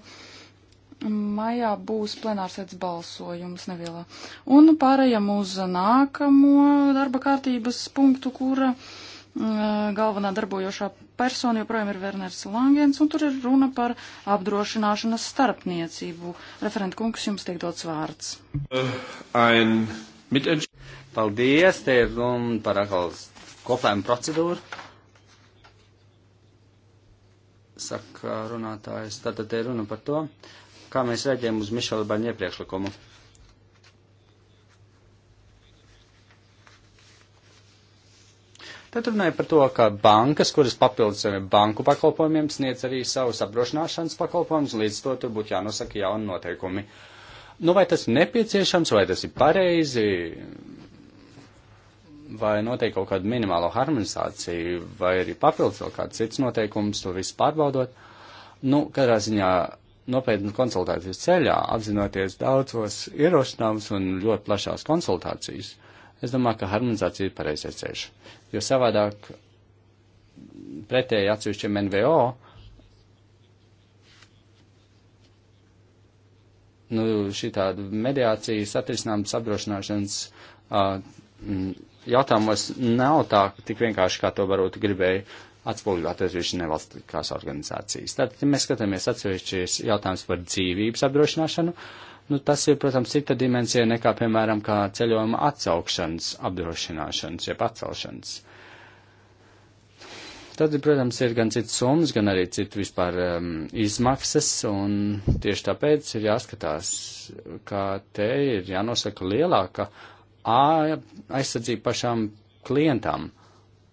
maijā būs plenārsēdz balsojums nevielā. Un pārējām uz nākamo darba kārtības punktu, kura mm, galvenā darbojošā persona joprojām ir Werners Langens, un tur ir runa par apdrošināšanas starpniecību. Referent kungs, jums tiek dots vārds. Uh, Paldies, te ir runa par akals koplēmu procedūru saka runātājs. Tātad te runa par to, kā mēs reaģējam uz Mišela Baņie priekšlikumu. Tad runāja par to, ka bankas, kuras papildus saviem banku pakalpojumiem, sniedz arī savus apdrošināšanas pakalpojumus, līdz to tur būtu jānosaka jauni noteikumi. Nu, vai tas ir nepieciešams, vai tas ir pareizi, vai noteikti kaut kādu minimālo harmonizāciju, vai arī papildus vēl kāds cits noteikums, to visu pārbaudot. Nu, katrā ziņā nopietnu konsultācijas ceļā, apzinoties daudzos ierosinājumus un ļoti plašās konsultācijas, es domāju, ka harmonizācija ir pareizais ceļš. Jo savādāk pretēji atsevišķiem NVO, nu, šī tāda mediācijas atrisinājuma sabrošināšanas uh, jautājumos nav tā tik vienkārši, kā to varbūt gribēja atspoguļot atsevišķi nevalstiskās organizācijas. Tad, ja mēs skatāmies atsevišķis jautājums par dzīvības apdrošināšanu, nu, tas ir, protams, cita dimensija nekā, piemēram, kā ceļojuma atsaukšanas apdrošināšanas, jeb atcelšanas. Tad, protams, ir gan cits summas, gan arī cits vispār um, izmaksas, un tieši tāpēc ir jāskatās, kā te ir jānosaka lielāka aizsardzību pašām klientam.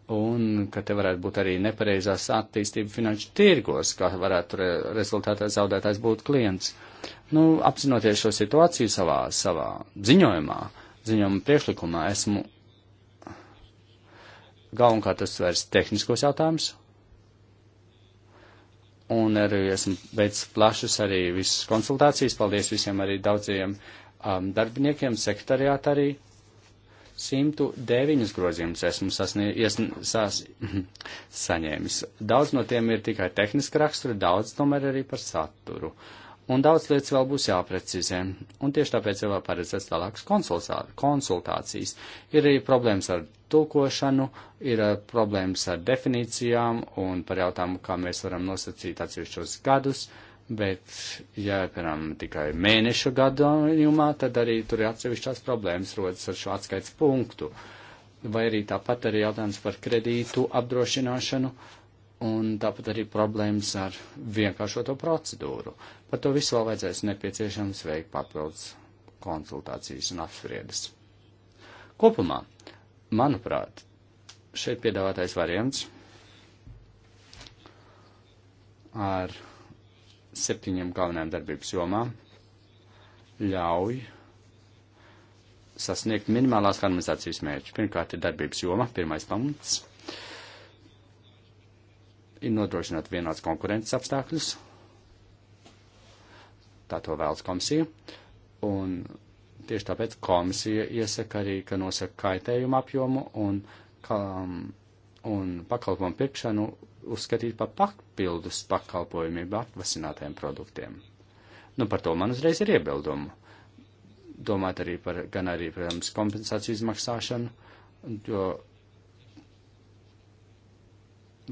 Un ka te varētu būt arī nepareizās attīstība finanšu tirgos, kā varētu re rezultātā zaudētājs būt klients. Nu, apzinoties šo situāciju savā, savā ziņojumā, ziņojuma priekšlikumā, esmu galvenokārt uzsvērs tehniskos jautājumus. Un arī esmu veicis plašas arī visas konsultācijas. Paldies visiem arī daudziem um, darbiniekiem, sekretariāt arī 109 grozījumus esmu sasnie, iesn, sas, saņēmis. Daudz no tiem ir tikai tehniska rakstura, daudz tomēr arī par saturu. Un daudz lietas vēl būs jāprecizē, un tieši tāpēc jau vēl paredzēts tālākas konsultācijas. Ir arī problēmas ar tulkošanu, ir uh, problēmas ar definīcijām un par jautājumu, kā mēs varam nosacīt atsevišķos gadus. Uh, Bet, ja, piemēram, tikai mēnešu gadījumā, tad arī tur ir atsevišķās problēmas rodas ar šo atskaits punktu. Vai arī tāpat arī jautājums par kredītu apdrošināšanu un tāpat arī problēmas ar vienkāršoto procedūru. Par to visu vēl vajadzēs nepieciešams veikt papildus konsultācijas un apspriedas. Kopumā, manuprāt, šeit piedāvātais variants ar septiņiem galvenajām darbības jomām ļauj sasniegt minimālās harmonizācijas mērķus. Pirmkārt ir darbības joma, pirmais pamats ir nodrošināt vienāds konkurences apstākļus, tā to vēlas komisija, un tieši tāpēc komisija iesaka arī, ka nosaka kaitējumu apjomu un, ka, um, un pakalpojumu pirkšanu uzskatīt par papildus pakalpojumiem atvasinātajiem produktiem. Nu, par to man uzreiz ir iebildumu. Domāt arī par, gan arī, protams, kompensāciju izmaksāšanu, jo,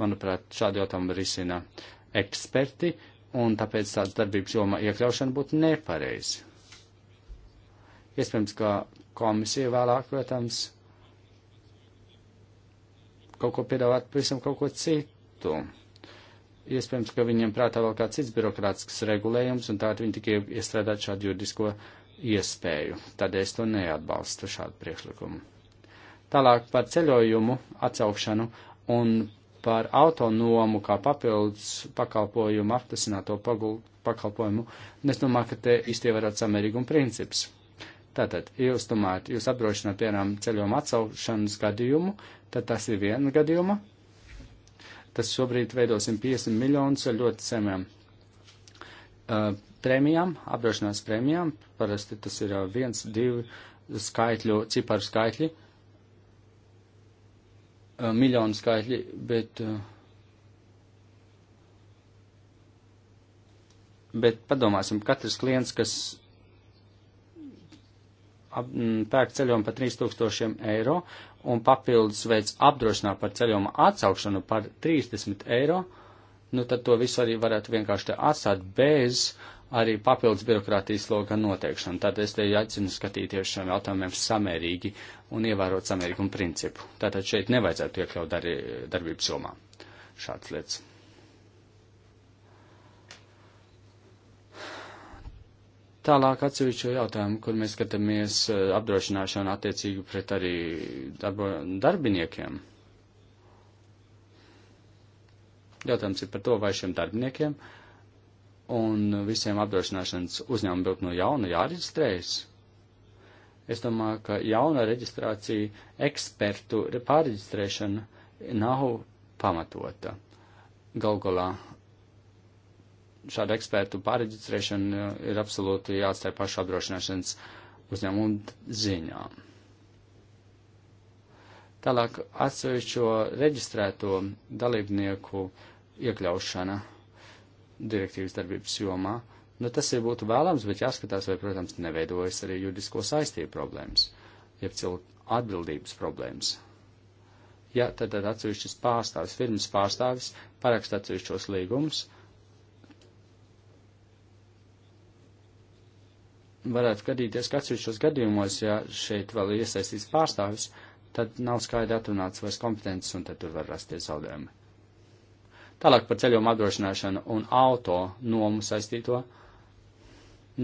manuprāt, šādu jautājumu risina eksperti, un tāpēc tāds darbības joma iekļaušana būtu nepareizi. Iespējams, ka komisija vēlāk, protams, kaut ko piedāvāt pavisam kaut ko citu aktu. Iespējams, ka viņiem prātā vēl kāds cits birokrātisks regulējums, un tātad viņi tikai iestrādāt šādu juridisko iespēju. Tādēļ es to neatbalstu šādu priekšlikumu. Tālāk par ceļojumu atsaukšanu un par autonomu kā papildus pakalpojumu, aptasināto pakalpojumu, es domāju, ka te iztievarot samērīguma princips. Tātad, ja jūs domājat, jūs apdrošināt, piemēram, ceļojuma atsaušanas gadījumu, tad tas ir viena gadījuma Tas šobrīd veido 150 miljonus ar ļoti zemiem uh, prēmijām, apdrošinās prēmijām. Parasti tas ir uh, viens, divi skaitļu, ciparu skaitļi, uh, miljonu skaitļi, bet. Uh, bet padomāsim, katrs klients, kas pērk ceļojumu par 3000 eiro un papildus veids apdrošinā par ceļojuma atsaukšanu par 30 eiro, nu tad to visu arī varētu vienkārši te atstāt bez arī papildus birokrātijas sloga noteikšana. Tad es te aicinu skatīties šiem jautājumiem samērīgi un ievērot samērīgumu principu. Tātad šeit nevajadzētu iekļaut dar darbības jomā šāds lietas. Tālāk atsevišķo jautājumu, kur mēs skatāmies eh, apdrošināšanu attiecīgi pret arī darbo, darbiniekiem. Jautājums ir par to, vai šiem darbiniekiem un visiem apdrošināšanas uzņēmumiem būtu no jauna jāreģistrējas. Es domāju, ka jauna reģistrācija, ekspertu pārreģistrēšana nav pamatota. Galgolā šādu ekspertu pārreģistrēšana ir absolūti jāatstāj pašu apdrošināšanas uzņēmumu ziņā. Tālāk atsevišķo reģistrēto dalībnieku iekļaušana direktīvas darbības jomā. Nu, tas ir būtu vēlams, bet jāskatās, vai, protams, neveidojas arī juridisko saistību problēmas, jeb cilvēku atbildības problēmas. Ja tad, tad atsevišķas pārstāvis, firmas pārstāvis paraksta atsevišķos līgumus, varētu skatīties, ka atsevišķos gadījumos, ja šeit vēl ir iesaistīts pārstāvis, tad nav skaidri atrunāts vairs kompetences, un tad tur var rasties zaudējumi. Tālāk par ceļojumu apdrošināšanu un auto nomu saistīto.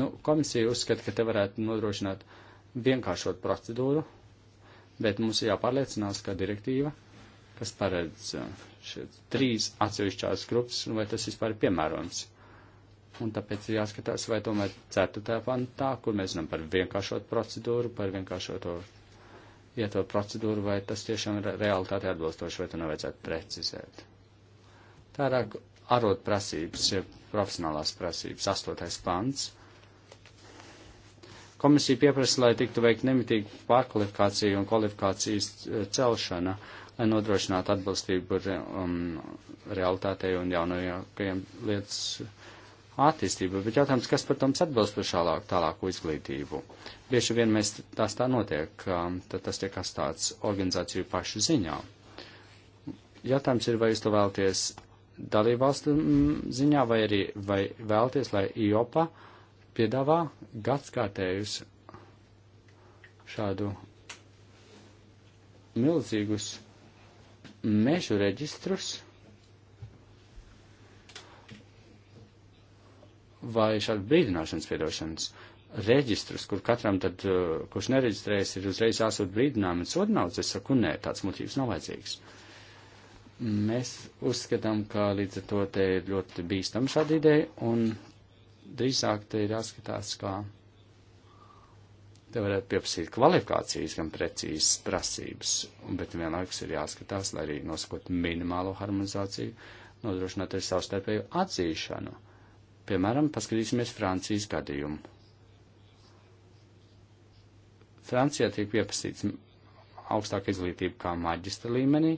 Nu, komisija uzskata, ka te varētu nodrošināt vienkāršot procedūru, bet mums ir jāpārliecinās, ka direktīva, kas paredz uh, šeit trīs atsevišķās grupas, vai tas vispār ir piemērojams. Un tāpēc ir jāskatās, vai tomēr 4. pantā, kur mēs runājam par vienkāršotu procedūru, par vienkāršotu ietvaru procedūru, vai tas tiešām ir realitāte atbilstoši, vai to nevajadzētu precizēt. Tārāk arotprasības, profesionālās prasības, 8. pants. Komisija pieprasa, lai tiktu veikt nemitīgu pārkvalifikāciju un kvalifikācijas e, celšana, lai nodrošinātu atbilstību re, um, realitātei un jaunajākajiem lietas attīstību, bet jautājums, kas, protams, atbilst par šālāk tālāku izglītību. Bieži vien mēs tās tā notiek, ka um, tas tiek atstāts organizāciju pašu ziņā. Jautājums ir, vai jūs to vēlties dalībvalstu mm, ziņā, vai arī vai vēlties, lai IOPA piedāvā gadskārtējus šādu milzīgus mežu reģistrus, vai šādu brīdināšanas piedošanas reģistrus, kur katram tad, uh, kurš nereģistrējas, ir uzreiz jāsūt brīdinājumi un sodnauts, es saku, nē, tāds motīvs nav vajadzīgs. Mēs uzskatām, ka līdz ar to te ir ļoti bīstama šāda ideja, un drīzāk te ir jāskatās, kā te varētu pieprasīt kvalifikācijas, gan precīzas prasības, bet vienlaikus ir jāskatās, lai arī nosakot minimālo harmonizāciju, nodrošināt arī savstarpēju atzīšanu. Uh, Piemēram, paskatīsimies Francijas gadījumu. Francijā tiek pieprasīts augstāka izglītība kā maģistra līmenī,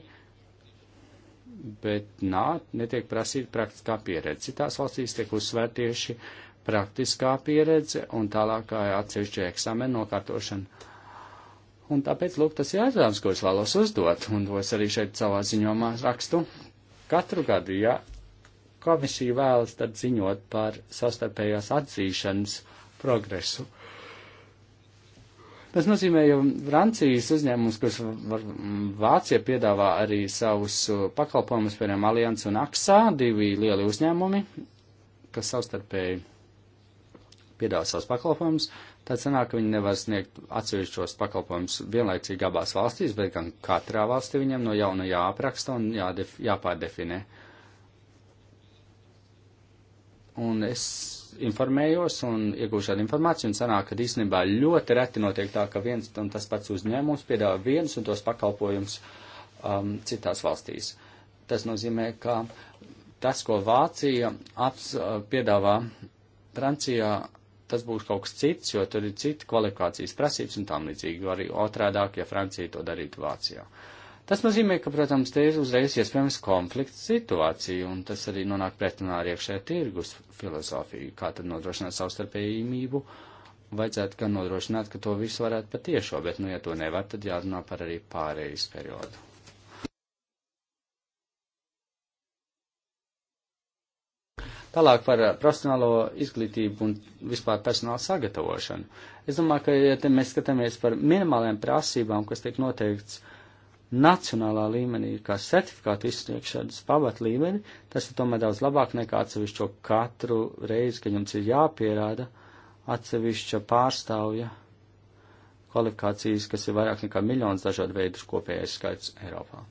bet nā, netiek prasīta praktiskā pieredze. Citās valstīs tiek uzsvērt tieši praktiskā pieredze un tālākā atsevišķa eksāmena nokārtošana. Un tāpēc, lūk, tas ir jautājums, ko es vēlos uzdot, un to es arī šeit savā ziņomā rakstu. Katru gadu, ja komisija vēlas tad ziņot par savstarpējās atzīšanas progresu. Tas nozīmē, jo Francijas uzņēmums, kurš var, Vācija piedāvā arī savus pakalpojumus, piemēram, Allianz un AXA, divi lieli uzņēmumi, kas savstarpēji piedāvā savus pakalpojumus, tad sanāk, ka viņi nevar sniegt atsevišķos pakalpojumus vienlaicīgi abās valstīs, bet gan katrā valstī viņam no jauna jāapraksta un jādef, jāpārdefinē. Uh, un es informējos un iegūšu šādu informāciju, un sanāk, ka īstenībā ļoti reti notiek tā, ka viens un tas pats uzņēmums piedāvā viens un tos pakalpojums um, citās valstīs. Tas nozīmē, ka tas, ko Vācija aps, uh, piedāvā Francijā, tas būs kaut kas cits, jo tur ir cita kvalifikācijas prasības un tam līdzīgi, jo arī otrādāk, ja Francija to darītu Vācijā. Uh, Tas nozīmē, ka, protams, te ir uzreiz iespējams konflikts situācija, un tas arī nonāk pretrunā ar iekšē tirgus filozofiju, kā tad nodrošināt savstarpējumību. Vajadzētu gan nodrošināt, ka to visu varētu patiešo, bet, nu, ja to nevar, tad jārunā par arī pārējais periodu. Tālāk par eh, profesionālo izglītību un vispār personāla sagatavošanu. Es domāju, ka, ja te mēs skatāmies par minimālajām prasībām, kas tiek noteikts, uh, nacionālā līmenī, kā certifikātu izsniegšanas pavat līmeni, tas ir tomēr daudz labāk nekā atsevišķo katru reizi, ka jums ir jāpierāda atsevišķa pārstāvja kvalifikācijas, kas ir vairāk nekā miljons dažādu veidu kopējais skaits Eiropā.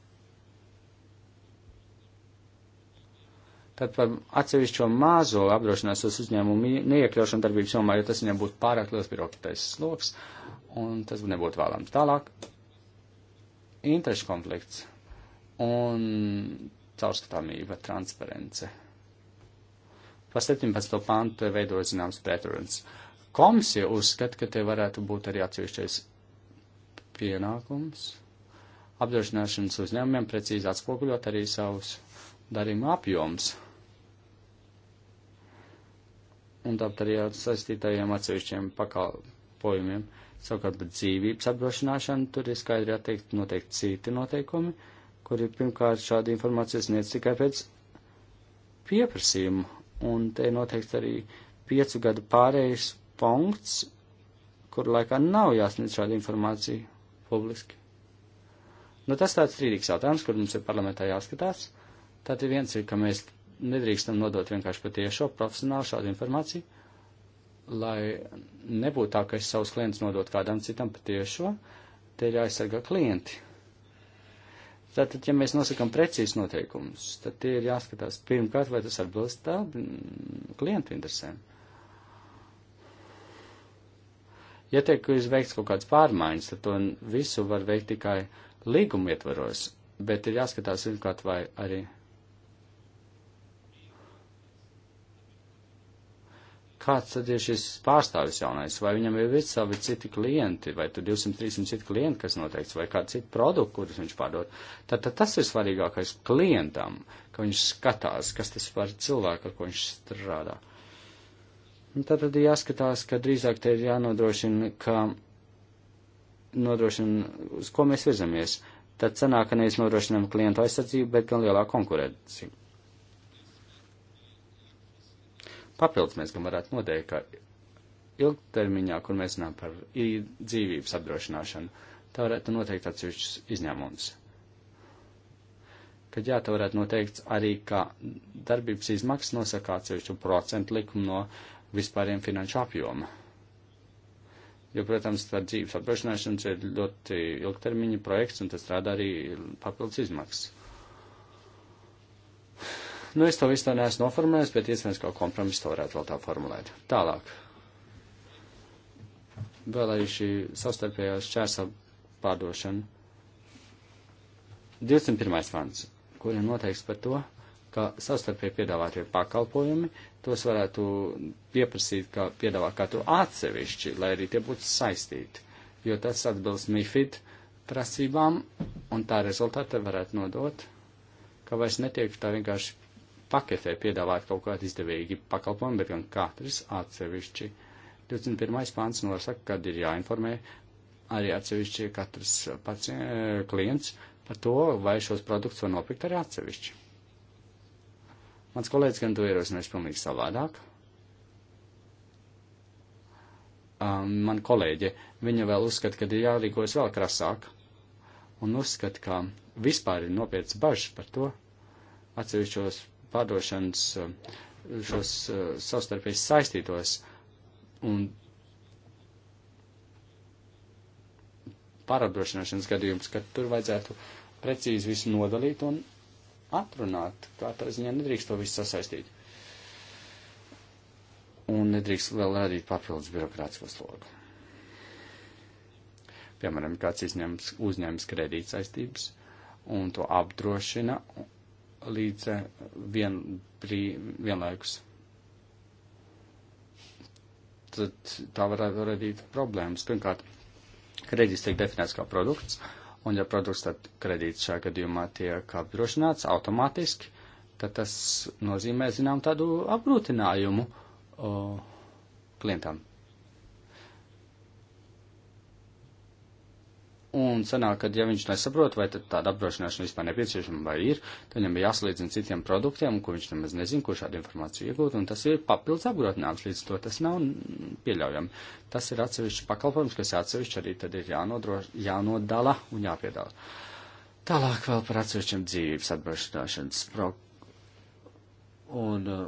Tad par atsevišķo mazo apdrošināšanas uzņēmumu neiekļaušanu darbības jomā, jo tas viņam būtu pārāk liels birokrātais sloks, un tas nebūtu vēlams tālāk interešu konflikts un caurskatāmība, transparence. Pa 17. pantu te veidojas zināms pretruns. Komisija uzskata, ka te varētu būt arī atsevišķais pienākums apdrošināšanas uzņēmumiem precīzi atspoguļot arī savus darījuma apjoms. Un tāpat arī saistītajiem atsevišķiem pakalpojumiem. Uh, Savukārt, bet dzīvības apdrošināšana tur ir skaidri atteikti noteikti citi noteikumi, kuri pirmkārt šādu informāciju sniedz tikai pēc pieprasījuma, un te noteikti arī piecu gadu pārējais punkts, kur laikā nav jāsniedz šāda informācija publiski. Nu, tas tāds trīdīgs jautājums, kur mums ir parlamentā jāskatās. Tātad viens ir, ka mēs nedrīkstam nodot vienkārši patiešo profesionālu šādu informāciju lai nebūtu tā, ka es savus klientus nodotu kādam citam patiešo, te ir jāaizsargā klienti. Tātad, ja mēs nosakam precīzi noteikumus, tad tie ir jāskatās pirmkārt, vai tas atbilst tā klientu interesēm. Ja tiek izveikts kaut kāds pārmaiņas, tad to visu var veikt tikai līguma ietvaros, bet ir jāskatās pirmkārt, vai arī kāds tad ir šis pārstāvis jaunais, vai viņam ir visi savi citi klienti, vai tur 200-300 citi klienti, kas noteikts, vai kādi citi produkti, kurus viņš pārdod. Tad, tad tas ir svarīgākais klientam, ka viņš skatās, kas tas par cilvēku, ar ko viņš strādā. Un tad, tad jāskatās, ka drīzāk te ir jānodrošina, ka nodrošina, uz ko mēs virzamies. Tad sanāk, ka nevis nodrošinām klientu aizsardzību, bet gan lielā konkurenciju. Papildus mēs gan varētu nodeikt, ka ilgtermiņā, kur mēs runājam par dzīvības apdrošināšanu, tā varētu noteikt atsevišķus izņēmumus. Kad jā, tā varētu noteikt arī, ka darbības izmaksas nosaka atsevišķu procentu likumu no vispāriem finanšu apjoma. Jo, protams, tā dzīves apdrošināšanas ir ļoti ilgtermiņa projekts, un tas rada arī papildus izmaksas. Nu, es to visu tā neesmu noformulējis, bet iespējams, ka kompromiss to varētu vēl tā formulēt. Tālāk. Vēl arī šī savstarpējā šķērsa pārdošana. 21. pants, kur ir noteikts par to, ka savstarpēji piedāvātie pakalpojumi, tos varētu pieprasīt, ka piedāvā katru atsevišķi, lai arī tie būtu saistīti, jo tas atbilst MIFID prasībām, un tā rezultātā varētu nodot, ka vairs netiek tā vienkārši paketē piedāvāt kaut kādu izdevīgu pakalpojumu, bet gan katrs atsevišķi. 21. pāns nosaka, kad ir jāinformē arī atsevišķi katrs pacien, eh, klients par to, vai šos produktus var nopirkt arī atsevišķi. Mans kolēģis gan to ierosinājis pilnīgi savādāk. Um, man kolēģe, viņa vēl uzskata, ka ir jārīkojas vēl krasāk, un uzskata, ka vispār ir nopietnas bažas par to atsevišķos pārdošanas eh, šos eh, savstarpēji saistītos un pārapdrošināšanas gadījumus, ka tur vajadzētu precīzi visu nodalīt un atrunāt, kā tā ziņā nedrīkst to visu sasaistīt. Un nedrīkst vēl radīt papildus birokrātisko slogu. Piemēram, kāds izņems, uzņems kredīt saistības un to apdrošina līdz vien, brī, vienlaikus. Tad tā varētu radīt problēmas. Pirmkārt, kredīts tiek definēts kā produkts, un ja produkts, tad kredīts šajā gadījumā tiek apdrošināts automātiski, tad tas nozīmē, zinām, tādu apgrūtinājumu o, uh, klientam. Un sanāk, ka, ja viņš nesaprot, vai tāda apdrošināšana vispār nepieciešama vai ir, tad viņam ir jāsalīdzina citiem produktiem, ko viņš nemaz nezina, kur šādu informāciju iegūt, un tas ir papildus apgrūtinājums līdz to. Tas nav pieļaujami. Tas ir atsevišķs pakalpojums, kas atsevišķi arī tad ir jānodroš, jānodala un jāpiedala. Tālāk vēl par atsevišķiem dzīves apdrošināšanas pro... un uh,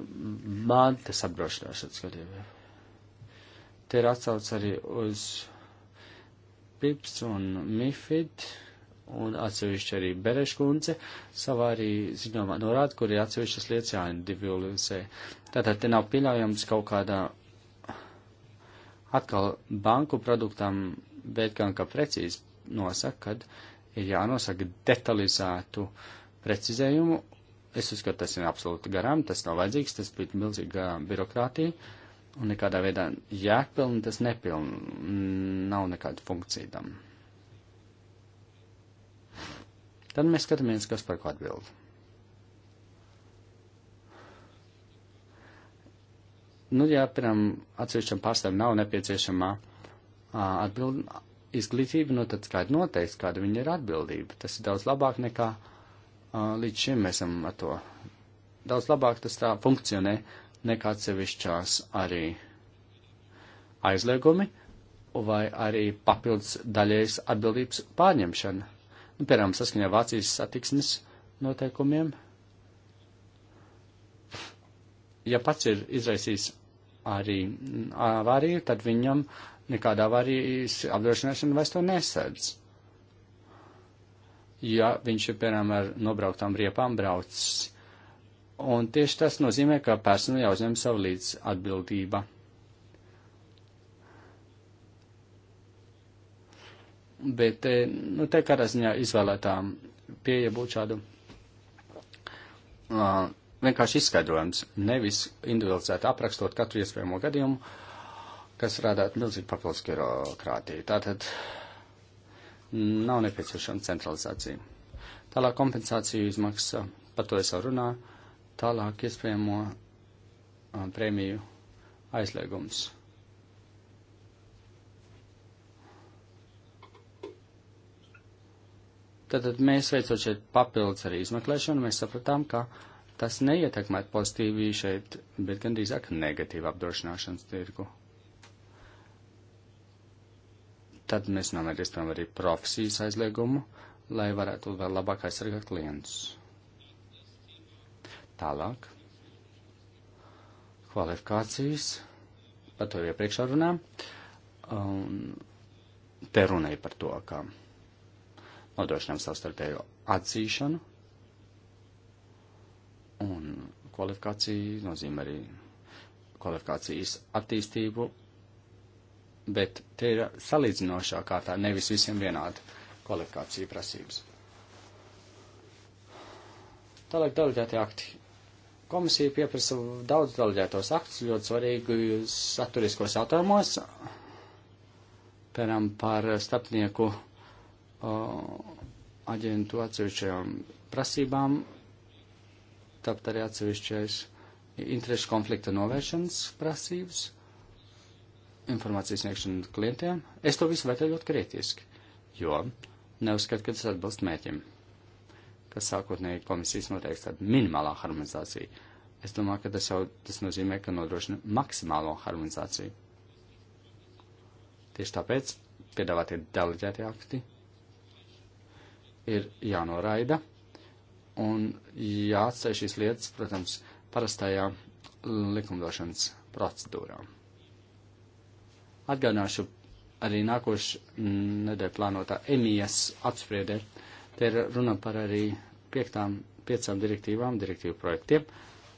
man tas apdrošināšanas gadījumiem. Te ir atsauc arī uz Pips un Mifid un atsevišķi arī Bereškundze savā arī ziņojumā norāda, kur ir atsevišķas lietas jāindividualizē. Tātad te nav pieļaujams kaut kādā atkal banku produktam, bet gan kā precīzi nosaka, kad ir jānosaka detalizētu precizējumu. Es uzskatu, tas ir absolūti garām, tas nav vajadzīgs, tas bija milzīga birokrātija. Un nekādā veidā jēgpilni tas nepilni, nav nekāda funkcija tam. Tad mēs skatāmies, kas par ko atbild. Nu, ja, piemēram, atsevišķam pārstāvim nav nepieciešamā atbild izglītība, nu, tad skaidri noteikts, kāda viņa ir atbildība. Tas ir daudz labāk nekā a, līdz šim mēs esam ar to. Daudz labāk tas tā funkcionē, nekā atsevišķās arī aizliegumi vai arī papildus daļējas atbildības pārņemšana. Nu, piemēram, saskaņā Vācijas satiksmes noteikumiem. Ja pats ir izraisījis arī avāriju, tad viņam nekāda avārijas apdrošināšana vairs to nesēdz. Ja viņš ir, piemēram, ar nobrauktām riepām braucis Un tieši tas nozīmē, ka persona jāuzņem savu līdz atbildība. Bet, nu, te kādā ziņā izvēlētām pieeja būtu šādu uh, vienkārši izskaidrojums, nevis individualizēt aprakstot katru iespējamo gadījumu, kas radētu milzīgi papildus birokrātiju. Tātad nav nepieciešama centralizācija. Tālāk kompensācija izmaksa, par to es jau runāju Tālāk iespējamo prēmiju aizliegums. Tātad mēs veicot šeit papildus arī izmeklēšanu, mēs sapratām, ka tas neietekmē pozitīvi šeit, bet gan drīzāk negatīvi apdrošināšanas tirgu. Tad mēs nomērīsim arī profesijas aizliegumu, lai varētu vēl labāk aizsargāt klientus. Tālāk. Kvalifikācijas. Par to iepriekšā runā. Um, te runāja par to, ka nodrošinām savstarpējo atzīšanu. Un kvalifikācija nozīmē arī kvalifikācijas attīstību, bet te ir salīdzinošā kārtā nevis visiem vienāda kvalifikācija prasības. Tālāk delegēti akti Komisija pieprasa daudz dalģētos aktus ļoti svarīgu saturiskos jautājumos, piemēram, par starpnieku aģentu atsevišķajām prasībām, tāpat arī atsevišķais interešu konflikta novēršanas prasības, informācijas sniegšana klientiem. Es to visu vērtēju ļoti kritiski, jo neuzskatu, ka tas atbilst mērķim kas sākotnēji komisijas noteikts tāda minimālā harmonizācija. Es domāju, ka tas jau tas nozīmē, ka nodrošina maksimālo harmonizāciju. Tieši tāpēc piedāvātie deleģēti akti ir jānoraida un jāatstāj šīs lietas, protams, parastajā likumdošanas procedūrā. Atgādināšu arī nākošu nedēļu plānotā emijas apspriedē Te ir runa par arī piektām, piecām direktīvām, direktīvu projektiem,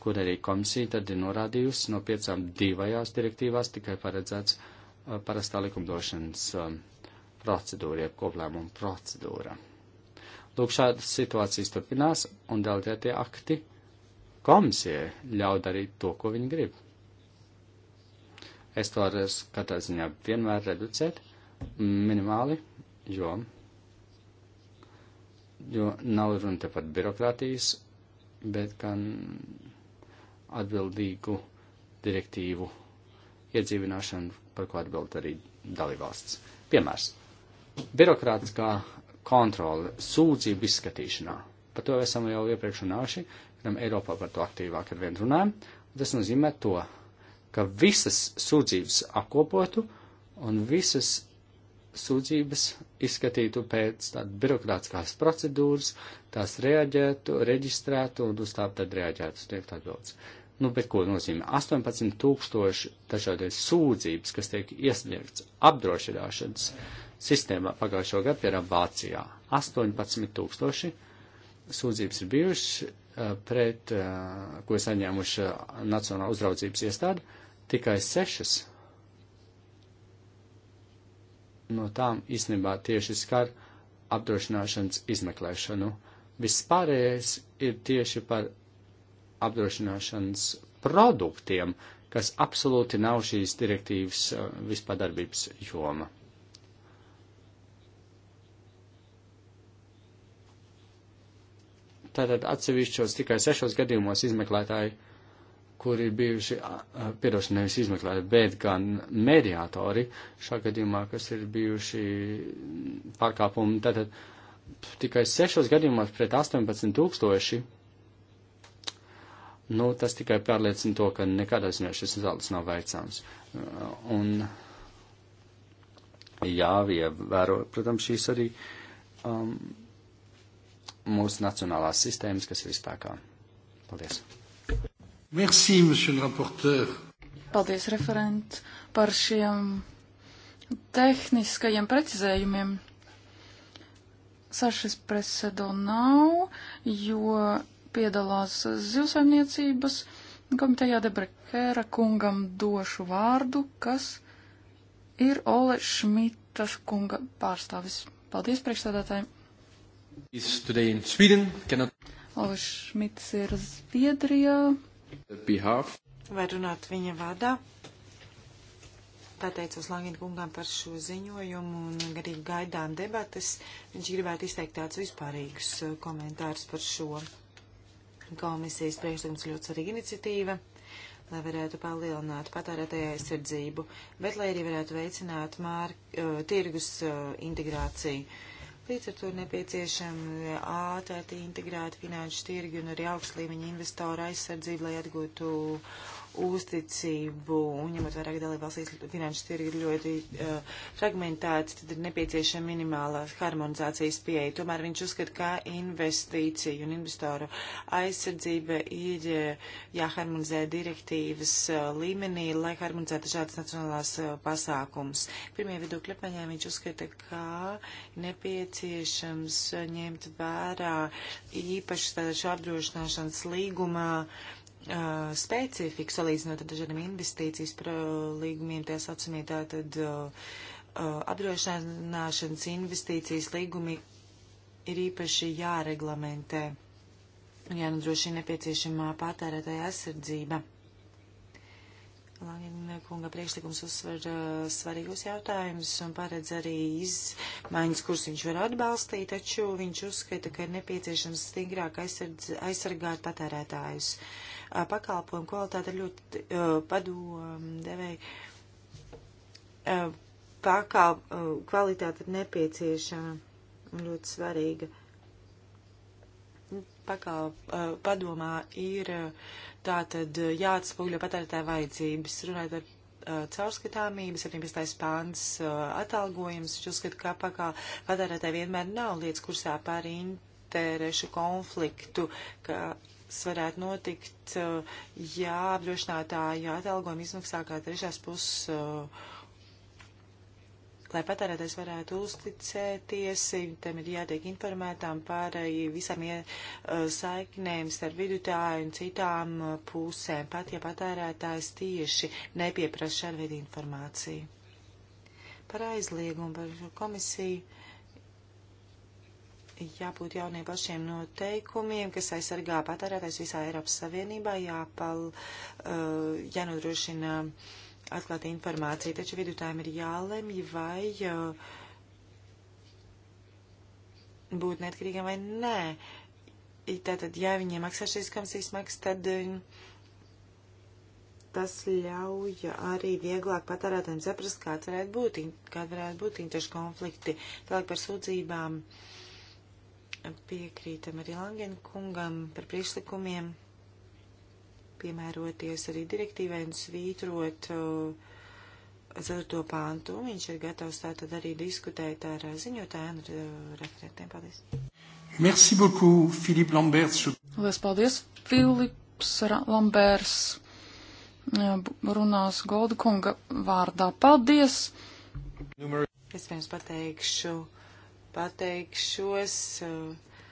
kur arī komisija tad ir norādījusi no piecām divajās direktīvās tikai paredzēts uh, parastā likumdošanas um, procedūra, jeb koplēmuma procedūra. Lūk, šādas situācijas turpinās, un delegētie akti komisijai ļauj darīt to, ko viņi grib. Es to varu katrā ziņā vienmēr reducēt minimāli, jo jo nav runa te par birokrātijas, bet gan atbildīgu direktīvu iedzīvināšanu, par ko atbild arī dalībvalsts. Piemērs. Birokrātiskā kontrole sūdzību izskatīšanā. Par to esam jau iepriekš runājuši, gan Eiropā par to aktīvāk ar vien runājam. Tas nozīmē to, ka visas sūdzības apkopotu un visas sūdzības izskatītu pēc tādas birokrātiskās procedūras, tās reaģētu, reģistrētu un uz tām tad reaģētu sniegt atbildes. Nu, bet ko nozīmē 18 tūkstoši dažādas sūdzības, kas tiek iesniegts apdrošināšanas sistēmā pagājušo gadu, piemēram, Vācijā? 18 tūkstoši sūdzības ir bijušas eh, pret, eh, ko ir saņēmuši Nacionāla uzraudzības iestāde, tikai sešas no tām īstenībā tieši skar apdrošināšanas izmeklēšanu. Viss pārējais ir tieši par apdrošināšanas produktiem, kas absolūti nav šīs direktīvas eh, vispārdarbības joma. Tātad atsevišķos tikai sešos gadījumos izmeklētāji kur ir bijuši, piedošana nevis izmeklētāji, bet gan mediātori, šā gadījumā, kas ir bijuši pārkāpumi, tātad tikai sešos gadījumos pret 18 tūkstoši, nu, tas tikai pārliecina to, ka nekādā ziņā šis zaldis nav veicams. Un jāievēro, protams, šīs arī um, mūsu nacionālās sistēmas, kas ir spēkā. Paldies! Merci, monsieur le rapporteur. Paldies, referent, par šiem tehniskajiem precizējumiem. Sašas presedo nav, jo piedalās zivsaimniecības komitejā Debrekēra kungam došu vārdu, kas ir Ole Šmitas kunga pārstāvis. Paldies priekšstādātājiem! Ole Šmits ir Zviedrijā, Behalf. Vai runāt viņa vārdā? Pateicos Langina kungām par šo ziņojumu un arī gaidām debatas. Viņš gribētu izteikt tāds vispārīgs uh, komentārs par šo komisijas priekšlikums ļoti svarīga iniciatīva lai varētu palielināt patērētāju aizsardzību, bet lai arī varētu veicināt mār, uh, tirgus uh, integrāciju. Līdz ar to ir nepieciešama ātrāk integrēta finanšu tirgi un arī augsts līmeņa investoru aizsardzība, lai atgūtu uzticību, un ņemot vairāk dalībvalstīs finanšu tirgi ir ļoti uh, eh, fragmentēts, tad ir nepieciešama minimālā harmonizācijas pieeja. Tomēr viņš uzskata, ka investīcija un investoru aizsardzība ir uh, jāharmonizē direktīvas uh, līmenī, lai harmonizētu šādas nacionālās uh, pasākums. Pirmie viedokļa apmaiņā viņš uzskata, ka nepieciešams ņemt vērā īpaši tāda šā apdrošināšanas līgumā uh, uh, specifiku salīdzinot ar dažādiem investīcijas līgumiem, tā saucamie tātad uh, uh, apdrošināšanas investīcijas līgumi ir īpaši jāreglamentē un jānodrošina nepieciešamā patērētāja aizsardzība. Lanina kunga priekšlikums uzsver eh, svarīgus jautājumus un paredz arī izmaiņas, kuras viņš var atbalstīt, taču viņš uzskata, ka ir nepieciešams stingrāk aizsardz, aizsargāt patērētājus. Eh, pakalpojumu kvalitāte ir ļoti eh, padomdevēja. Pakal kvalitāte ir nepieciešama un ļoti svarīga pakal, eh, padomā ir eh, tātad eh, jāatspūļo patērētāja vajadzības, runājot ar caurskatāmība, 17. pāns atalgojums. Viņš uzskata, ka pakā patērētāji vienmēr nav lietas kursā par interešu konfliktu, ka varētu notikt, ja apdrošinātāja atalgojuma izmaksā kā trešās puses Lai patērētājs varētu uzticēties, tam ir jātiek informētām par eh, visām eh, saiknēm starp vidutāju un citām eh, pusēm, pat ja patērētājs tieši nepieprasa šādu veidu informāciju. Par aizliegumu, par komisiju jābūt jauniem pašiem noteikumiem, kas aizsargā patērētājs visā Eiropas Savienībā, jāpal, uh, jānodrošina uh, atklāta informācija, taču vidutājiem ir jālemj, vai uh, būt neatkarīgiem vai nē. Tātad, ja viņiem maksā šīs komisijas maksas, tad uh, tas ļauj arī vieglāk patērētājiem saprast, kāds varētu būt, kāda varētu būt interešu konflikti. Tālāk par sūdzībām piekrītam arī Langen kungam par priekšlikumiem piemēroties arī direktīvai un svītrot uh, ceturto uh, pāntu. Viņš ir gatavs tātad arī diskutēt ar uh, ziņotājiem, ar uh, referentiem. Paldies. Merci beaucoup, Filip Lamberts. Lielas paldies, Filips Lamberts. Runās Golda kunga vārdā. Paldies! Es pirms pateikšu, pateikšos uh,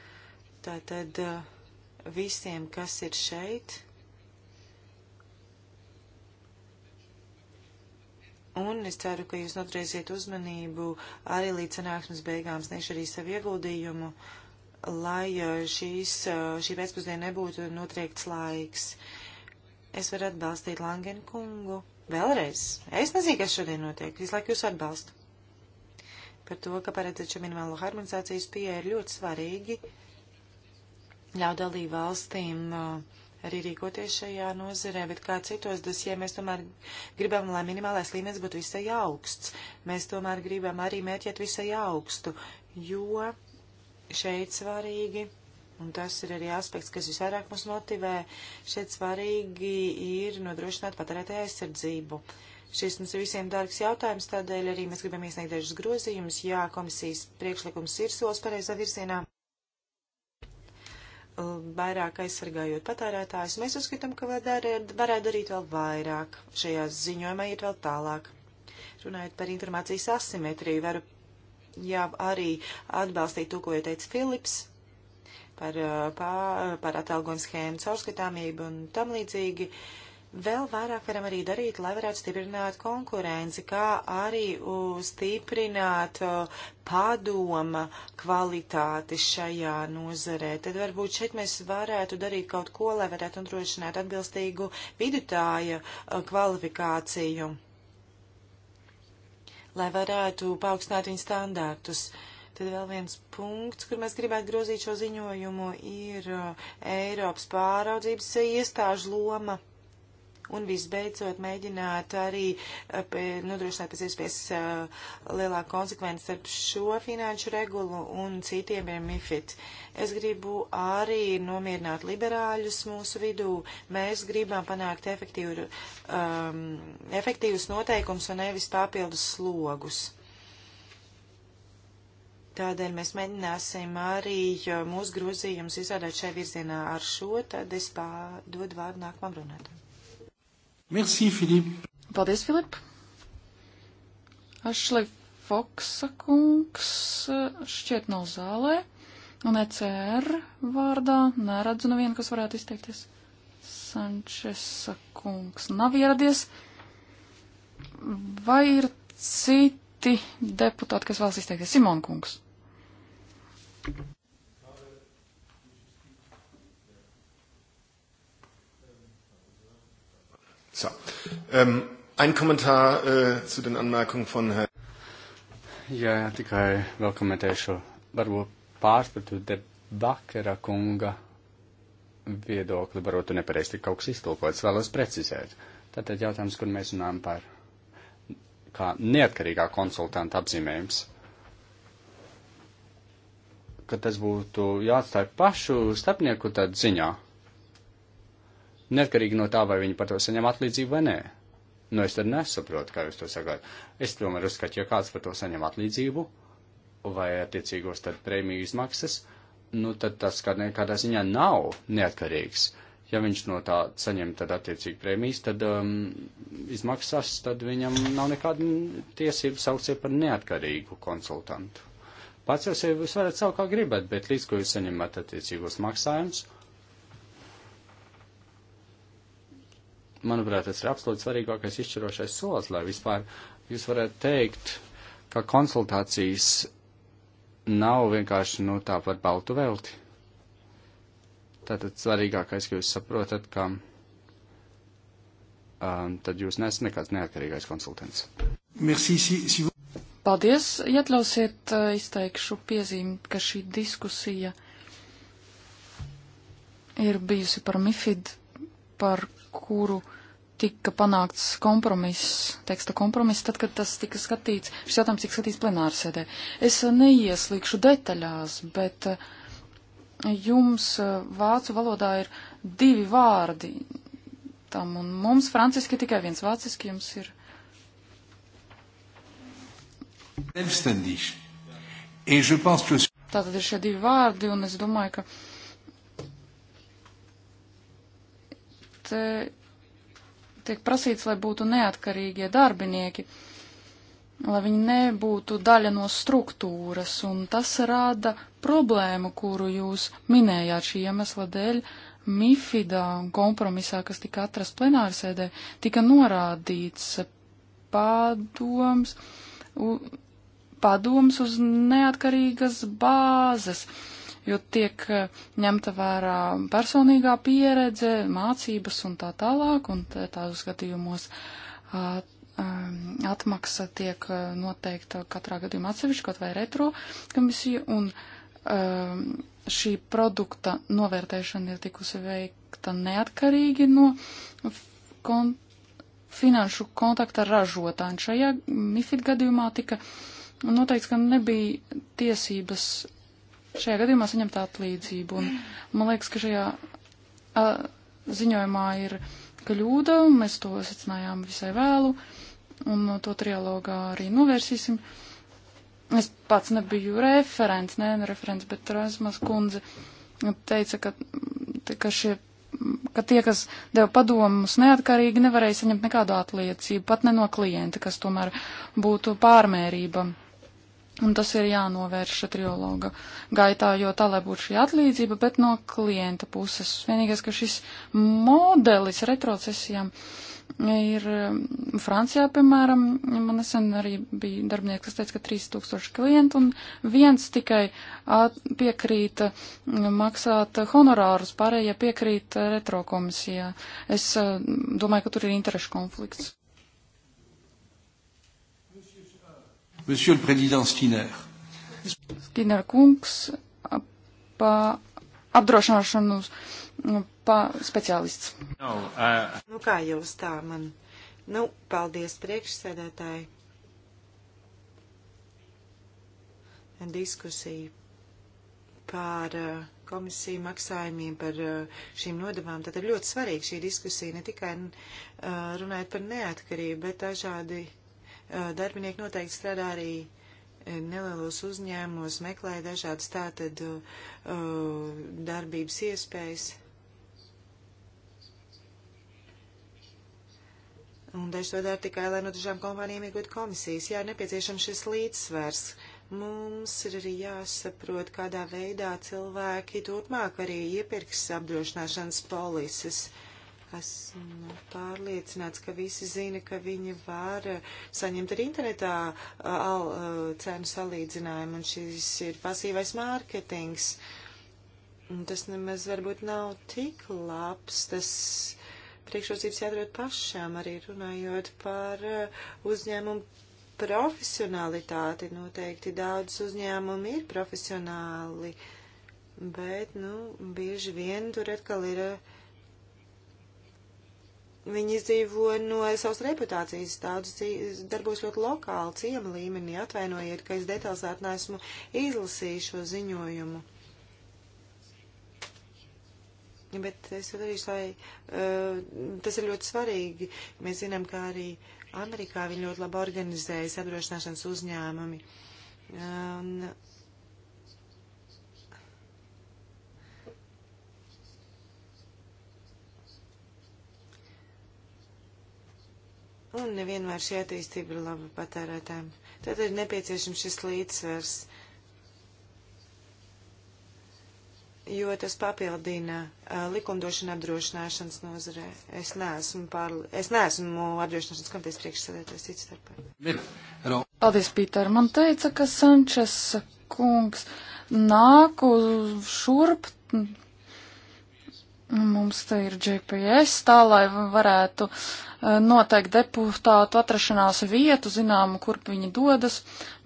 tātad visiem, kas ir šeit Un es ceru, ka jūs noturēsiet uzmanību arī līdz sanāksmes beigām, sniegšu arī savu ieguldījumu, lai uh, šīs, uh, šī pēcpusdiena nebūtu notriekts laiks. Es varu atbalstīt Langenu kungu. Vēlreiz. Es nezinu, kas šodien notiek. Visu laiku jūs atbalstu. Par to, ka paredzēt šo minimālo harmonizācijas pieeja ir ļoti svarīgi ļauj dalību valstīm uh, arī rīkoties šajā nozarē, bet kā citos dosijā ja mēs tomēr gribam, lai minimālais līmenis būtu visai augsts. Mēs tomēr gribam arī mērķēt visai augstu, jo šeit svarīgi, un tas ir arī aspekts, kas visvairāk mūs motivē, šeit svarīgi ir nodrošināt patērētāju aizsardzību. Šis mums ir visiem dārgs jautājums, tādēļ arī mēs gribam iesniegt dažus grozījumus. Jā, komisijas priekšlikums ir solis pareizā virzienā. Um, vairāk aizsargājot patērētājus. Mēs uzskatām, ka varētu darīt vēl vairāk. Šajā ziņojumā iet vēl tālāk. Runājot par informācijas asimetriju, varu jā, arī atbalstīt to, ko jau teica Filips par, uh, par, par atalgojumu schēmu caurskatāmību un tam līdzīgi. Uh, Vēl vairāk varam arī darīt, lai varētu stiprināt konkurenci, kā arī stiprināt padoma kvalitāti šajā nozarē. Tad varbūt šeit mēs varētu darīt kaut ko, lai varētu nodrošināt atbilstīgu vidutāja kvalifikāciju, lai varētu paaugstināt viņu standārtus. Tad vēl viens punkts, kur mēs gribētu grozīt šo ziņojumu, ir Eiropas pāraudzības iestāžu loma. Un visbeidzot, mēģināt arī eh, nodrošināt pēc iespējas eh, lielāku konsekvenci starp šo finanšu regulu un citiem ir MIFID. Es gribu arī nomierināt liberāļus mūsu vidū. Mēs gribam panākt efektīvu, um, efektīvus noteikumus un nevis papildus slogus. Tādēļ mēs mēģināsim arī mūsu grozījumus izrādāt šai virzienā ar šo, tad es pārdodu vārdu nākamam runātājam. Merci, Filip. Paldies, Filip. Ašlī Foksa kungs eh, šķiet nav zālē, un ECR vārdā neredzu nevienu, kas varētu izteikties. Sančesa kungs nav ieradies. Vai ir citi deputāti, kas vēlas izteikties? Simon kungs. So. Ähm, ein Kommentar äh, zu den Anmerkungen von Herrn. Jā, tikai vēl komentēšu varbūt pārpratu debakera kunga viedokli, varbūt nepareizi kaut kas iztulkots, vēlos precizēt. Tātad jautājums, kur mēs runājam par kā neatkarīgā konsultanta apzīmējums, ka tas būtu jāatstāja pašu starpnieku tad ziņā. Neatkarīgi no tā, vai viņi par to saņem atlīdzību vai nē. Nu, es tad nesaprotu, kā jūs to sagājat. Es tomēr uzskatu, ja kāds par to saņem atlīdzību vai attiecīgos tad prēmiju izmaksas, nu, tad tas kādā ziņā nav neatkarīgs. Ja viņš no tā saņem tad attiecīgi prēmijas, tad um, izmaksas, tad viņam nav nekāda tiesība saukt sevi par neatkarīgu konsultantu. Pats jau sevi jūs varat saukt kā gribat, bet līdz ko jūs saņemat attiecīgos maksājumus, manuprāt, tas ir absolūti svarīgākais izšķirošais solis, lai vispār jūs varētu teikt, ka konsultācijas nav vienkārši, nu, tā par baltu velti. Tātad svarīgākais, ka jūs saprotat, ka um, tad jūs nesat nekāds neatkarīgais konsultants. Merci, si, si... Paldies, atļausiet uh, izteikšu piezīmi, ka šī diskusija ir bijusi par MIFID, par kuru tika panākts kompromiss, teksta kompromiss, tad, kad tas tika skatīts, šis jautājums tika skatīts plenārsēdē. Es uh, neieslīgšu detaļās, bet uh, jums uh, vācu valodā ir divi vārdi tam, un mums franciski tikai viens vāciski jums ir. Tātad ir šie divi vārdi, un es domāju, ka bet tiek prasīts, lai būtu neatkarīgie darbinieki, lai viņi nebūtu daļa no struktūras, un tas rada problēmu, kuru jūs minējāt šī iemesla dēļ. Mifidā un kompromisā, kas tika atrast plenārsēdē, tika norādīts padoms, padoms uz neatkarīgas bāzes. Uh, jo tiek eh, ņemta vērā personīgā pieredze, mācības un tā tālāk, un tādos gadījumos atmaksa tiek noteikta katrā gadījumā atsevišķi, kaut vai retro komisija, un šī produkta novērtēšana ir tikusi veikta neatkarīgi no kon finanšu kontakta ar ražotāju. Šajā MIFID gadījumā tika noteikts, ka nebija tiesības šajā gadījumā saņemt atlīdzību. Un man liekas, ka šajā a, ziņojumā ir kļūda, un mēs to secinājām visai vēlu, un to trialogā arī novērsīsim. Es pats nebiju referents, nē, ne referents, bet Rasmas kundze teica, ka, ka šie ka tie, kas deva padomus neatkarīgi, nevarēja saņemt nekādu atliecību, pat ne no klienta, kas tomēr būtu pārmērība Un tas ir jānovērš triologa gaitā, jo tā lai būtu šī atlīdzība, bet no klienta puses. Vienīgais, ka šis modelis retrocesijām ir um, Francijā, piemēram, man nesen arī bija darbinieks, kas teica, ka 3000 klientu un viens tikai piekrīta um, maksāt honorārus, pārējie piekrīt retrokomisijā. Es um, domāju, ka tur ir interešu konflikts. Monsieur le Président Skinner. Skinner kungs, pa apdrošināšanu pa speciālists. No, uh... Nu kā jūs tā man? Nu, paldies priekšsēdētāji. Diskusija par uh, komisiju maksājumiem par uh, šīm nodevām. Tad ir ļoti svarīga šī diskusija, ne tikai uh, runājot par neatkarību, bet dažādi Darbinieki noteikti strādā arī nelielos uzņēmumos, meklē dažādas tātad darbības iespējas. Un daži to dara tikai, lai no dažām kompānijām iegūtu komisijas. Jā, ir nepieciešams šis līdzsvers. Mums ir arī jāsaprot, kādā veidā cilvēki turpmāk arī iepirks apdrošināšanas polises. Esmu pārliecināts, ka visi zina, ka viņi var eh, saņemt arī internetā eh, al, eh, cenu salīdzinājumu, un šis ir pasīvais mārketings. Tas nemaz varbūt nav tik labs, tas priekšrocības jādod pašām, arī runājot par uzņēmumu profesionalitāti. Noteikti daudz uzņēmumu ir profesionāli, bet, nu, bieži vien tur atkal ir. Uh, viņi izdzīvo no savas reputācijas, tādus darbos ļoti lokāli, ciema līmenī. Atvainojiet, ka es detalizēti neesmu izlasījis šo ziņojumu. Bet es jau darīšu, lai uh, tas ir ļoti svarīgi. Mēs zinām, ka arī Amerikā viņi ļoti labi organizējas apdrošināšanas uzņēmumi. Un, uh, un nevienmēr šī attīstība ir laba patērētājiem. Tad ir nepieciešams šis līdzsvers, jo tas papildina uh, likumdošanu apdrošināšanas nozarē. Es neesmu, pār, es neesmu apdrošināšanas komitejas priekšsēdētājs cits starpā. Paldies, Pīter. Man teica, ka Sančes kungs nāk uz šurp Mums te ir GPS tā, lai varētu e, noteikt deputātu atrašanās vietu, zinām, kur viņi dodas,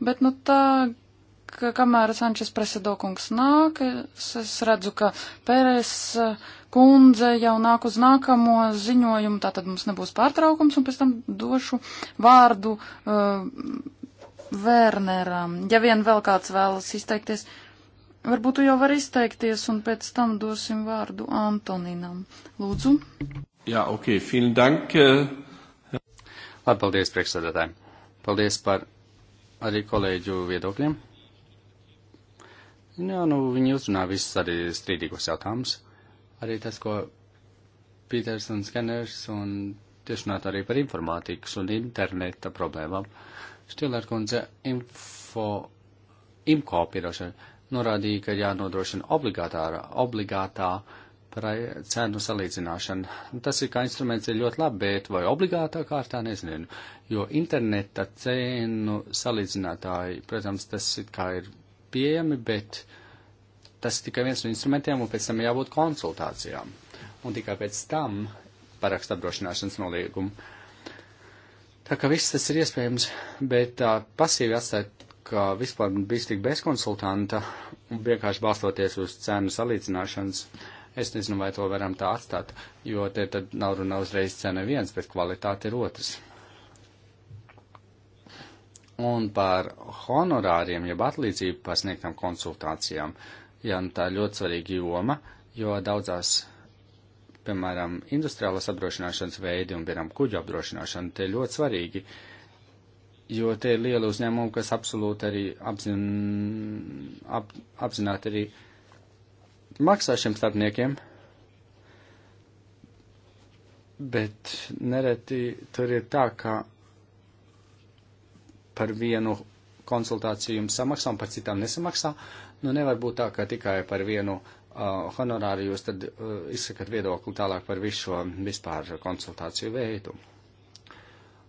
bet nu tā, ka kamēr Sančes Presedokungs nāk, es, es redzu, ka Pērēs e, kundze jau nāk uz nākamo ziņojumu, tātad mums nebūs pārtraukums, un pēc tam došu vārdu uh, Werneram. Ja vien vēl kāds vēlas izteikties. Uh, Varbūt tu jau vari izteikties, un pēc tam dosim vārdu Antoninam. Lūdzu. Jā, ok, vielen dank. Eh. Labi, paldies priekšsēdētājiem. Paldies par arī kolēģu viedokļiem. Nu, jā, nu, viņi uzrunā visus arī strīdīgos jautājumus. Arī tas, ko Pīters un Skeners un tieši runāt arī par informātikas un interneta problēmām. Štilērkundze, info, imko, piedošana norādīja, ka jānodrošina obligātā, obligātā cenu salīdzināšana. Tas ir kā instruments ir ļoti labi, bet vai obligātā kārtā nezinu, jo interneta cenu salīdzinātāji, protams, tas ir kā ir pieejami, bet tas tikai viens no instrumentiem un pēc tam jābūt konsultācijām. Un tikai pēc tam parakst apdrošināšanas noliegumu. Tā kā viss tas ir iespējams, bet tā, pasīvi atstāt ka vispār bijis tik bez konsultanta un vienkārši balstoties uz cenu salīdzināšanas. Es nezinu, vai to varam tā atstāt, jo te tad nav runa uzreiz cena viens, bet kvalitāte ir otrs. Un par honorāriem, jeb atlīdzību par sniegtām konsultācijām, ja nu, tā ir ļoti svarīga joma, jo daudzās piemēram, industriālās apdrošināšanas veidi un, piemēram, kuģu apdrošināšana, te ļoti svarīgi jo te ir liela uzņēmuma, kas absolūti arī apzin, ap, apzināti arī maksā šiem starpniekiem. Bet nereti tur ir tā, ka par vienu konsultāciju jums samaksā un par citām nesamaksā. Nu, nevar būt tā, ka tikai par vienu uh, honorāru jūs tad uh, izsakat viedokli tālāk par visu šo vispār konsultāciju veidu. Uh,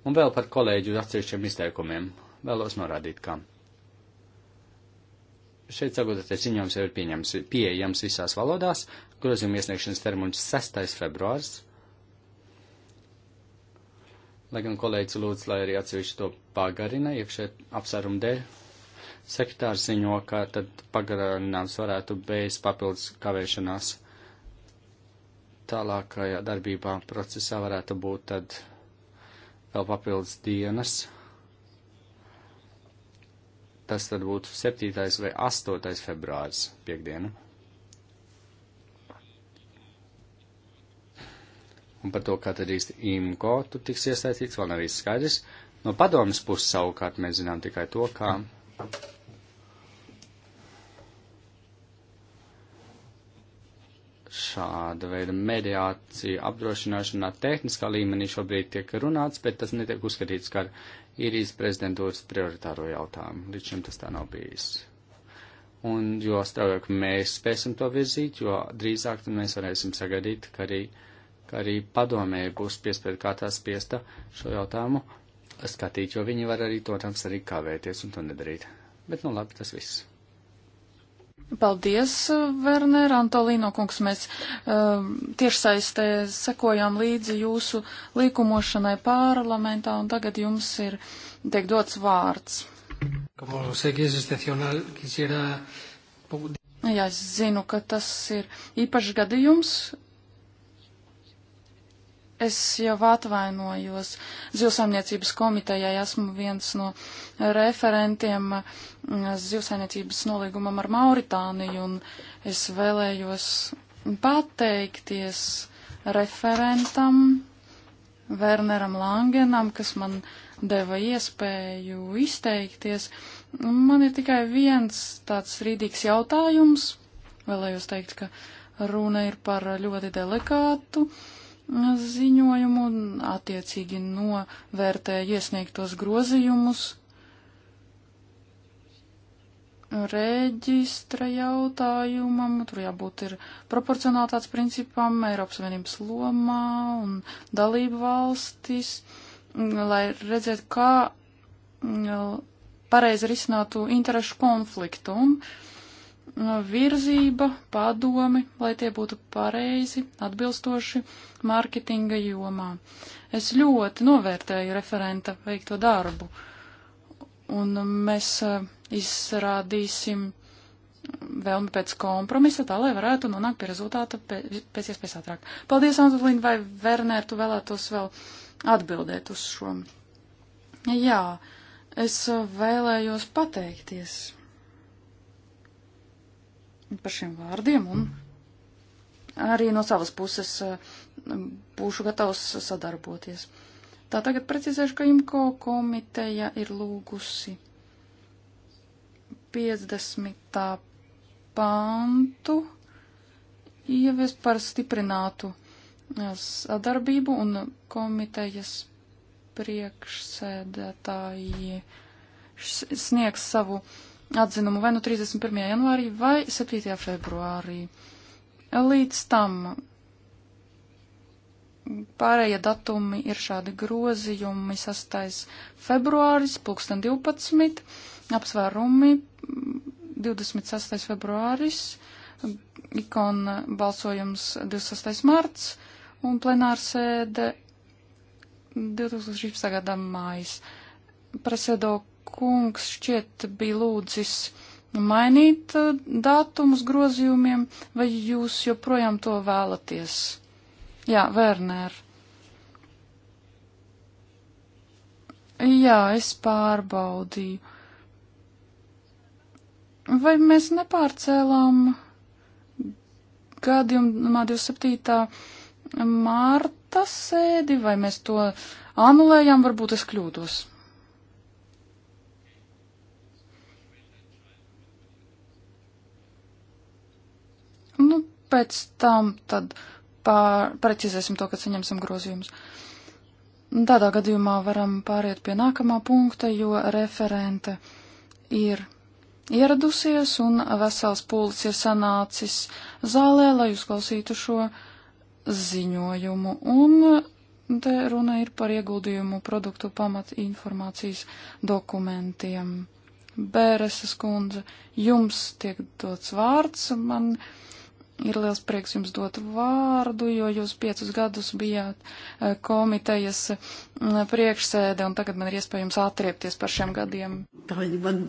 Un vēl par kolēģu atsevišķiem izteikumiem vēlos norādīt, ka šeit sagatavotais ziņojums jau ir pieņems, pieejams visās valodās, grozījuma iesniegšanas termiņš 6. februārs. Lai gan kolēģis lūdz, lai arī atsevišķi to pagarina, iekšē apsvērumu dēļ. Sekretārs ziņo, ka tad pagarinājums varētu bez papildus kavēšanās tālākajā darbībā procesā varētu būt tad vēl papildus dienas. Tas tad būtu 7. vai 8. februāris piekdiena. Un par to, kā tad īsti IMCO tur tiks iesaistīts, vēl nav īsti skaidrs. No padomas puses savukārt mēs zinām tikai to, kā. Ka šāda veida mediācija apdrošināšanā tehniskā līmenī šobrīd tiek runāts, bet tas netiek uzskatīts kā īrijas prezidentūras prioritāro jautājumu. Līdz šim tas tā nav bijis. Un jo straujāk mēs spēsim to virzīt, jo drīzāk mēs varēsim sagaidīt, ka arī, ka arī padomē būs piespiedu kā tā spiesta šo jautājumu skatīt, jo viņi var arī, protams, arī kavēties un to nedarīt. Bet nu labi, tas viss. Paldies, Werner, Antolīno kungs. Mēs uh, tiešsaistē sekojām līdzi jūsu līkumošanai parlamentā, un tagad jums ir tiek dots vārds. Jā, es zinu, ka tas ir īpašs gadījums, Es jau atvainojos zivsaimniecības komitejai, esmu viens no referentiem zivsaimniecības nolīgumam ar Mauritāniju, un es vēlējos pateikties referentam Werneram Langenam, kas man deva iespēju izteikties. Man ir tikai viens tāds rīdīgs jautājums. Vēlējos teikt, ka runa ir par ļoti delikātu ziņojumu un attiecīgi novērtēja iesniegtos grozījumus. Reģistra jautājumam, tur jābūt ir proporcionātāts principam, Eiropas Savienības lomā un dalību valstis, lai redzētu, kā mm, pareizi risinātu interešu konfliktu. Un, uh, virzība, padomi, lai tie būtu pareizi, atbilstoši mārketinga jomā. Es ļoti novērtēju referenta veikto darbu, un mēs eh, izrādīsim vēlmi pēc kompromisa, tā lai varētu nonākt pie rezultāta pēc iespējas ātrāk. Paldies, Antolīna, vai Vernēr, tu vēlētos vēl atbildēt uz šo? Jā, es eh, vēlējos pateikties par šiem vārdiem un arī no savas puses eh, būšu gatavs sadarboties. Tā tagad precizēšu, ka IMCO komiteja ir lūgusi 50. pantu ieviest par stiprinātu eh, sadarbību un komitejas priekšsēdētāji sniegs savu uh, atzinumu vai nu no 31. janvārī vai 7. februārī. Līdz tam pārējie datumi ir šādi grozījumi 6. februāris, pulksten 12, apsvērumi 26. februāris, ikona balsojums 26. marts un plenārsēde 2016. gada mājas. Presedo kungs šķiet bija lūdzis mainīt uh, datumus grozījumiem, vai jūs joprojām to vēlaties? Jā, Werner. Jā, es pārbaudīju. Vai mēs nepārcēlām gadījumā 27. mārta sēdi, vai mēs to anulējām, varbūt es kļūdos. pēc tam tad pār, precizēsim to, kad saņemsim grozījumus. Tādā gadījumā varam pāriet pie nākamā punkta, jo referente ir ieradusies un vesels pūlis ir sanācis zālē, lai uzklausītu šo ziņojumu. Un te runa ir par ieguldījumu produktu pamat informācijas dokumentiem. Bēreses kundze, jums tiek dots vārds, man Ir liels prieks jums dot vārdu, jo jūs piecus gadus bijāt e, komitejas priekšsēde, un tagad man ir iespēja jums atriepties par šiem gadiem. Man...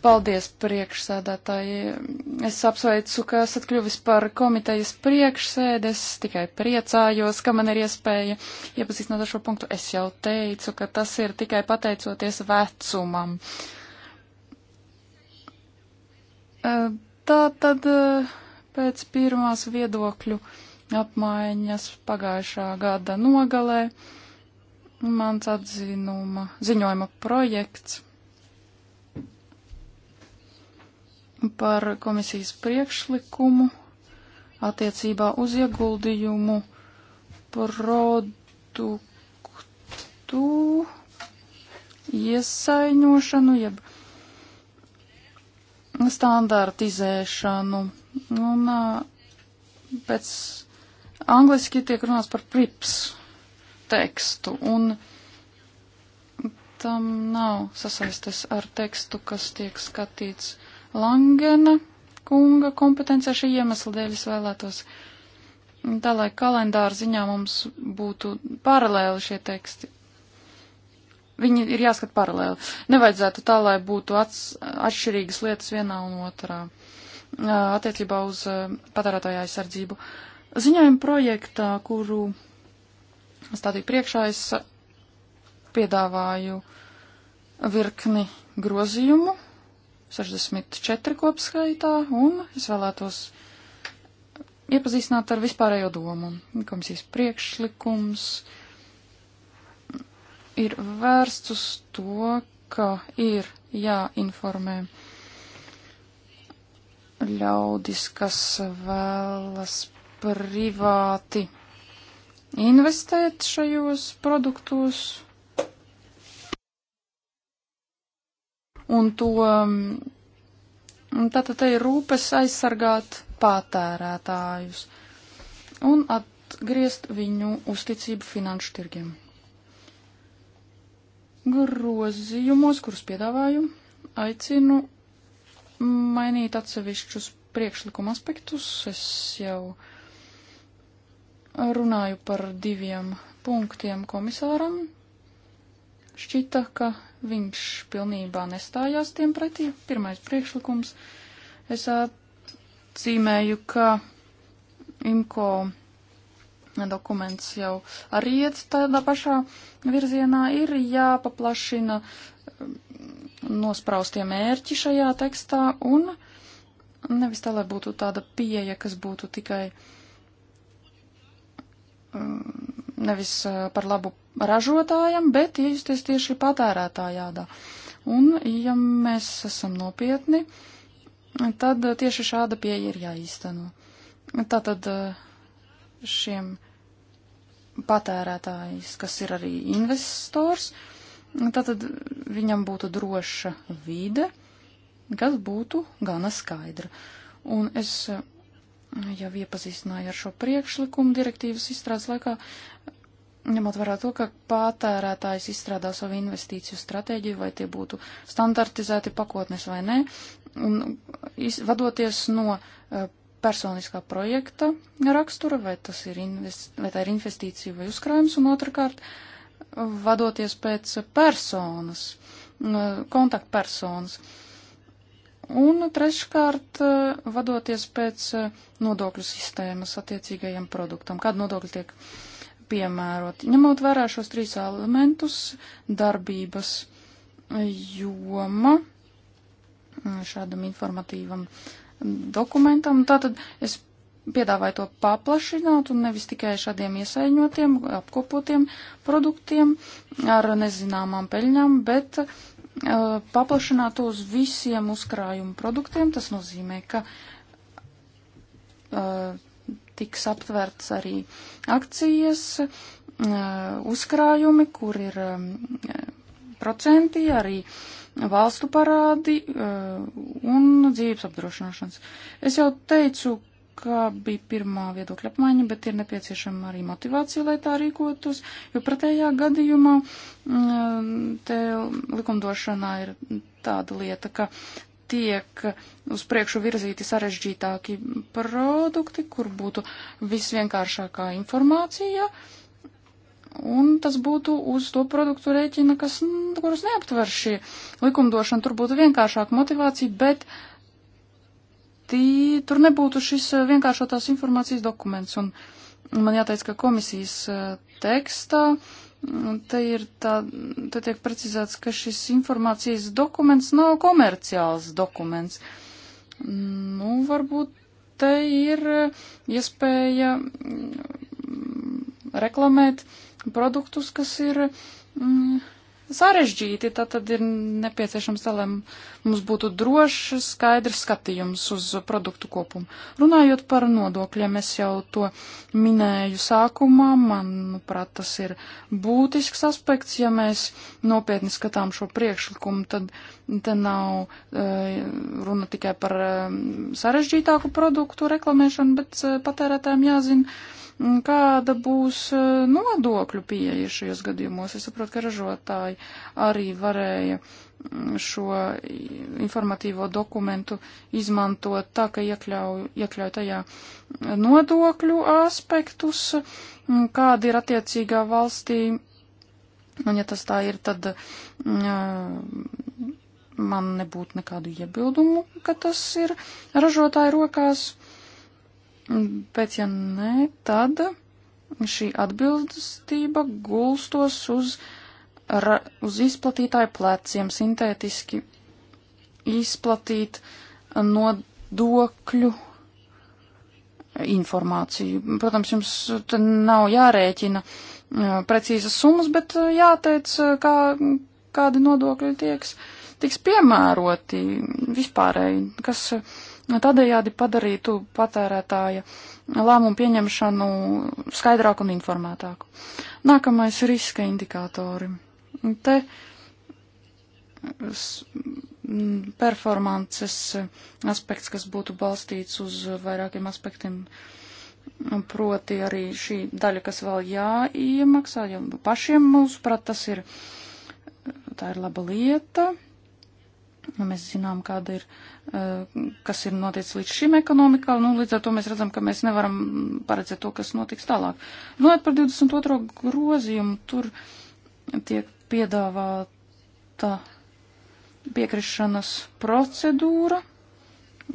Paldies, priekšsēdētāji. Es apsveicu, ka esat kļuvis par komitejas priekšsēdi. Es tikai priecājos, ka man ir iespēja iepazīstināt ar šo punktu. Es jau teicu, ka tas ir tikai pateicoties vecumam. E, tā tad. Uh, pēc pirmās viedokļu apmaiņas pagājušā gada nogalē. Mans atzinuma ziņojuma projekts par komisijas priekšlikumu attiecībā uz ieguldījumu produktu iesaiņošanu, jeb standartizēšanu Un pēc angliski tiek runāts par prips tekstu, un tam nav sasaistes ar tekstu, kas tiek skatīts Langena kunga kompetencija šī iemesla dēļ es vēlētos. Tā lai kalendāra ziņā mums būtu paralēli šie teksti. Viņi ir jāskat paralēli. Nevajadzētu tā, lai būtu ats, atšķirīgas lietas vienā un otrā. Uh, attiecībā uz patērētāju aizsardzību. Ziņojuma projektā, kuru stādīju priekšā, es piedāvāju virkni grozījumu, 64 kopskaitā, un es vēlētos iepazīstināt ar vispārējo domu. Komisijas priekšlikums ir vērsts uz to, ka ir jāinformē. Ja, ļaudis, kas vēlas privāti investēt šajos produktos. Un to tātad te ir rūpes aizsargāt patērētājus un atgriezt viņu uzticību finanšu tirgiem. Grozījumos, kurus piedāvāju, aicinu mainīt atsevišķus priekšlikuma aspektus. Es jau runāju par diviem punktiem komisāram. Šķita, ka viņš pilnībā nestājās tiem pretī. Pirmais priekšlikums. Es atzīmēju, ka IMCO dokuments jau arī iet tādā pašā virzienā. Ir jāpaplašina nospraustie mērķi šajā tekstā un nevis tā, lai būtu tāda pieeja, kas būtu tikai mm, nevis eh, par labu ražotājam, bet iejusties tieši patērētājādā. Un, ja mēs esam nopietni, tad tieši šāda pieeja ir jāīsteno. Tātad eh, šiem patērētājs, kas ir arī investors, uh, Tātad nu, viņam būtu droša vide, kas būtu gana skaidra. Un es eh, jau iepazīstināju ar šo priekšlikumu direktīvas izstrādes laikā, ņemot vērā to, ka patērētājs izstrādā savu investīciju stratēģiju, vai tie būtu standartizēti pakotnes vai nē, un iz, vadoties no uh, personiskā projekta rakstura, vai tas ir, invest, vai tā ir investīcija vai uzkrājums, un otrkārt, uh, vadoties pēc personas, kontaktpersonas. Un treškārt, e, vadoties pēc e, nodokļu sistēmas attiecīgajam produktam, kāda nodokļa tiek piemēroti. Ņemot vērā šos trīs elementus, darbības joma šādam informatīvam dokumentam, tātad es piedāvāja to paplašināt un nevis tikai šādiem iesaiņotiem, apkopotiem produktiem ar nezināmām peļņām, bet uh, paplašināt to uz visiem uzkrājumu produktiem. Tas nozīmē, ka uh, tiks aptverts arī akcijas, uh, uzkrājumi, kur ir um, procenti, arī valstu parādi uh, un dzīves apdrošināšanas. Es jau teicu, ka bija pirmā viedokļa apmaiņa, bet ir nepieciešama arī motivācija, lai tā rīkotos, jo pretējā gadījumā mm, te likumdošanā ir tāda lieta, ka tiek uz priekšu virzīti sarežģītāki produkti, kur būtu visvienkāršākā informācija, un tas būtu uz to produktu rēķina, kas, kurus neaptver šī likumdošana, tur būtu vienkāršāka motivācija, bet uh, tī, tur nebūtu šis eh, vienkāršotās informācijas dokuments. Un man jāteic, ka komisijas eh, tekstā mm, te ir tā, te tiek precizēts, ka šis informācijas dokuments nav komerciāls dokuments. Mm, nu, varbūt te ir eh, iespēja mm, reklamēt produktus, kas ir. Mm, sarežģīti, tātad ir nepieciešams, lai mums būtu drošs, skaidrs skatījums uz produktu kopumu. Runājot par nodokļiem, es jau to minēju sākumā, manuprāt, tas ir būtisks aspekts. Ja mēs nopietni skatām šo priekšlikumu, tad te nav e, runa tikai par e, sarežģītāku produktu reklamēšanu, bet e, patērētājiem jāzina Kāda būs e, nodokļu pieeja šajos gadījumos? Es saprotu, ka ražotāji arī varēja mm, šo informatīvo dokumentu izmantot tā, ka iekļauj, iekļauj tajā nodokļu aspektus, kāda ir attiecīgā valstī. Un ja tas tā ir, tad mm, e, man nebūtu nekādu iebildumu, ka tas ir ražotāju rokās. Bet, ja nē, tad šī atbildestība gulstos uz, ra, uz izplatītāju pleciem, sintētiski izplatīt nodokļu informāciju. Protams, jums nav jārēķina uh, precīzas summas, bet uh, jāteic, uh, kā, kādi nodokļi tieks, tiks piemēroti vispārēji, kas Tādējādi padarītu patērētāja lēmumu pieņemšanu skaidrāku un informētāku. Nākamais ir riska indikātori. Te performances aspekts, kas būtu balstīts uz vairākiem aspektiem, proti arī šī daļa, kas vēl jāiemaksā, jo pašiem mūsuprāt tas ir, tā ir laba lieta, Nu, mēs zinām, kāda ir, eh, kas ir noticis līdz šim ekonomikā, nu, līdz ar to mēs redzam, ka mēs nevaram paredzēt to, kas notiks tālāk. Runājot par 22. grozījumu, tur tiek piedāvāta piekrišanas procedūra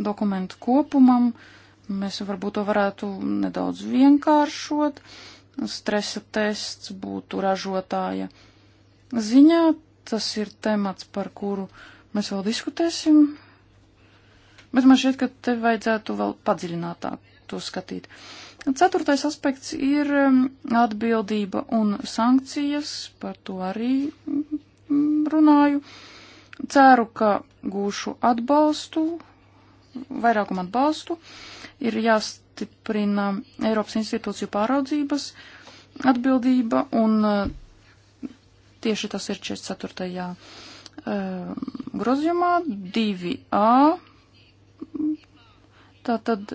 dokumentu kopumam. Mēs varbūt to varētu nedaudz vienkāršot. Stresa tests būtu ražotāja ziņā. Tas ir temats, par kuru uh, Mēs vēl diskutēsim, bet man šķiet, ka te vajadzētu vēl padziļinātāk to skatīt. Ceturtais aspekts ir um, atbildība un sankcijas, par to arī mm, runāju. Ceru, ka gūšu atbalstu, vairākumu atbalstu, ir jāstiprina Eiropas institūciju pāraudzības atbildība un uh, tieši tas ir 44. Ehm, grozījumā 2a. Tātad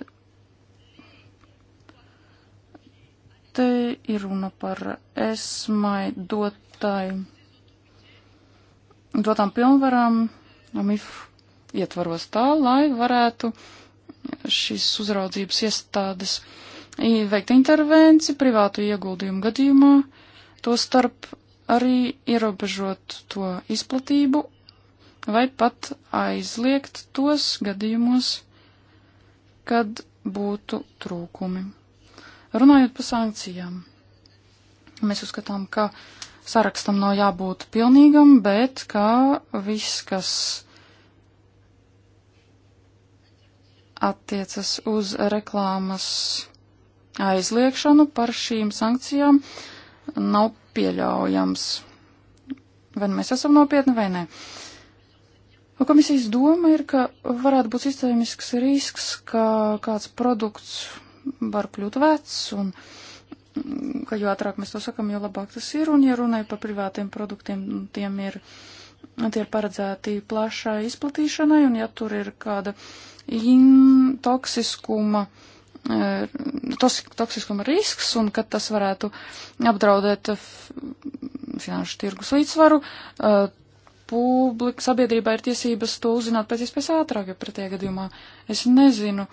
te ir runa par esmai dotai, dotām pilnvarām MIF ietvaros tā, lai varētu šīs uzraudzības iestādes veikt intervenci privātu ieguldījumu gadījumā, to starp arī ierobežot to izplatību vai pat aizliegt tos gadījumos, kad būtu trūkumi. Runājot par sankcijām, mēs uzskatām, ka sarakstam nav jābūt pilnīgam, bet ka viss, kas attiecas uz reklāmas aizliekšanu par šīm sankcijām, nav pieļaujams. Vai nu mēs esam nopietni vai nē. Nu, komisijas doma ir, ka varētu būt sistēmisks risks, ka kāds produkts var kļūt vecs un ka jo ātrāk mēs to sakam, jo labāk tas ir. Un, ja runāju par privātiem produktiem, tiem ir, tie ir paredzēti plašai izplatīšanai, un ja tur ir kāda in, toksiskuma uh, Eh, toksiskuma risks un ka tas varētu apdraudēt finanšu tirgus līdzsvaru. Eh, publika sabiedrībā ir tiesības to uzzināt pēc iespējas ātrāk, jo pretējā gadījumā es nezinu,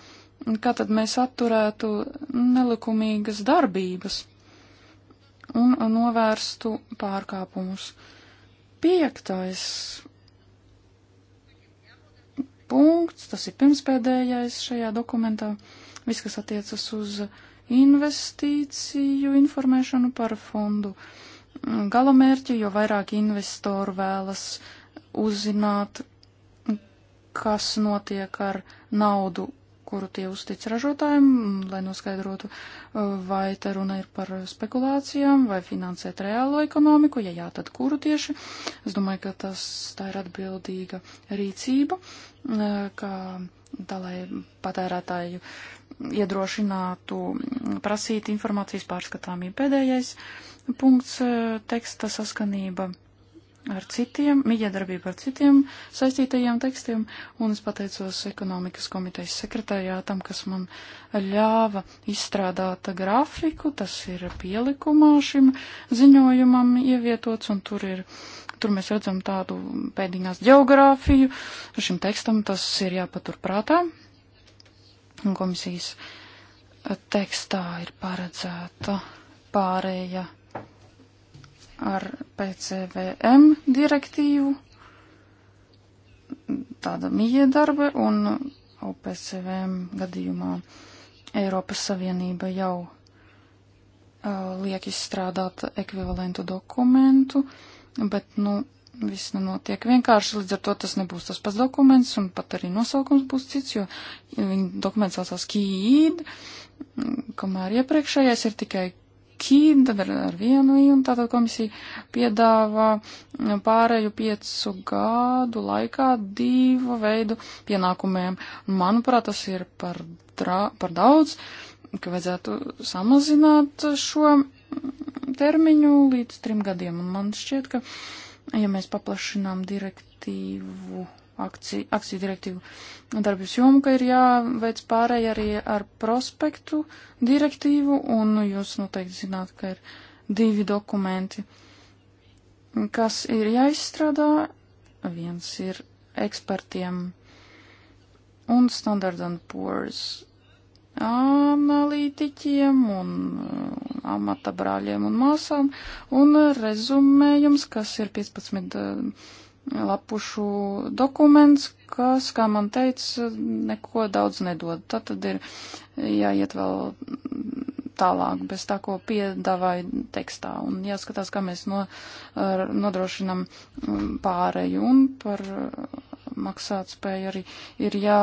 kā tad mēs atturētu nelikumīgas darbības un novērstu pārkāpumus. Piektais punkts, tas ir pirmspēdējais šajā dokumentā. Uh, viss, kas attiecas uz investīciju informēšanu par fondu galamērķi, jo vairāk investoru vēlas uzzināt, kas notiek ar naudu, kuru tie uztic ražotājiem, lai noskaidrotu, vai te runa ir par spekulācijām, vai finansēt reālo ekonomiku, ja jā, tad kuru tieši. Es domāju, ka tas tā ir atbildīga rīcība, kā tā lai patērētāju iedrošinātu prasīt informācijas pārskatāmību. Pēdējais punkts e, - teksta saskanība ar citiem, mijiedarbība ar citiem saistītajiem tekstiem, un es pateicos ekonomikas komitejas sekretariātam, kas man ļāva izstrādāt grafiku, tas ir pielikumā šim ziņojumam ievietots, un tur ir Tur mēs redzam tādu pēdiņās geogrāfiju. Šim tekstam tas ir jāpatur prātā. Un komisijas tekstā ir paredzēta pārēja ar PCVM direktīvu, tāda miedarbe un OPCVM gadījumā Eiropas Savienība jau uh, liek izstrādāt ekvivalentu dokumentu. Uh, bet, nu, viss nenotiek vienkārši, līdz ar to tas nebūs tas pats dokuments, un pat arī nosaukums būs cits, jo viņa dokuments saucās kīd, kamēr iepriekšējais ir tikai kīd, tad ar, ar vienu i, un tātad komisija piedāvā pārēju piecu gadu laikā divu veidu pienākumiem. Manuprāt, tas ir par, dra, par daudz, ka vajadzētu samazināt šo termiņu līdz trim gadiem. Un man šķiet, ka, ja mēs paplašinām direktīvu, akciju, akciju direktīvu darbības jomu, ka ir jāveic pārēj arī ar prospektu direktīvu, un jūs noteikti zināt, ka ir divi dokumenti, kas ir jāizstrādā. Viens ir ekspertiem un Standard and Poor's analītiķiem un amata brāļiem un māsām, un rezumējums, kas ir 15 eh, lapušu dokuments, kas, kā man teica, neko daudz nedod. Tad, tad ir jāiet vēl tālāk bez tā, ko piedāvāja tekstā, un jāskatās, kā mēs no, nodrošinam pāreju, un par maksātspēju arī ir jā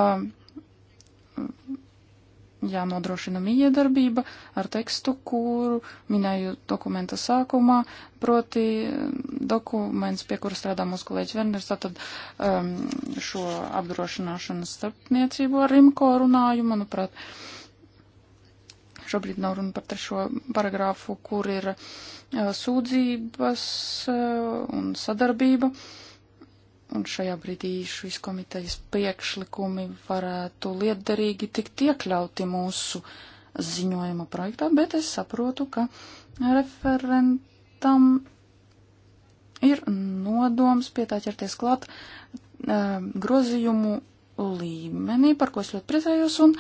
jānodrošina miedarbība ar tekstu, kuru minēju dokumenta sākumā, proti eh, dokuments, pie kura strādā mūsu kolēģis Verners, tātad um, šo apdrošināšanas starpniecību ar Rimko runāju, manuprāt, šobrīd nav runa par trešo paragrāfu, kur ir uh, sūdzības uh, un sadarbība. Uh, un šajā brīdī šīs komitejas priekšlikumi varētu lietderīgi tikt iekļauti mūsu ziņojuma projektā, bet es saprotu, ka referentam ir nodoms pietāķerties klāt eh, grozījumu līmenī, par ko es ļoti priecājos, un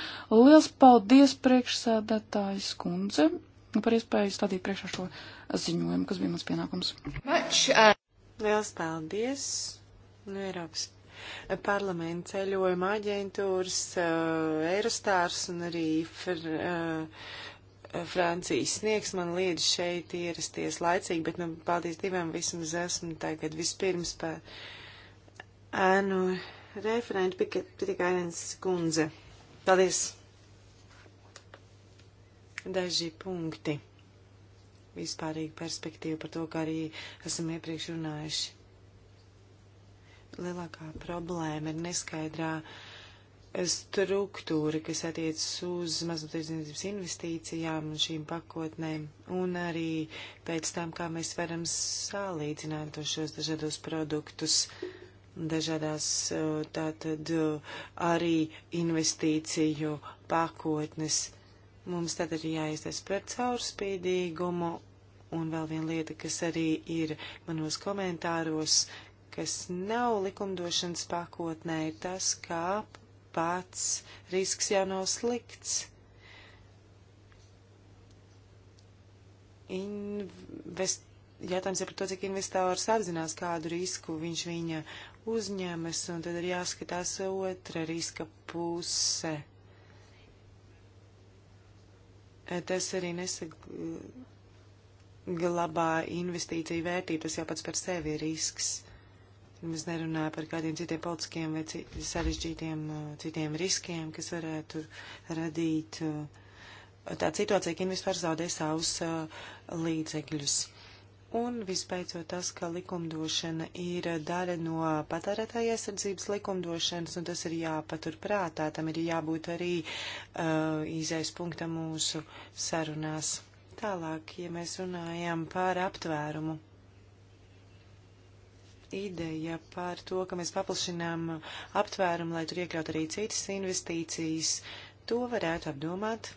liels paldies priekšsēdētājas kundze par iespēju stādīt priekšā šo ziņojumu, kas bija mans pienākums. Uh, liels paldies! no nu, Eiropas parlamenta ceļojuma aģentūras, uh, eh, Eurostārs un arī fr, uh, Francijas sniegs man liedz šeit ierasties laicīgi, bet, nu, paldies diviem vismaz esmu tagad vispirms par ēnu referentu tikai viens kundze. Paldies! Daži punkti vispārīgi perspektīvu par to, kā arī esam iepriekš runājuši lielākā problēma ir neskaidrā struktūra, kas attiecas uz mazumtirdzniecības investīcijām un šīm pakotnēm, un arī pēc tam, kā mēs varam salīdzināt šos dažādos produktus, dažādās tātad arī investīciju pakotnes. Mums tad ir jāiestājas par caurspīdīgumu un vēl viena lieta, kas arī ir manos komentāros, kas nav likumdošanas pakotnē, ir tas, kā pats risks jau nav slikts. Invest... Jātājums ir par to, cik investors apzinās, kādu risku viņš viņa uzņemas, un tad ir jāskatās otra riska puse. Tas arī nesaglabā investīciju vērtību, tas jau pats par sevi ir risks. Mēs nerunājam par kādiem citiem politiskiem vai sarežģītiem uh, citiem riskiem, kas varētu radīt uh, tādu situāciju, ka investors zaudē savus uh, līdzekļus. Un visbeidzot tas, ka likumdošana ir daļa no patērētāja aizsardzības likumdošanas, un tas ir jāpatur prātā, tam ir jābūt arī uh, izais punkta mūsu sarunās. Tālāk, ja mēs runājam par aptvērumu, ideja par to, ka mēs paplašinām aptvērumu, lai tur iekļaut arī citas investīcijas, to varētu apdomāt.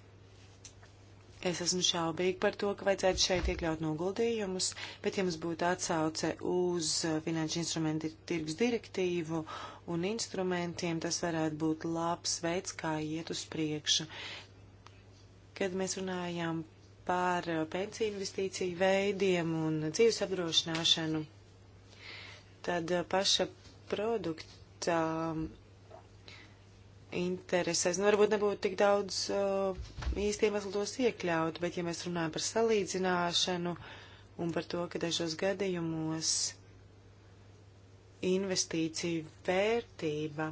Es esmu šaubīgi par to, ka vajadzētu šeit iekļaut noguldījumus, bet ja mums būtu atsauce uz finanšu instrumentu tirgus direktīvu un instrumentiem, tas varētu būt labs veids, kā iet uz priekšu. Kad mēs runājām par pensiju investīciju veidiem un dzīves apdrošināšanu tad uh, paša produkta um, interesēs. Nu, varbūt nebūtu tik daudz uh, īsti iemeslu tos iekļaut, bet ja mēs runājam par salīdzināšanu un par to, ka dažos gadījumos investīciju vērtība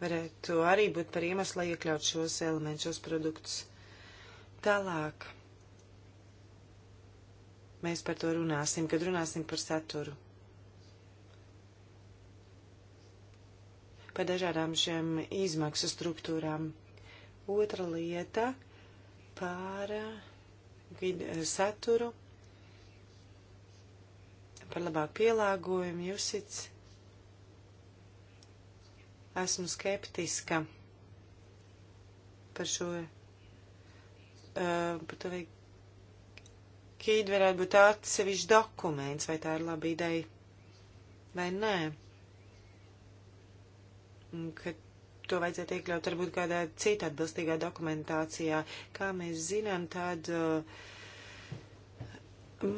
varētu arī būt par iemeslu, lai iekļaut šos elementus, šos produktus. Tālāk. Mēs par to runāsim, kad runāsim par saturu. Par dažādām šiem izmaksu struktūrām. Otra lieta par saturu, par labāku pielāgojumu, jūsits. Esmu skeptiska par šo, uh, par to vajag Kīd varētu būt atsevišķi dokuments, vai tā ir laba ideja, vai nē. Kad to vajadzētu iekļaut varbūt kādā citā atbilstīgā dokumentācijā. Kā mēs zinām, tad uh,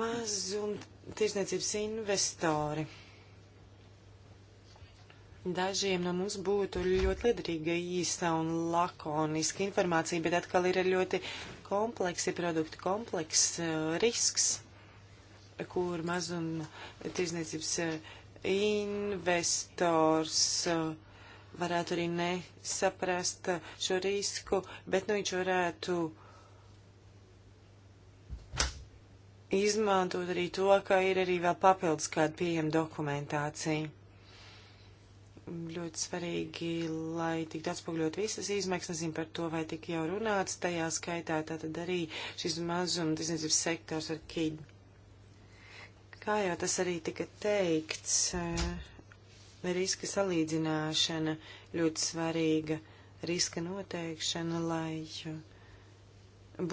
mazumtirdzniecības investori Dažiem no mums būtu ļoti liederīga īsa un lakoniska informācija, bet atkal ir ļoti kompleksi produkti, kompleks uh, risks, kur mazuma tirzniecības uh, investors uh, varētu arī nesaprast šo risku, bet nu viņš varētu izmantot arī to, ka ir arī vēl papildus kāda pieejama dokumentācija ļoti svarīgi, lai tiktu atspogļot visas izmaksas, nezinu par to, vai tik jau runāts, tajā skaitā tātad arī šis mazumtirdzniecības sektors ar kīdu. Kā jau tas arī tika teikts, eh, riska salīdzināšana ļoti svarīga, riska noteikšana, lai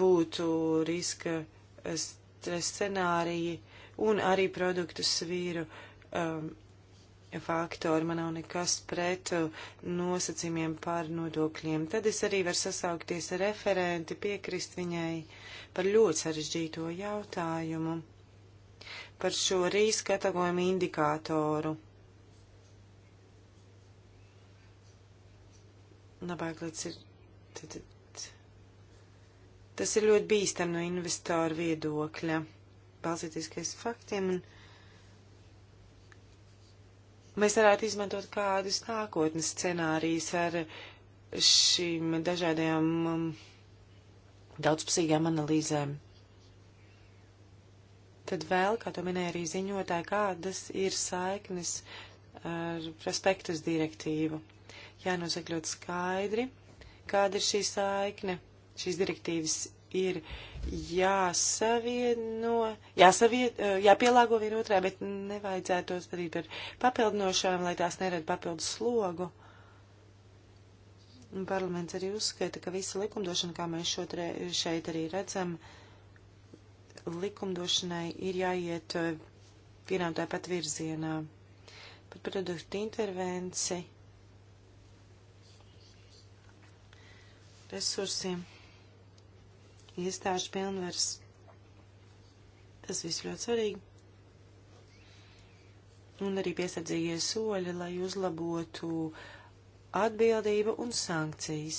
būtu riska stress scenāriji un arī produktu svīru. Um, faktori, man nav nekas pret uh, nosacījumiem par nodokļiem. Tad es arī varu sasaukties ar referenti, piekrist viņai par ļoti sarežģīto jautājumu, par šo riska kategoriju indikātoru. Nabēglēts ir. Tas ir ļoti bīstam no investoru viedokļa. Balsīties, ka es faktiem un mēs varētu izmantot kādus nākotnes scenārijus ar šīm dažādajām um, daudzpusīgām analīzēm. Tad vēl, kā to minēja arī ziņotāji, kādas ir saiknes ar prospektus direktīvu. Jānosaka ļoti skaidri, kāda ir šī saikne, šīs direktīvas ir jāsavieno, jāsaviet, jāpielāgo vienotrai, bet nevajadzētu tos darīt par papildinošām, lai tās nerada papildus slogu. Un parlaments arī uzskaita, ka visa likumdošana, kā mēs šotre, šeit arī redzam, likumdošanai ir jāiet vienam tā pat virzienā. Par produktu intervenci, resursiem iestāžu pilnvars. Tas viss ļoti svarīgi. Un arī piesardzīgie soļi, lai uzlabotu atbildību un sankcijas.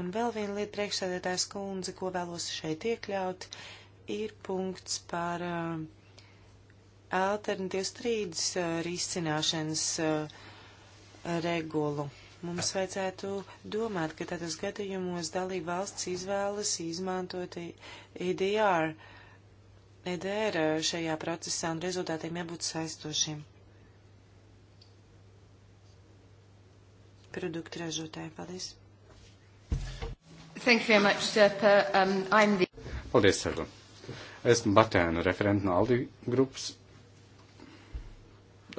Un vēl viena lieta priekšsēdētājs kundze, ko vēlos šeit iekļaut, ir punkts par uh, alternatīvas strīdas uh, risināšanas uh, regulu. Mums vajadzētu domāt, ka tādos gadījumos dalība valsts izvēlas izmantot EDR, EDR šajā procesā un rezultātiem jābūt saistošiem. Produktu ražotāji, paldies. Thank you very much, Serpa. Um, I'm the... Paldies, Serpa. Esmu Batēna referenta no Aldi grupas.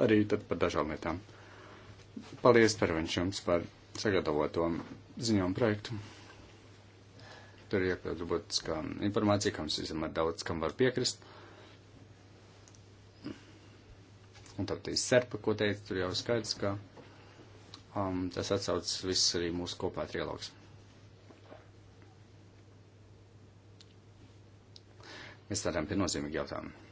Arī tad par dažām lietām. Paldies, Pervenč, jums par sagatavoto ziņojumu projektu. Tur iekļauts būtiskā informācija, kam visam ir daudz, kam var piekrist. Un tāpēc ir serpa, ko teica, tur jau skaidrs, ka um, tas atsaucas viss arī mūsu kopā trilogs. Mēs tādām pie nozīmīgi jautājumu.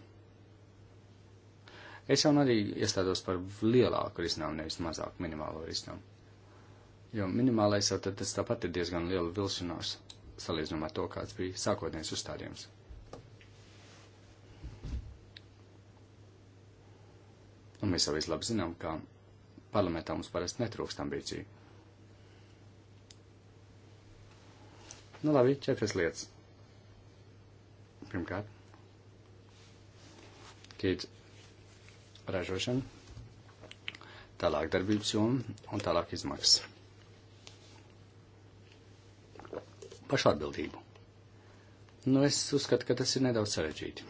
Es jau arī iestādos par lielāku risinājumu, nevis mazāku minimālo risinājumu. Jo minimālais jau tad tas tāpat ir diezgan liela vilšanās, salīdzinām ar to, kāds bija sākotnējs uzstādījums. Un mēs jau vislabāk zinām, ka parlamentā mums parasti netrūkst ambīciju. Nu, labi, četras lietas. Pirmkārt, Kīds ražošana, tālāk darbības joma un tālāk izmaksas. Pašu atbildību. Nu, es uzskatu, ka tas ir nedaudz sarežģīti.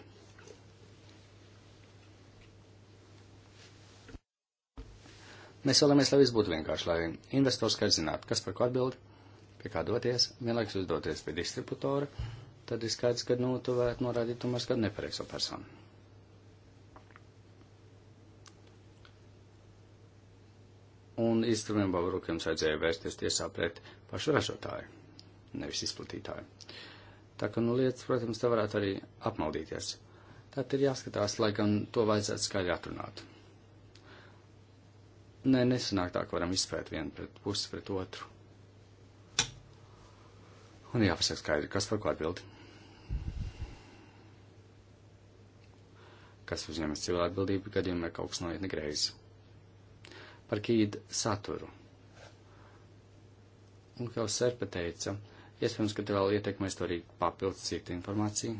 Mēs vēlamies, lai viss būtu vienkārši, lai investors skaidri zinātu, kas par ko atbild, pie kā doties, vienlaikus uzdoties pie distributora, tad ir skaidrs, ka, nu, tu varētu norādīt tomēr kādu nepareizo personu. un instrumentu Bavarukiem vajadzēja vērsties tiesā pret pašu ražotāju, nevis izplatītāju. Tā ka, nu, lietas, protams, te varētu arī apmaldīties. Tad ir jāskatās, lai gan to vajadzētu skaļi atrunāt. Nē, nesanāk tā, ka varam izspēt vienu pret pusi pret otru. Un jāpasaka skaidri, kas par ko atbild. Kas uzņemas cilvēku atbildību, gadījumā kaut kas noiet negreizi par kīdu saturu. Un kā jau Serpa teica, iespējams, ka te vēl ietekmēs to arī papildus citu informāciju.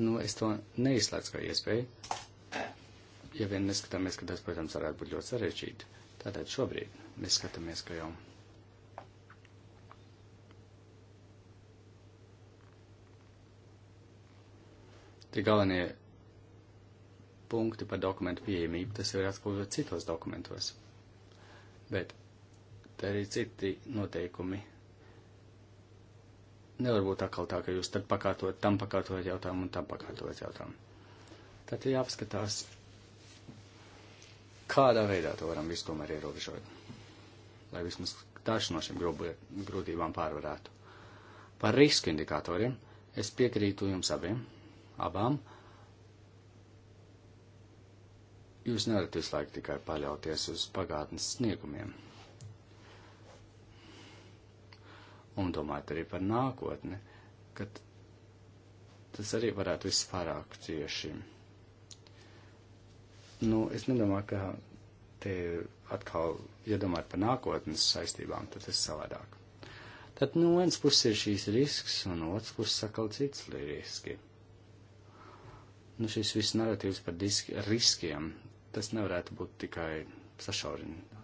Nu, es to neizslēdzu kā iespēju, ja vien neskatāmies, ka tas, protams, varētu būt ļoti sarežģīti. Tātad šobrīd mēs skatāmies, ka jau tie galvenie punkti par dokumentu pieejamību, tas ir atspoguļot citos dokumentos. Bet te arī citi noteikumi. Nevar būt atkal tā, ka jūs tad pakārtojat, tam pakārtojat jautājumu un tam pakārtojat jautājumu. Tad ir jāapskatās, kādā veidā to varam visu tomēr ierobežot, lai vismaz dažu no šiem grūtībām pārvarētu. Par risku indikatoriem es piekrītu jums abiem, abām. Uh, jūs nevarat visu laiku tikai paļauties uz pagātnes sniegumiem. Un domājot arī par nākotni, kad tas arī varētu viss pārāk cieši. Nu, es nedomāju, ka te atkal, ja domājat par nākotnes saistībām, tad tas savādāk. Tad, nu, viens puses ir šīs risks, un otrs puses atkal cits riski nu, šis viss narratīvs par diski, riskiem, tas nevarētu būt tikai sašaurināts.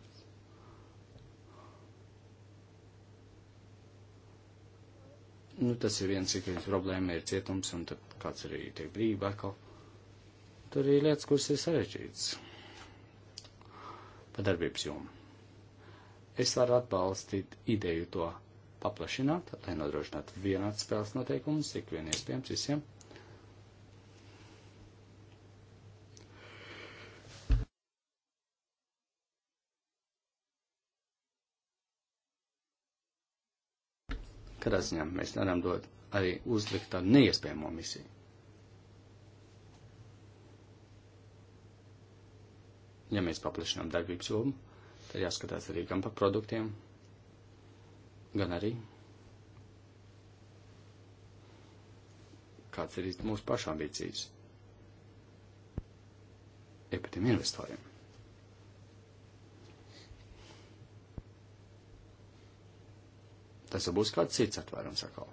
Nu, tas ir viens, cik problēma ir cietums, un tad kāds arī tiek brīvā atkal. Tur ir lietas, kuras ir sarežģītas. Pa darbības jomu. Es varu atbalstīt ideju to paplašināt, lai nodrošinātu vienāds spēles noteikumus, ik vien iespējams visiem. katrā ziņā mēs nevaram dot arī uzlikt tādu neiespējamo misiju. Ja mēs paplašinām darbības jomu, tad jāskatās arī gan par produktiem, gan arī kāds ir mūsu pašu ambīcijas. Ir par tiem investoriem. tas būs kāds cits atvērums atkal.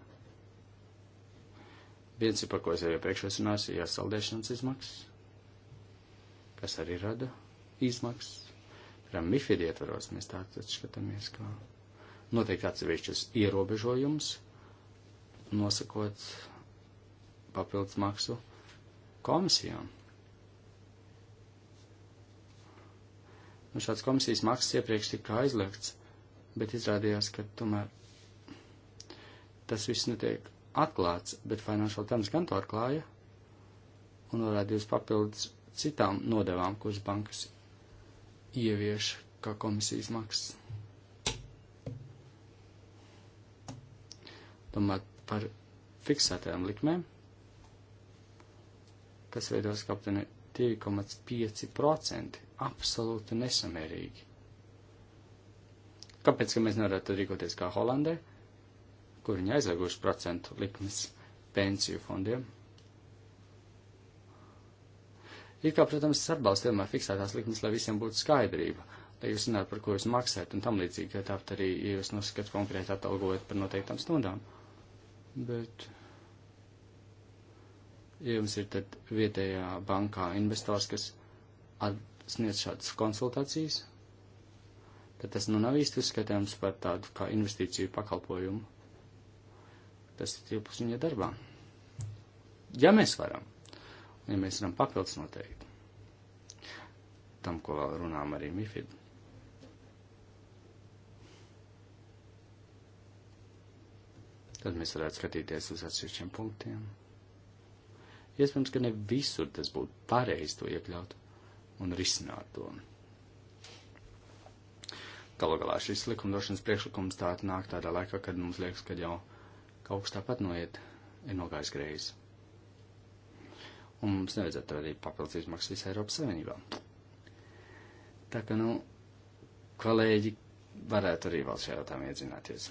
Viens ir, par ko es jau iepriekš esmu runājis, ir iesaldēšanas izmaksas, kas arī rada izmaksas. Piemēram, MIFID ietvaros mēs tā tad skatāmies, kā noteikti atsevišķus ierobežojumus, nosakot papildus maksu komisijām. Nu, šāds komisijas maksas iepriekš tika aizliegts, bet izrādījās, ka tomēr tas viss netiek atklāts, bet Financial Times gan to atklāja un norādījusi papildus citām nodevām, kuras bankas ievieš kā komisijas maksas. Domāt par fiksētajām likmēm, kas veidos kā aptuveni 2,5% absolūti nesamērīgi. Kāpēc, ka mēs nevarētu rīkoties kā Holandē? kur viņi aizveguši procentu likmes pensiju fondiem. Ir kā, protams, atbalsts vienmēr fiksētās likmes, lai visiem būtu skaidrība, lai jūs zinātu, par ko jūs maksājat un tam līdzīgi, ja tāpat arī, ja jūs noskat konkrēti atalgojat par noteiktām stundām. Bet, ja jums ir tad vietējā bankā investors, kas sniedz šādas konsultācijas, tad tas nu nav īsti uzskatāms par tādu kā investīciju pakalpojumu. Tas ir tilpus viņa darbā. Ja mēs varam, ja mēs varam papildus noteikti tam, ko vēl runām arī MIFID. Tad mēs varētu skatīties uz atsevišķiem punktiem. Iespējams, ka ne visur tas būtu pareizi to iekļaut un risināt to. Galu galā šis likumdošanas priekšlikums tā nāk tādā laikā, kad mums liekas, ka jau kaut kas tāpat noiet, ir nogājis greizi. Un mums nevajadzētu arī papildus izmaksas visai Eiropas Savienībā. Tā ka, nu, kolēģi varētu arī vēl šajā jautājumā iedzināties.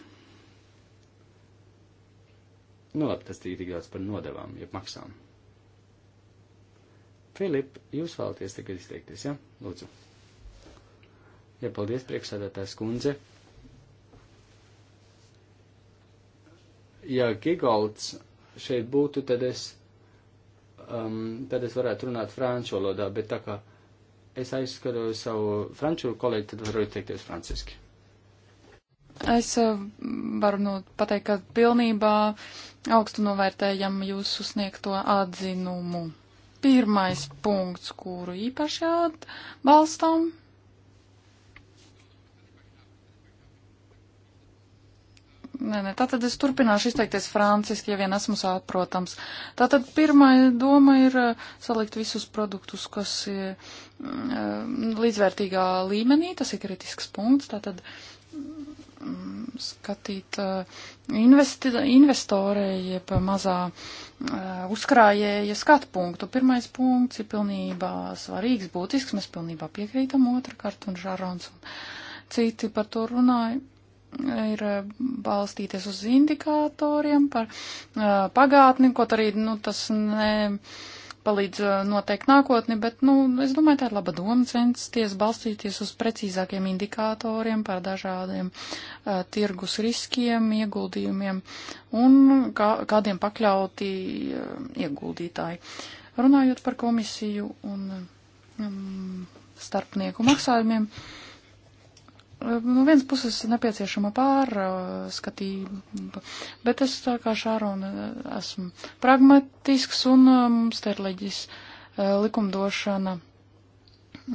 Nu, labi, tas tika tik daudz par nodevām, jeb maksām. Filip, jūs vēlaties tagad izteikties, ja? Lūdzu. Jā, ja, paldies, priekšsēdētājs kundze. ja Gigalds šeit būtu, tad es, um, tad es varētu runāt franču valodā, bet tā kā es aizskatu savu franču kolēģi, tad varu teikties franciski. Es uh, varu nu, pateikt, ka pilnībā augstu novērtējam jūsu sniegto atzinumu. Pirmais punkts, kuru īpaši atbalstam, Nē, nē, tātad es turpināšu izteikties franciski, ja vien esmu saprotams. Tātad pirmā doma ir eh, salikt visus produktus, kas ir mm, eh, līdzvērtīgā līmenī, tas ir kritisks punkts, tātad mm, skatīt eh, investi, investorē, jeb mazā uzkrājēja skatu punktu. Pirmais punkts ir pilnībā svarīgs, būtisks, mēs pilnībā piekrītam otrkārt, un Žarons un citi par to runāja ir eh, balstīties uz indikatoriem par uh, pagātni, kaut arī nu, tas ne palīdz uh, noteikt nākotni, bet, nu, es domāju, tā ir laba doma censties balstīties uz precīzākiem indikatoriem par dažādiem uh, tirgus riskiem, ieguldījumiem un kā, kādiem pakļauti uh, ieguldītāji. Runājot par komisiju un um, starpnieku maksājumiem. Uh, no nu, vienas puses nepieciešama pārskatība, bet es tā kā Šārona esmu pragmatisks un uh, mums te ir leģis uh, likumdošana mm,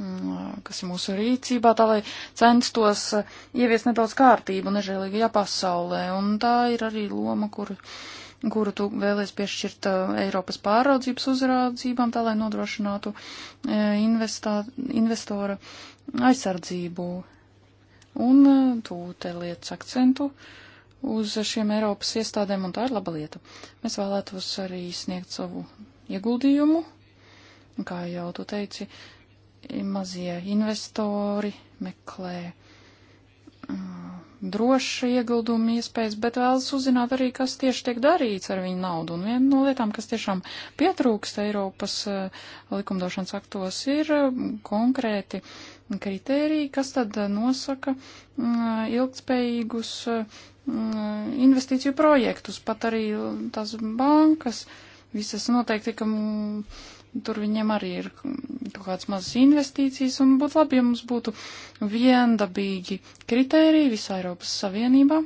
uh, kas ir mūsu rīcībā, tā lai censtos ievies nedaudz kārtību nežēlīgajā pasaulē. Un tā ir arī loma, kur, kuru tu vēlies piešķirt Eiropas pāraudzības uzrādzībām, tā lai nodrošinātu investā, investora aizsardzību un e, tūte lietas akcentu uz šiem Eiropas iestādēm, un tā ir laba lieta. Mēs vēlētos arī sniegt savu ieguldījumu, kā jau tu teici, mazie investori meklē e, droši ieguldumi iespējas, bet vēlas uzzināt arī, kas tieši tiek darīts ar viņu naudu. Un viena no lietām, kas tiešām pietrūkst Eiropas e, likumdošanas aktos, ir konkrēti kritēriji, kas tad eh, nosaka mm, ilgspējīgus mm, investīciju projektus, pat arī tās bankas, visas noteikti, ka mm, tur viņiem arī ir kaut kādas mazas investīcijas, un būtu labi, ja mums būtu viendabīgi kritēriji visā Eiropas Savienībā,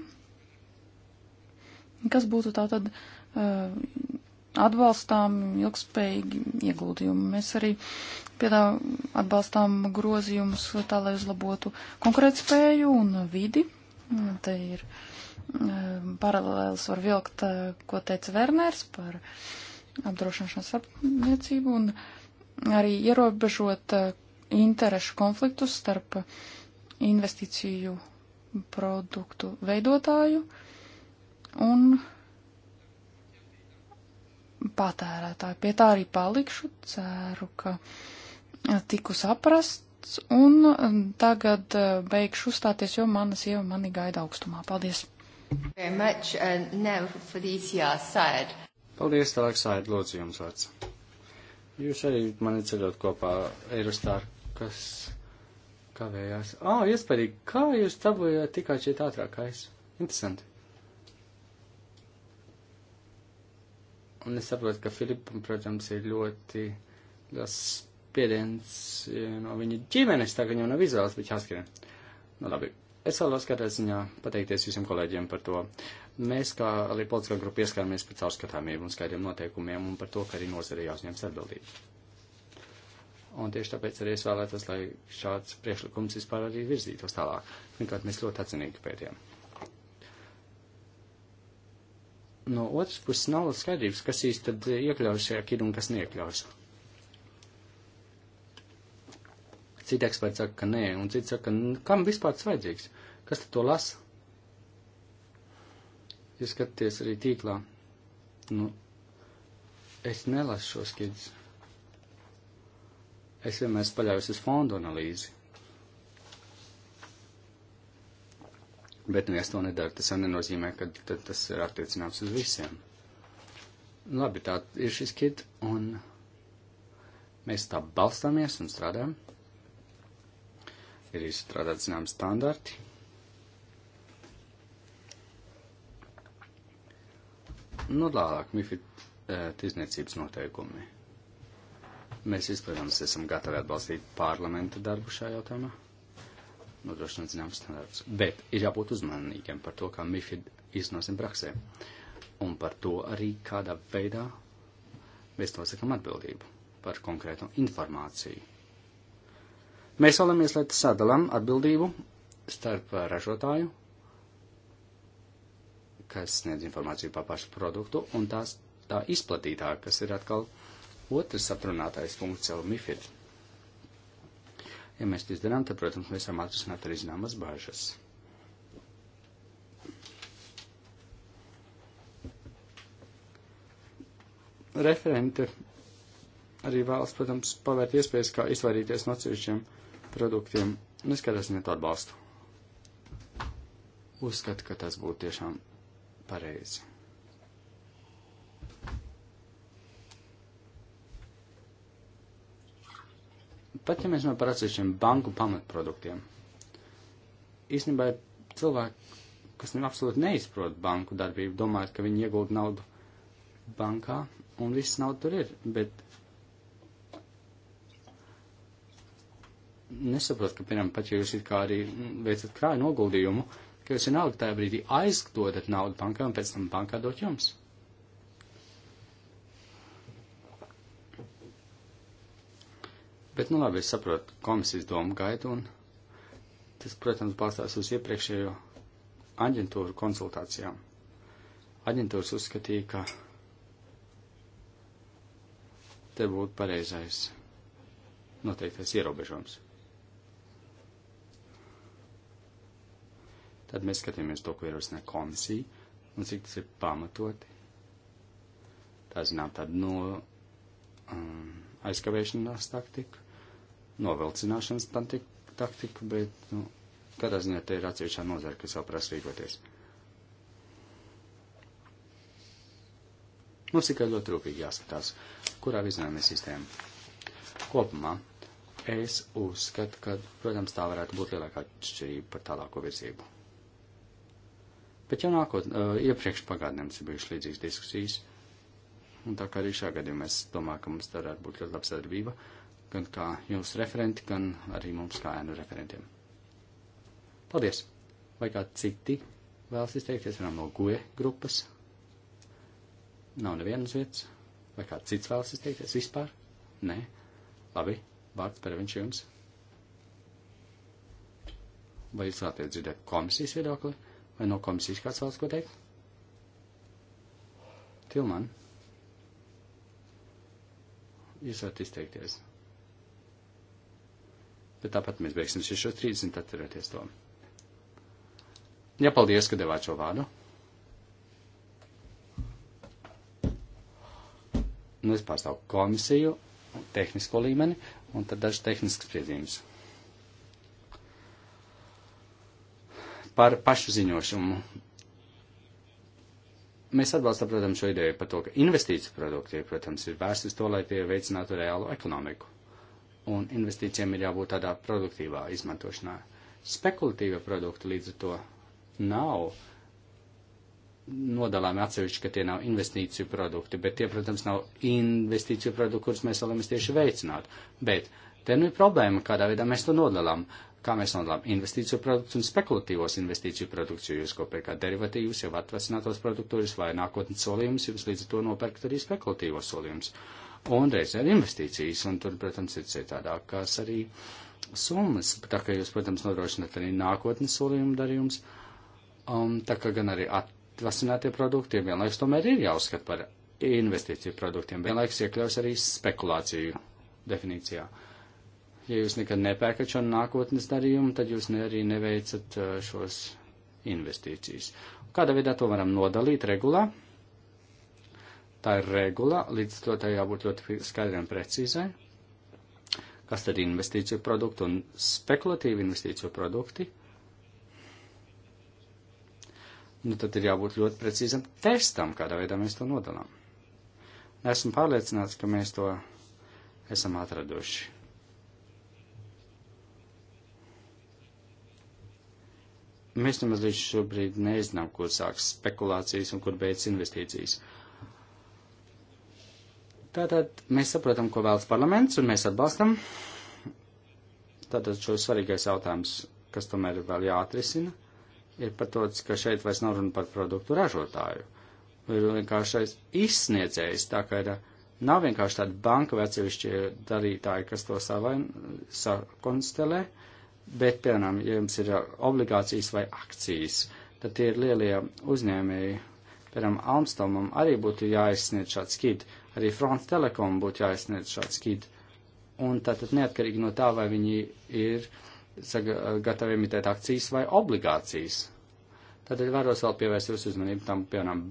kas būtu tā tad eh, atbalstām ilgspējīgi ieguldījumi. Mēs arī Piedā atbalstām grozījumus tā, lai uzlabotu konkurētspēju un vidi. Te ir eh, paralēlis var vilkt, eh, ko teica Werners par apdrošināšanas starpniecību un arī ierobežot eh, interešu konfliktus starp investīciju produktu veidotāju un patērētāju. Pie tā arī palikšu. Ceru, ka tiku saprasts, un um, tagad uh, beigšu uzstāties, jo mana sieva mani gaida augstumā. Paldies! Much, uh, e Paldies, tālāk sāid, lūdzu jums vārds. Jūs arī mani ceļot kopā Eirostār, kas kavējās. Ā, oh, iespējīgi, kā jūs tabujāt tikai šeit ātrākais? Interesanti. Un es saprotu, ka Filipam, protams, ir ļoti tas spiediens eh, no viņa ģimenes, tā ka viņam nav izvēles, bet jāskrien. Nu, labi. Es vēlos katrā ziņā pateikties visiem kolēģiem par to. Mēs, kā arī politiskā grupa, ieskaramies par caurskatāmību un skaidriem noteikumiem un par to, ka arī nozare jāuzņems atbildību. Un tieši tāpēc arī es vēlētos, lai šāds priekšlikums vispār arī virzītos tālāk. Pirmkārt, mēs ļoti atzinīgi pētījām. No otras puses nav skaidrības, kas īsti tad iekļaujas šajā kid un kas neiekļaujas. Citi eksperti saka, ka nē, un citi saka, kam vispār tas vajadzīgs? Kas tad to lasa? Ja skaties arī tīklā, nu, es nelasu šos kidus. Es vienmēr paļaujos uz fondu analīzi. Bet, nu, ja es to nedaru, tas jau nenozīmē, ka tas ir attiecināms uz visiem. Nu, labi, tā ir šis kit, un mēs tā balstāmies un strādājam ir izstrādāt zinām standarti. Nu, tālāk, MIFID eh, tirzniecības noteikumi. Mēs, protams, esam gatavi atbalstīt parlamenta darbu šajā jautājumā, nodrošināt zināmas standārts, bet ir jābūt uzmanīgiem par to, kā MIFID iznosim praksē, un par to arī kādā veidā mēs nosakam atbildību par konkrēto informāciju Mēs vēlamies, lai sadalām atbildību starp ražotāju, kas sniedz informāciju par pašu produktu, un tās tā izplatītāja, kas ir atkal otrs aprunātais punkts jau MIFID. Ja mēs to izdarām, tad, protams, mēs varam atrisināt arī zināmas bāžas. Referente arī vēlas, protams, pavērt iespējas, kā izvairīties no atsevišķiem uh, produktiem, un es kādreiz viņu atbalstu. Uzskatu, ka tas būtu tiešām pareizi. Pat ja mēs runājam par atsevišķiem banku pamatproduktiem, īstenībā cilvēki, kas ne, absolūti neizprot banku darbību, domājot, ka viņi iegūda naudu bankā un viss nauda tur ir, bet nesaprotu, ka, piemēram, pat ja jūs it kā arī veicat krāju noguldījumu, ka jūs vienalga tajā brīdī aizdodat naudu bankām un pēc tam bankā dot jums. Bet, nu labi, es saprotu komisijas domu gaidu un tas, protams, balstās uz iepriekšējo aģentūru konsultācijām. Aģentūras uzskatīja, ka te būtu pareizais noteiktais ierobežojums. tad mēs skatāmies to, ko ierosina komisija, un cik tas ir pamatoti. Tā zinām, tāda no um, aizkavēšanās taktika, novilcināšanas taktika, bet, nu, katrā ziņā te ir atsevišķā nozara, kas vēl prasa rīkoties. Mums tikai ļoti rūpīgi jāskatās, kurā virzienā mēs sistēmu. Kopumā es uzskatu, ka, protams, tā varētu būt lielākā atšķirība par tālāko virzību. Bet jau nākot, uh, iepriekš pagātnē mums ir bijušas līdzīgas diskusijas. Un tā kā arī šā gadījumā es domāju, ka mums tā varētu būt ļoti laba sadarbība, gan kā jūs referenti, gan arī mums kā ēnu referentiem. Paldies! Vai kā citi vēlas izteikties, varam no goja e grupas? Nav nevienas vietas. Vai kā cits vēlas izteikties vispār? Nē. Labi, vārds par viņš jums. Vai jūs vēlaties dzirdēt komisijas viedokli? Vai no komisijas kāds vēlas ko teikt? Tilman, jūs varat izteikties. Bet tāpat mēs beigsim šos 30, atcerieties to. Jā, paldies, ka devāt šo vārdu. Nu, es pārstāvu komisiju, tehnisko līmeni un tad dažas tehniskas piezīmes. par pašziņošumu. Mēs atbalstam, protams, šo ideju par to, ka investīciju produkti, protams, ir vērsti uz to, lai tie veicinātu reālo ekonomiku. Un investīcijiem ir jābūt tādā produktīvā izmantošanā. Spekulatīva produkta līdz ar to nav nodalāmi atsevišķi, ka tie nav investīciju produkti, bet tie, protams, nav investīciju produkti, kurus mēs vēlamies tieši veicināt. Bet te nu ir problēma, kādā veidā mēs to nodalām. Uh, kā mēs nodalām investīciju produktus un spekulatīvos investīciju produktus, jo jūs kopējat kā derivatīvus, jau atvasinātos produktus vai nākotnes solījumus, jums līdz ar to nopērkat arī spekulatīvos solījumus. Un reizē ir investīcijas, un tur, protams, ir citādākās arī summas, tā kā jūs, protams, nodrošināt arī nākotnes solījumu darījumus, um, tā kā gan arī atvasinātie produkti vienlaiks tomēr ir jāuzskat par investīciju produktiem, vienlaiks iekļaus arī spekulāciju definīcijā. Uh, Ja jūs nekad nepērkat šo nākotnes darījumu, tad jūs ne arī neveicat šos investīcijas. Kādā veidā to varam nodalīt regulā? Tā ir regula, līdz to tā jābūt ļoti skaidri un precīzai. Kas tad ir investīciju produkti un spekulatīvi investīciju produkti? Nu, tad ir jābūt ļoti precīzam testam, kādā veidā mēs to nodalām. Esmu pārliecināts, ka mēs to esam atraduši. Mēs nemaz līdz šobrīd nezinām, kur sāks spekulācijas un kur beidzas investīcijas. Tātad mēs saprotam, ko vēlas parlaments, un mēs atbalstam. Tātad šo svarīgais jautājums, kas tomēr ir vēl jāatrisina, ir par to, ka šeit vairs nav runa par produktu ražotāju. Ir vienkāršais izsniedzējs, tā kā ir nav vienkārši tāda banka vai atsevišķie darītāji, kas to savai sakonstelē. Sa Bet, piemēram, ja jums ir uh, obligācijas vai akcijas, tad tie ir lielie uzņēmēji. Piemēram, Almstomam arī būtu jāizsniedz šāds skid, arī France Telekom būtu jāizsniedz šāds skid. Un tātad neatkarīgi no tā, vai viņi ir uh, gatavi emitēt akcijas vai obligācijas. Tātad vēros vēl pievērst jūsu uzmanību tam, piemēram,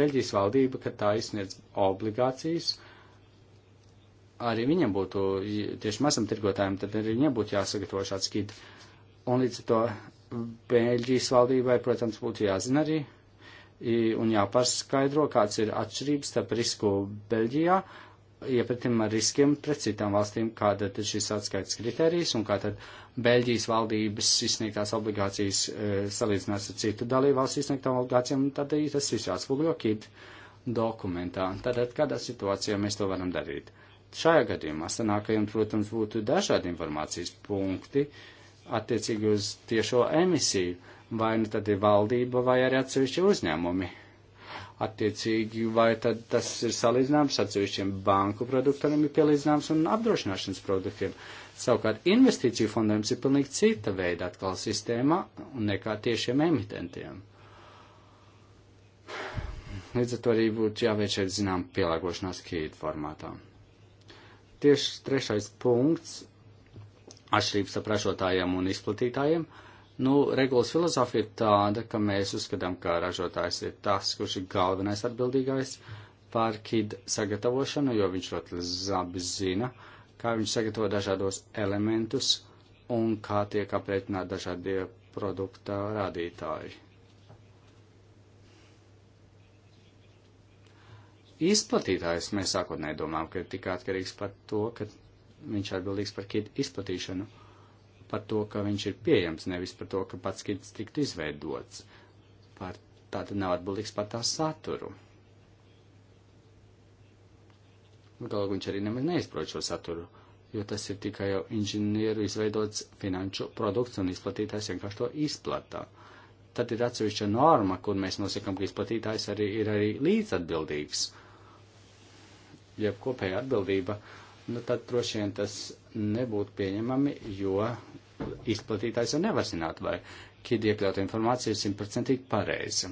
Beļģijas valdība, ka tā izsniedz obligācijas arī viņiem būtu, tieši mazam tirgotājiem, tad arī viņiem būtu jāsagatavo šāds kit. Un līdz ar to Bēļģijas valdībai, protams, būtu jāzina arī un jāpaskaidro, kāds ir atšķirības starp risku Beļģijā, iepratim ar riskiem pret citām valstīm, kāda tad šis atskaits kriterijs un kā tad Beļģijas valdības izsniegtās obligācijas e, salīdzinās ar citu dalību valsts izsniegtām obligācijām, tad arī tas viss jāatspūgļo KID dokumentā. Tātad kādā situācijā mēs to varam darīt? Šajā gadījumā sanāk, ka jums, protams, būtu dažādi informācijas punkti attiecīgi uz tiešo emisiju, vai nu tad ir valdība vai arī atsevišķi uzņēmumi. Attiecīgi, vai tad tas ir salīdzināms atsevišķiem banku produktiem, ir pielīdzināms un apdrošināšanas produktiem. Savukārt investīciju fondiem ir pilnīgi cita veida atkal sistēma nekā tiešiem emitentiem. Līdz ar to arī būtu jāveic šeit zinām pielāgošanās kīta formātām. Tieši trešais punkts - atšķirības ar ražotājiem un izplatītājiem. Nu, regulas filozofija ir tāda, ka mēs uzskatām, ka ražotājs ir tas, kurš ir galvenais atbildīgais par kid sagatavošanu, jo viņš ļoti labi zina, kā viņš sagatavo dažādos elementus un kā tiek aprēķināti dažādie produkta rādītāji. izplatītājs. Mēs sākotnēji domājām, ka ir tik atkarīgs par to, ka viņš atbildīgs par kit izplatīšanu, par to, ka viņš ir pieejams, nevis par to, ka pats kits tiktu izveidots. Par tātad nav atbildīgs par tā saturu. Nu, Galvā viņš arī nemaz neizprot šo saturu, jo tas ir tikai jau inženieru izveidots finanšu produkts un izplatītājs vienkārši to izplatā. Tad ir atsevišķa norma, kur mēs nosakam, ka izplatītājs arī ir arī līdzatbildīgs. Uh, jeb kopēja atbildība, nu tad droši vien tas nebūtu pieņemami, jo izplatītājs jau nevar zināt, vai kid iekļauta informācija ir simtprocentīgi pareiza.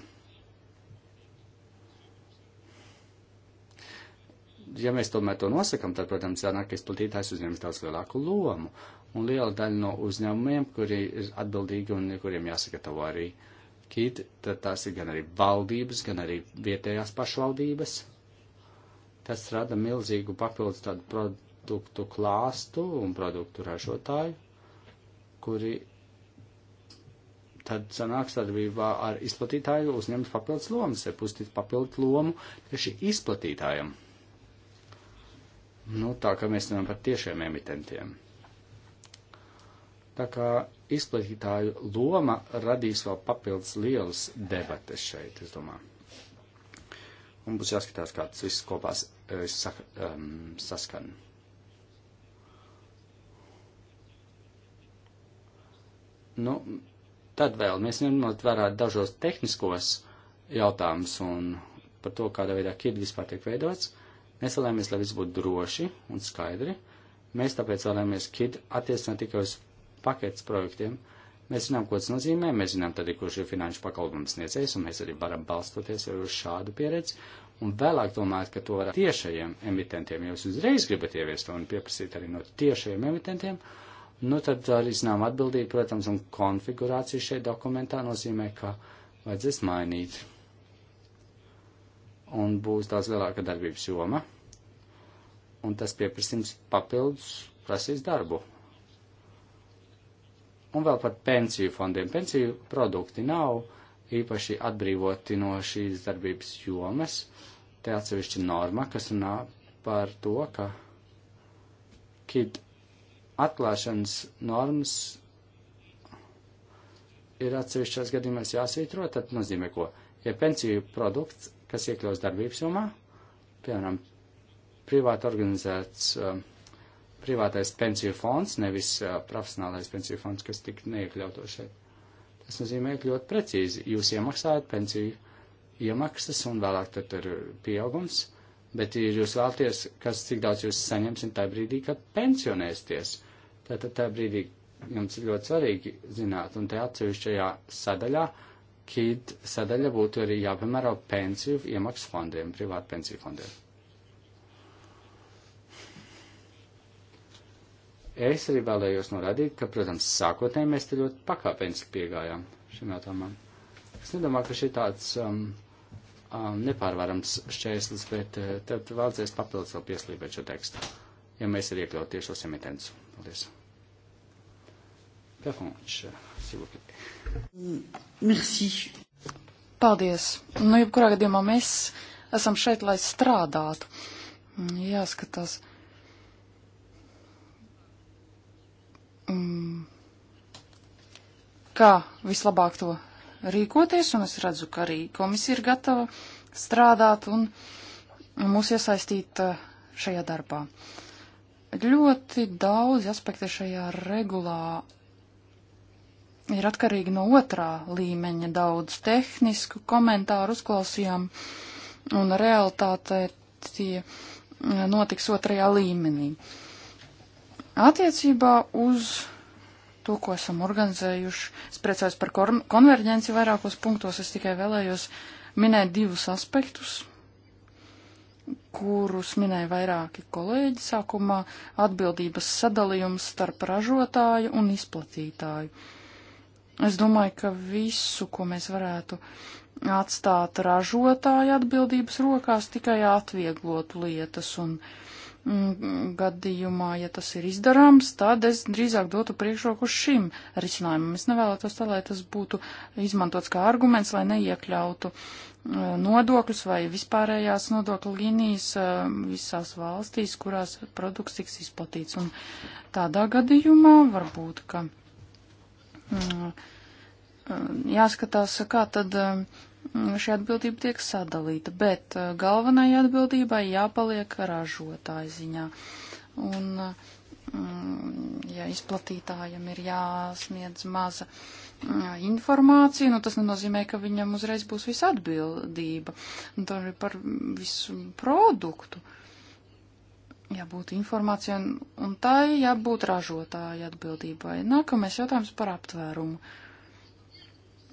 Ja mēs tomēr to nosakam, tad, protams, sanāk, ka izplatītājs uzņems daudz lielāku lomu, un liela daļa no uzņēmumiem, kuri ir atbildīgi un kuriem jāsagatavo arī kid, tad tās ir gan arī valdības, gan arī vietējās pašvaldības Tas rada milzīgu papildus tādu produktu klāstu un produktu ražotāju, kuri tad sanāk sadarbībā ar izplatītāju uzņemt papildus lomas, ja pustīt papildus lomu tieši izplatītājam. Nu, tā kā mēs runājam par tiešiem emitentiem. Tā kā izplatītāju loma radīs vēl papildus lielas debates šeit, es domāju. Un būs jāskatās, kā tas viss kopā eh, sak, um, ehm, saskan. Nu, tad vēl mēs ņemot vērā dažos tehniskos jautājumus un par to, kādā veidā kirdi vispār tiek veidots. Mēs vēlamies, lai viss būtu droši un skaidri. Mēs tāpēc vēlamies KID attiecināt tikai uz paketes projektiem, uh, Mēs zinām, ko tas nozīmē, mēs zinām tad, kurš ir finanšu pakalpojums sniedzējs, un mēs arī varam balstoties jau uz šādu pieredzi, un vēlāk domāt, ka to var tiešajiem emitentiem, ja jūs uzreiz gribat ieviest to un pieprasīt arī no tiešajiem emitentiem, nu tad arī zinām atbildību, protams, un konfigurācija šeit dokumentā nozīmē, ka vajadzēs mainīt. Un būs daudz lielāka darbības joma, un tas pieprasījums papildus prasīs darbu. Un vēl par pensiju fondiem. Pensiju produkti nav īpaši atbrīvoti no šīs darbības jomas. Te atsevišķa norma, kas runā par to, ka kid atklāšanas normas ir atsevišķos gadījumos jāsvītro, tad nozīmē ko? Ja pensiju produkts, kas iekļaus darbības jomā, piemēram, privāti organizēts uh, um, privātais pensiju fonds, nevis uh, profesionālais pensiju fonds, kas tik neiekļauto šeit. Tas nozīmē, ka ļoti precīzi jūs iemaksājat pensiju iemaksas un vēlāk tad ir pieaugums, bet ir jūs vēlties, kas cik daudz jūs saņemsiet tajā brīdī, kad pensionēsties. Tātad tajā brīdī jums ir ļoti svarīgi zināt, un te atsevišķajā sadaļā, KID sadaļa būtu arī jāpiemēro pensiju iemaksu fondiem, privātu pensiju fondiem. Es arī vēlējos norādīt, ka, protams, sākotnēji mēs te ļoti pakāpeniski piegājām šim jautājumam. Es nedomāju, ka šī tāds um, um, nepārvarams šķērslis, bet uh, tad vajadzēs papildus vēl pieslīpēt šo tekstu, ja mēs arī iekļaut tieši šos emitentus. Paldies. Perfonč, uh, Merci. Paldies. Nu, jebkurā gadījumā mēs esam šeit, lai strādātu. Jāskatās. Uh, kā vislabāk to rīkoties, un es redzu, ka arī komisija ir gatava strādāt un mūs iesaistīt eh, šajā darbā. Ļoti daudz aspekti šajā regulā ir atkarīgi no otrā līmeņa. Daudz tehnisku komentāru uzklausījām, un realtātē tie eh, notiks otrajā līmenī. Attiecībā uz to, ko esam organizējuši. Es priecājos par konverģenci vairākos punktos. Es tikai vēlējos minēt divus aspektus, kurus minēja vairāki kolēģi sākumā - atbildības sadalījums starp ražotāju un izplatītāju. Es domāju, ka visu, ko mēs varētu atstāt ražotāju atbildības rokās, tikai atvieglot lietas un uh, Mm, gadījumā, ja tas ir izdarāms, tad es drīzāk dotu priekšroku šim risinājumam. Es nevēlētos tā, lai tas būtu izmantots kā arguments, lai neiekļautu eh, nodokļus vai vispārējās nodokļu līnijas eh, visās valstīs, kurās produkts tiks izplatīts. Un tādā gadījumā varbūt, ka mm, eh, jāskatās, kā tad Mm, šī atbildība tiek sadalīta, bet uh, galvenai atbildībai jāpaliek ražotāja ziņā. Un, uh, mm, ja izplatītājam ir jāsniedz maza mm, informācija, nu tas nenozīmē, ka viņam uzreiz būs visa atbildība. Un tā ir par visu produktu. Jābūt informācijai, un, un tai jābūt ražotāja atbildībai. Nākamais jautājums par aptvērumu. Uh,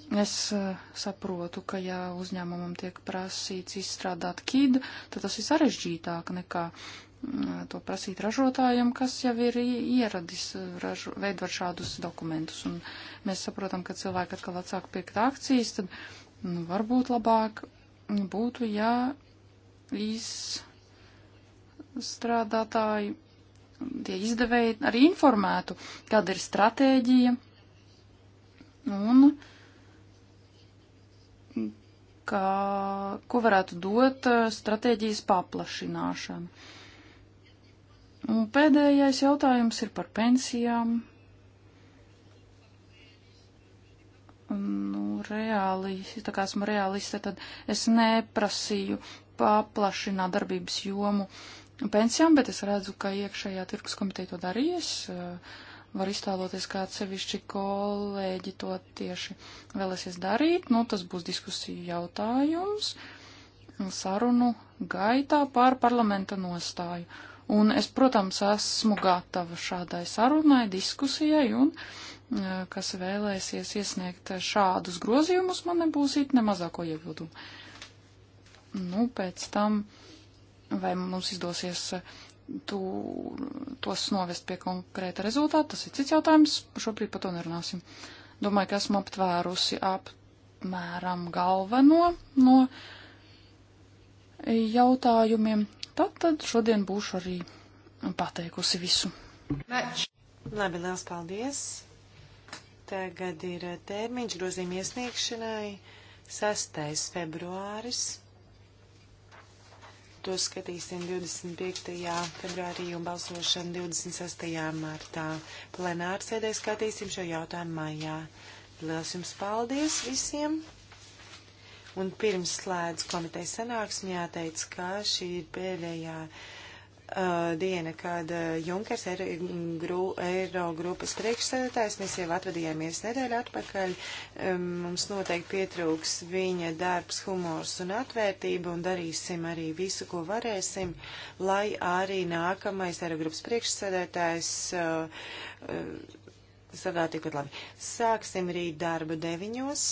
Es eh, saprotu, ka ja uzņēmumam tiek prasīts izstrādāt kidu, tad tas ir sarežģītāk nekā mm, to prasīt ražotājiem, kas jau ir ieradis eh, ražu, veidot šādus dokumentus. Un mēs saprotam, ka cilvēki atkal atsāk piekt akcijas, tad nu, varbūt labāk būtu, ja izstrādātāji, tie izdevēji arī informētu, kāda ir stratēģija. Un, uh, kā, ko varētu dot eh, stratēģijas paplašināšana. Un pēdējais jautājums ir par pensijām. Nu, reāli, tā kā esmu realiste, tad es neprasīju paplašināt darbības jomu pensijām, bet es redzu, ka iekšējā tirkus komiteja to darīs. Uh, var iztēloties, kā atsevišķi kolēģi to tieši vēlēsies darīt. Nu, tas būs diskusija jautājums sarunu gaitā pār parlamenta nostāju. Un es, protams, esmu gatava šādai sarunai, diskusijai, un eh, kas vēlēsies iesniegt šādus grozījumus, man nebūs it nemazāko iebildumu. Nu, pēc tam, vai mums izdosies uh, tu, tos novest pie konkrēta rezultāta, tas ir cits jautājums, šobrīd par to nerunāsim. Domāju, ka esmu aptvērusi apmēram galveno no jautājumiem. Tad, tad šodien būšu arī pateikusi visu. Mač. Labi, liels paldies! Tagad ir termiņš grozījuma iesniegšanai 6. februāris To skatīsim 25. februārī un balsošana 26. martā. Plenārsēdē skatīsim šo jautājumu maijā. Lielas jums paldies visiem! Un pirms slēdz komitejas sanāksmē jāteic, ka šī ir pēdējā uh, diena, kad uh, Junkers ir mm, gru, Eiro grupas priekšsēdētājs. Mēs jau atvadījāmies nedēļu atpakaļ. Um, mums noteikti pietrūks viņa darbs, humors un atvērtība, un darīsim arī visu, ko varēsim, lai arī nākamais Eiro grupas priekšsēdētājs. Uh, uh, Savā tikpat labi. Sāksim rīt darbu deviņos.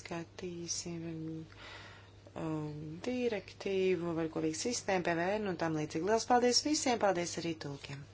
Skatīsim um, direktīvu, varbūt sistēmu, PVN un tam līdzīgi. Liels paldies visiem, paldies arī tulkiem!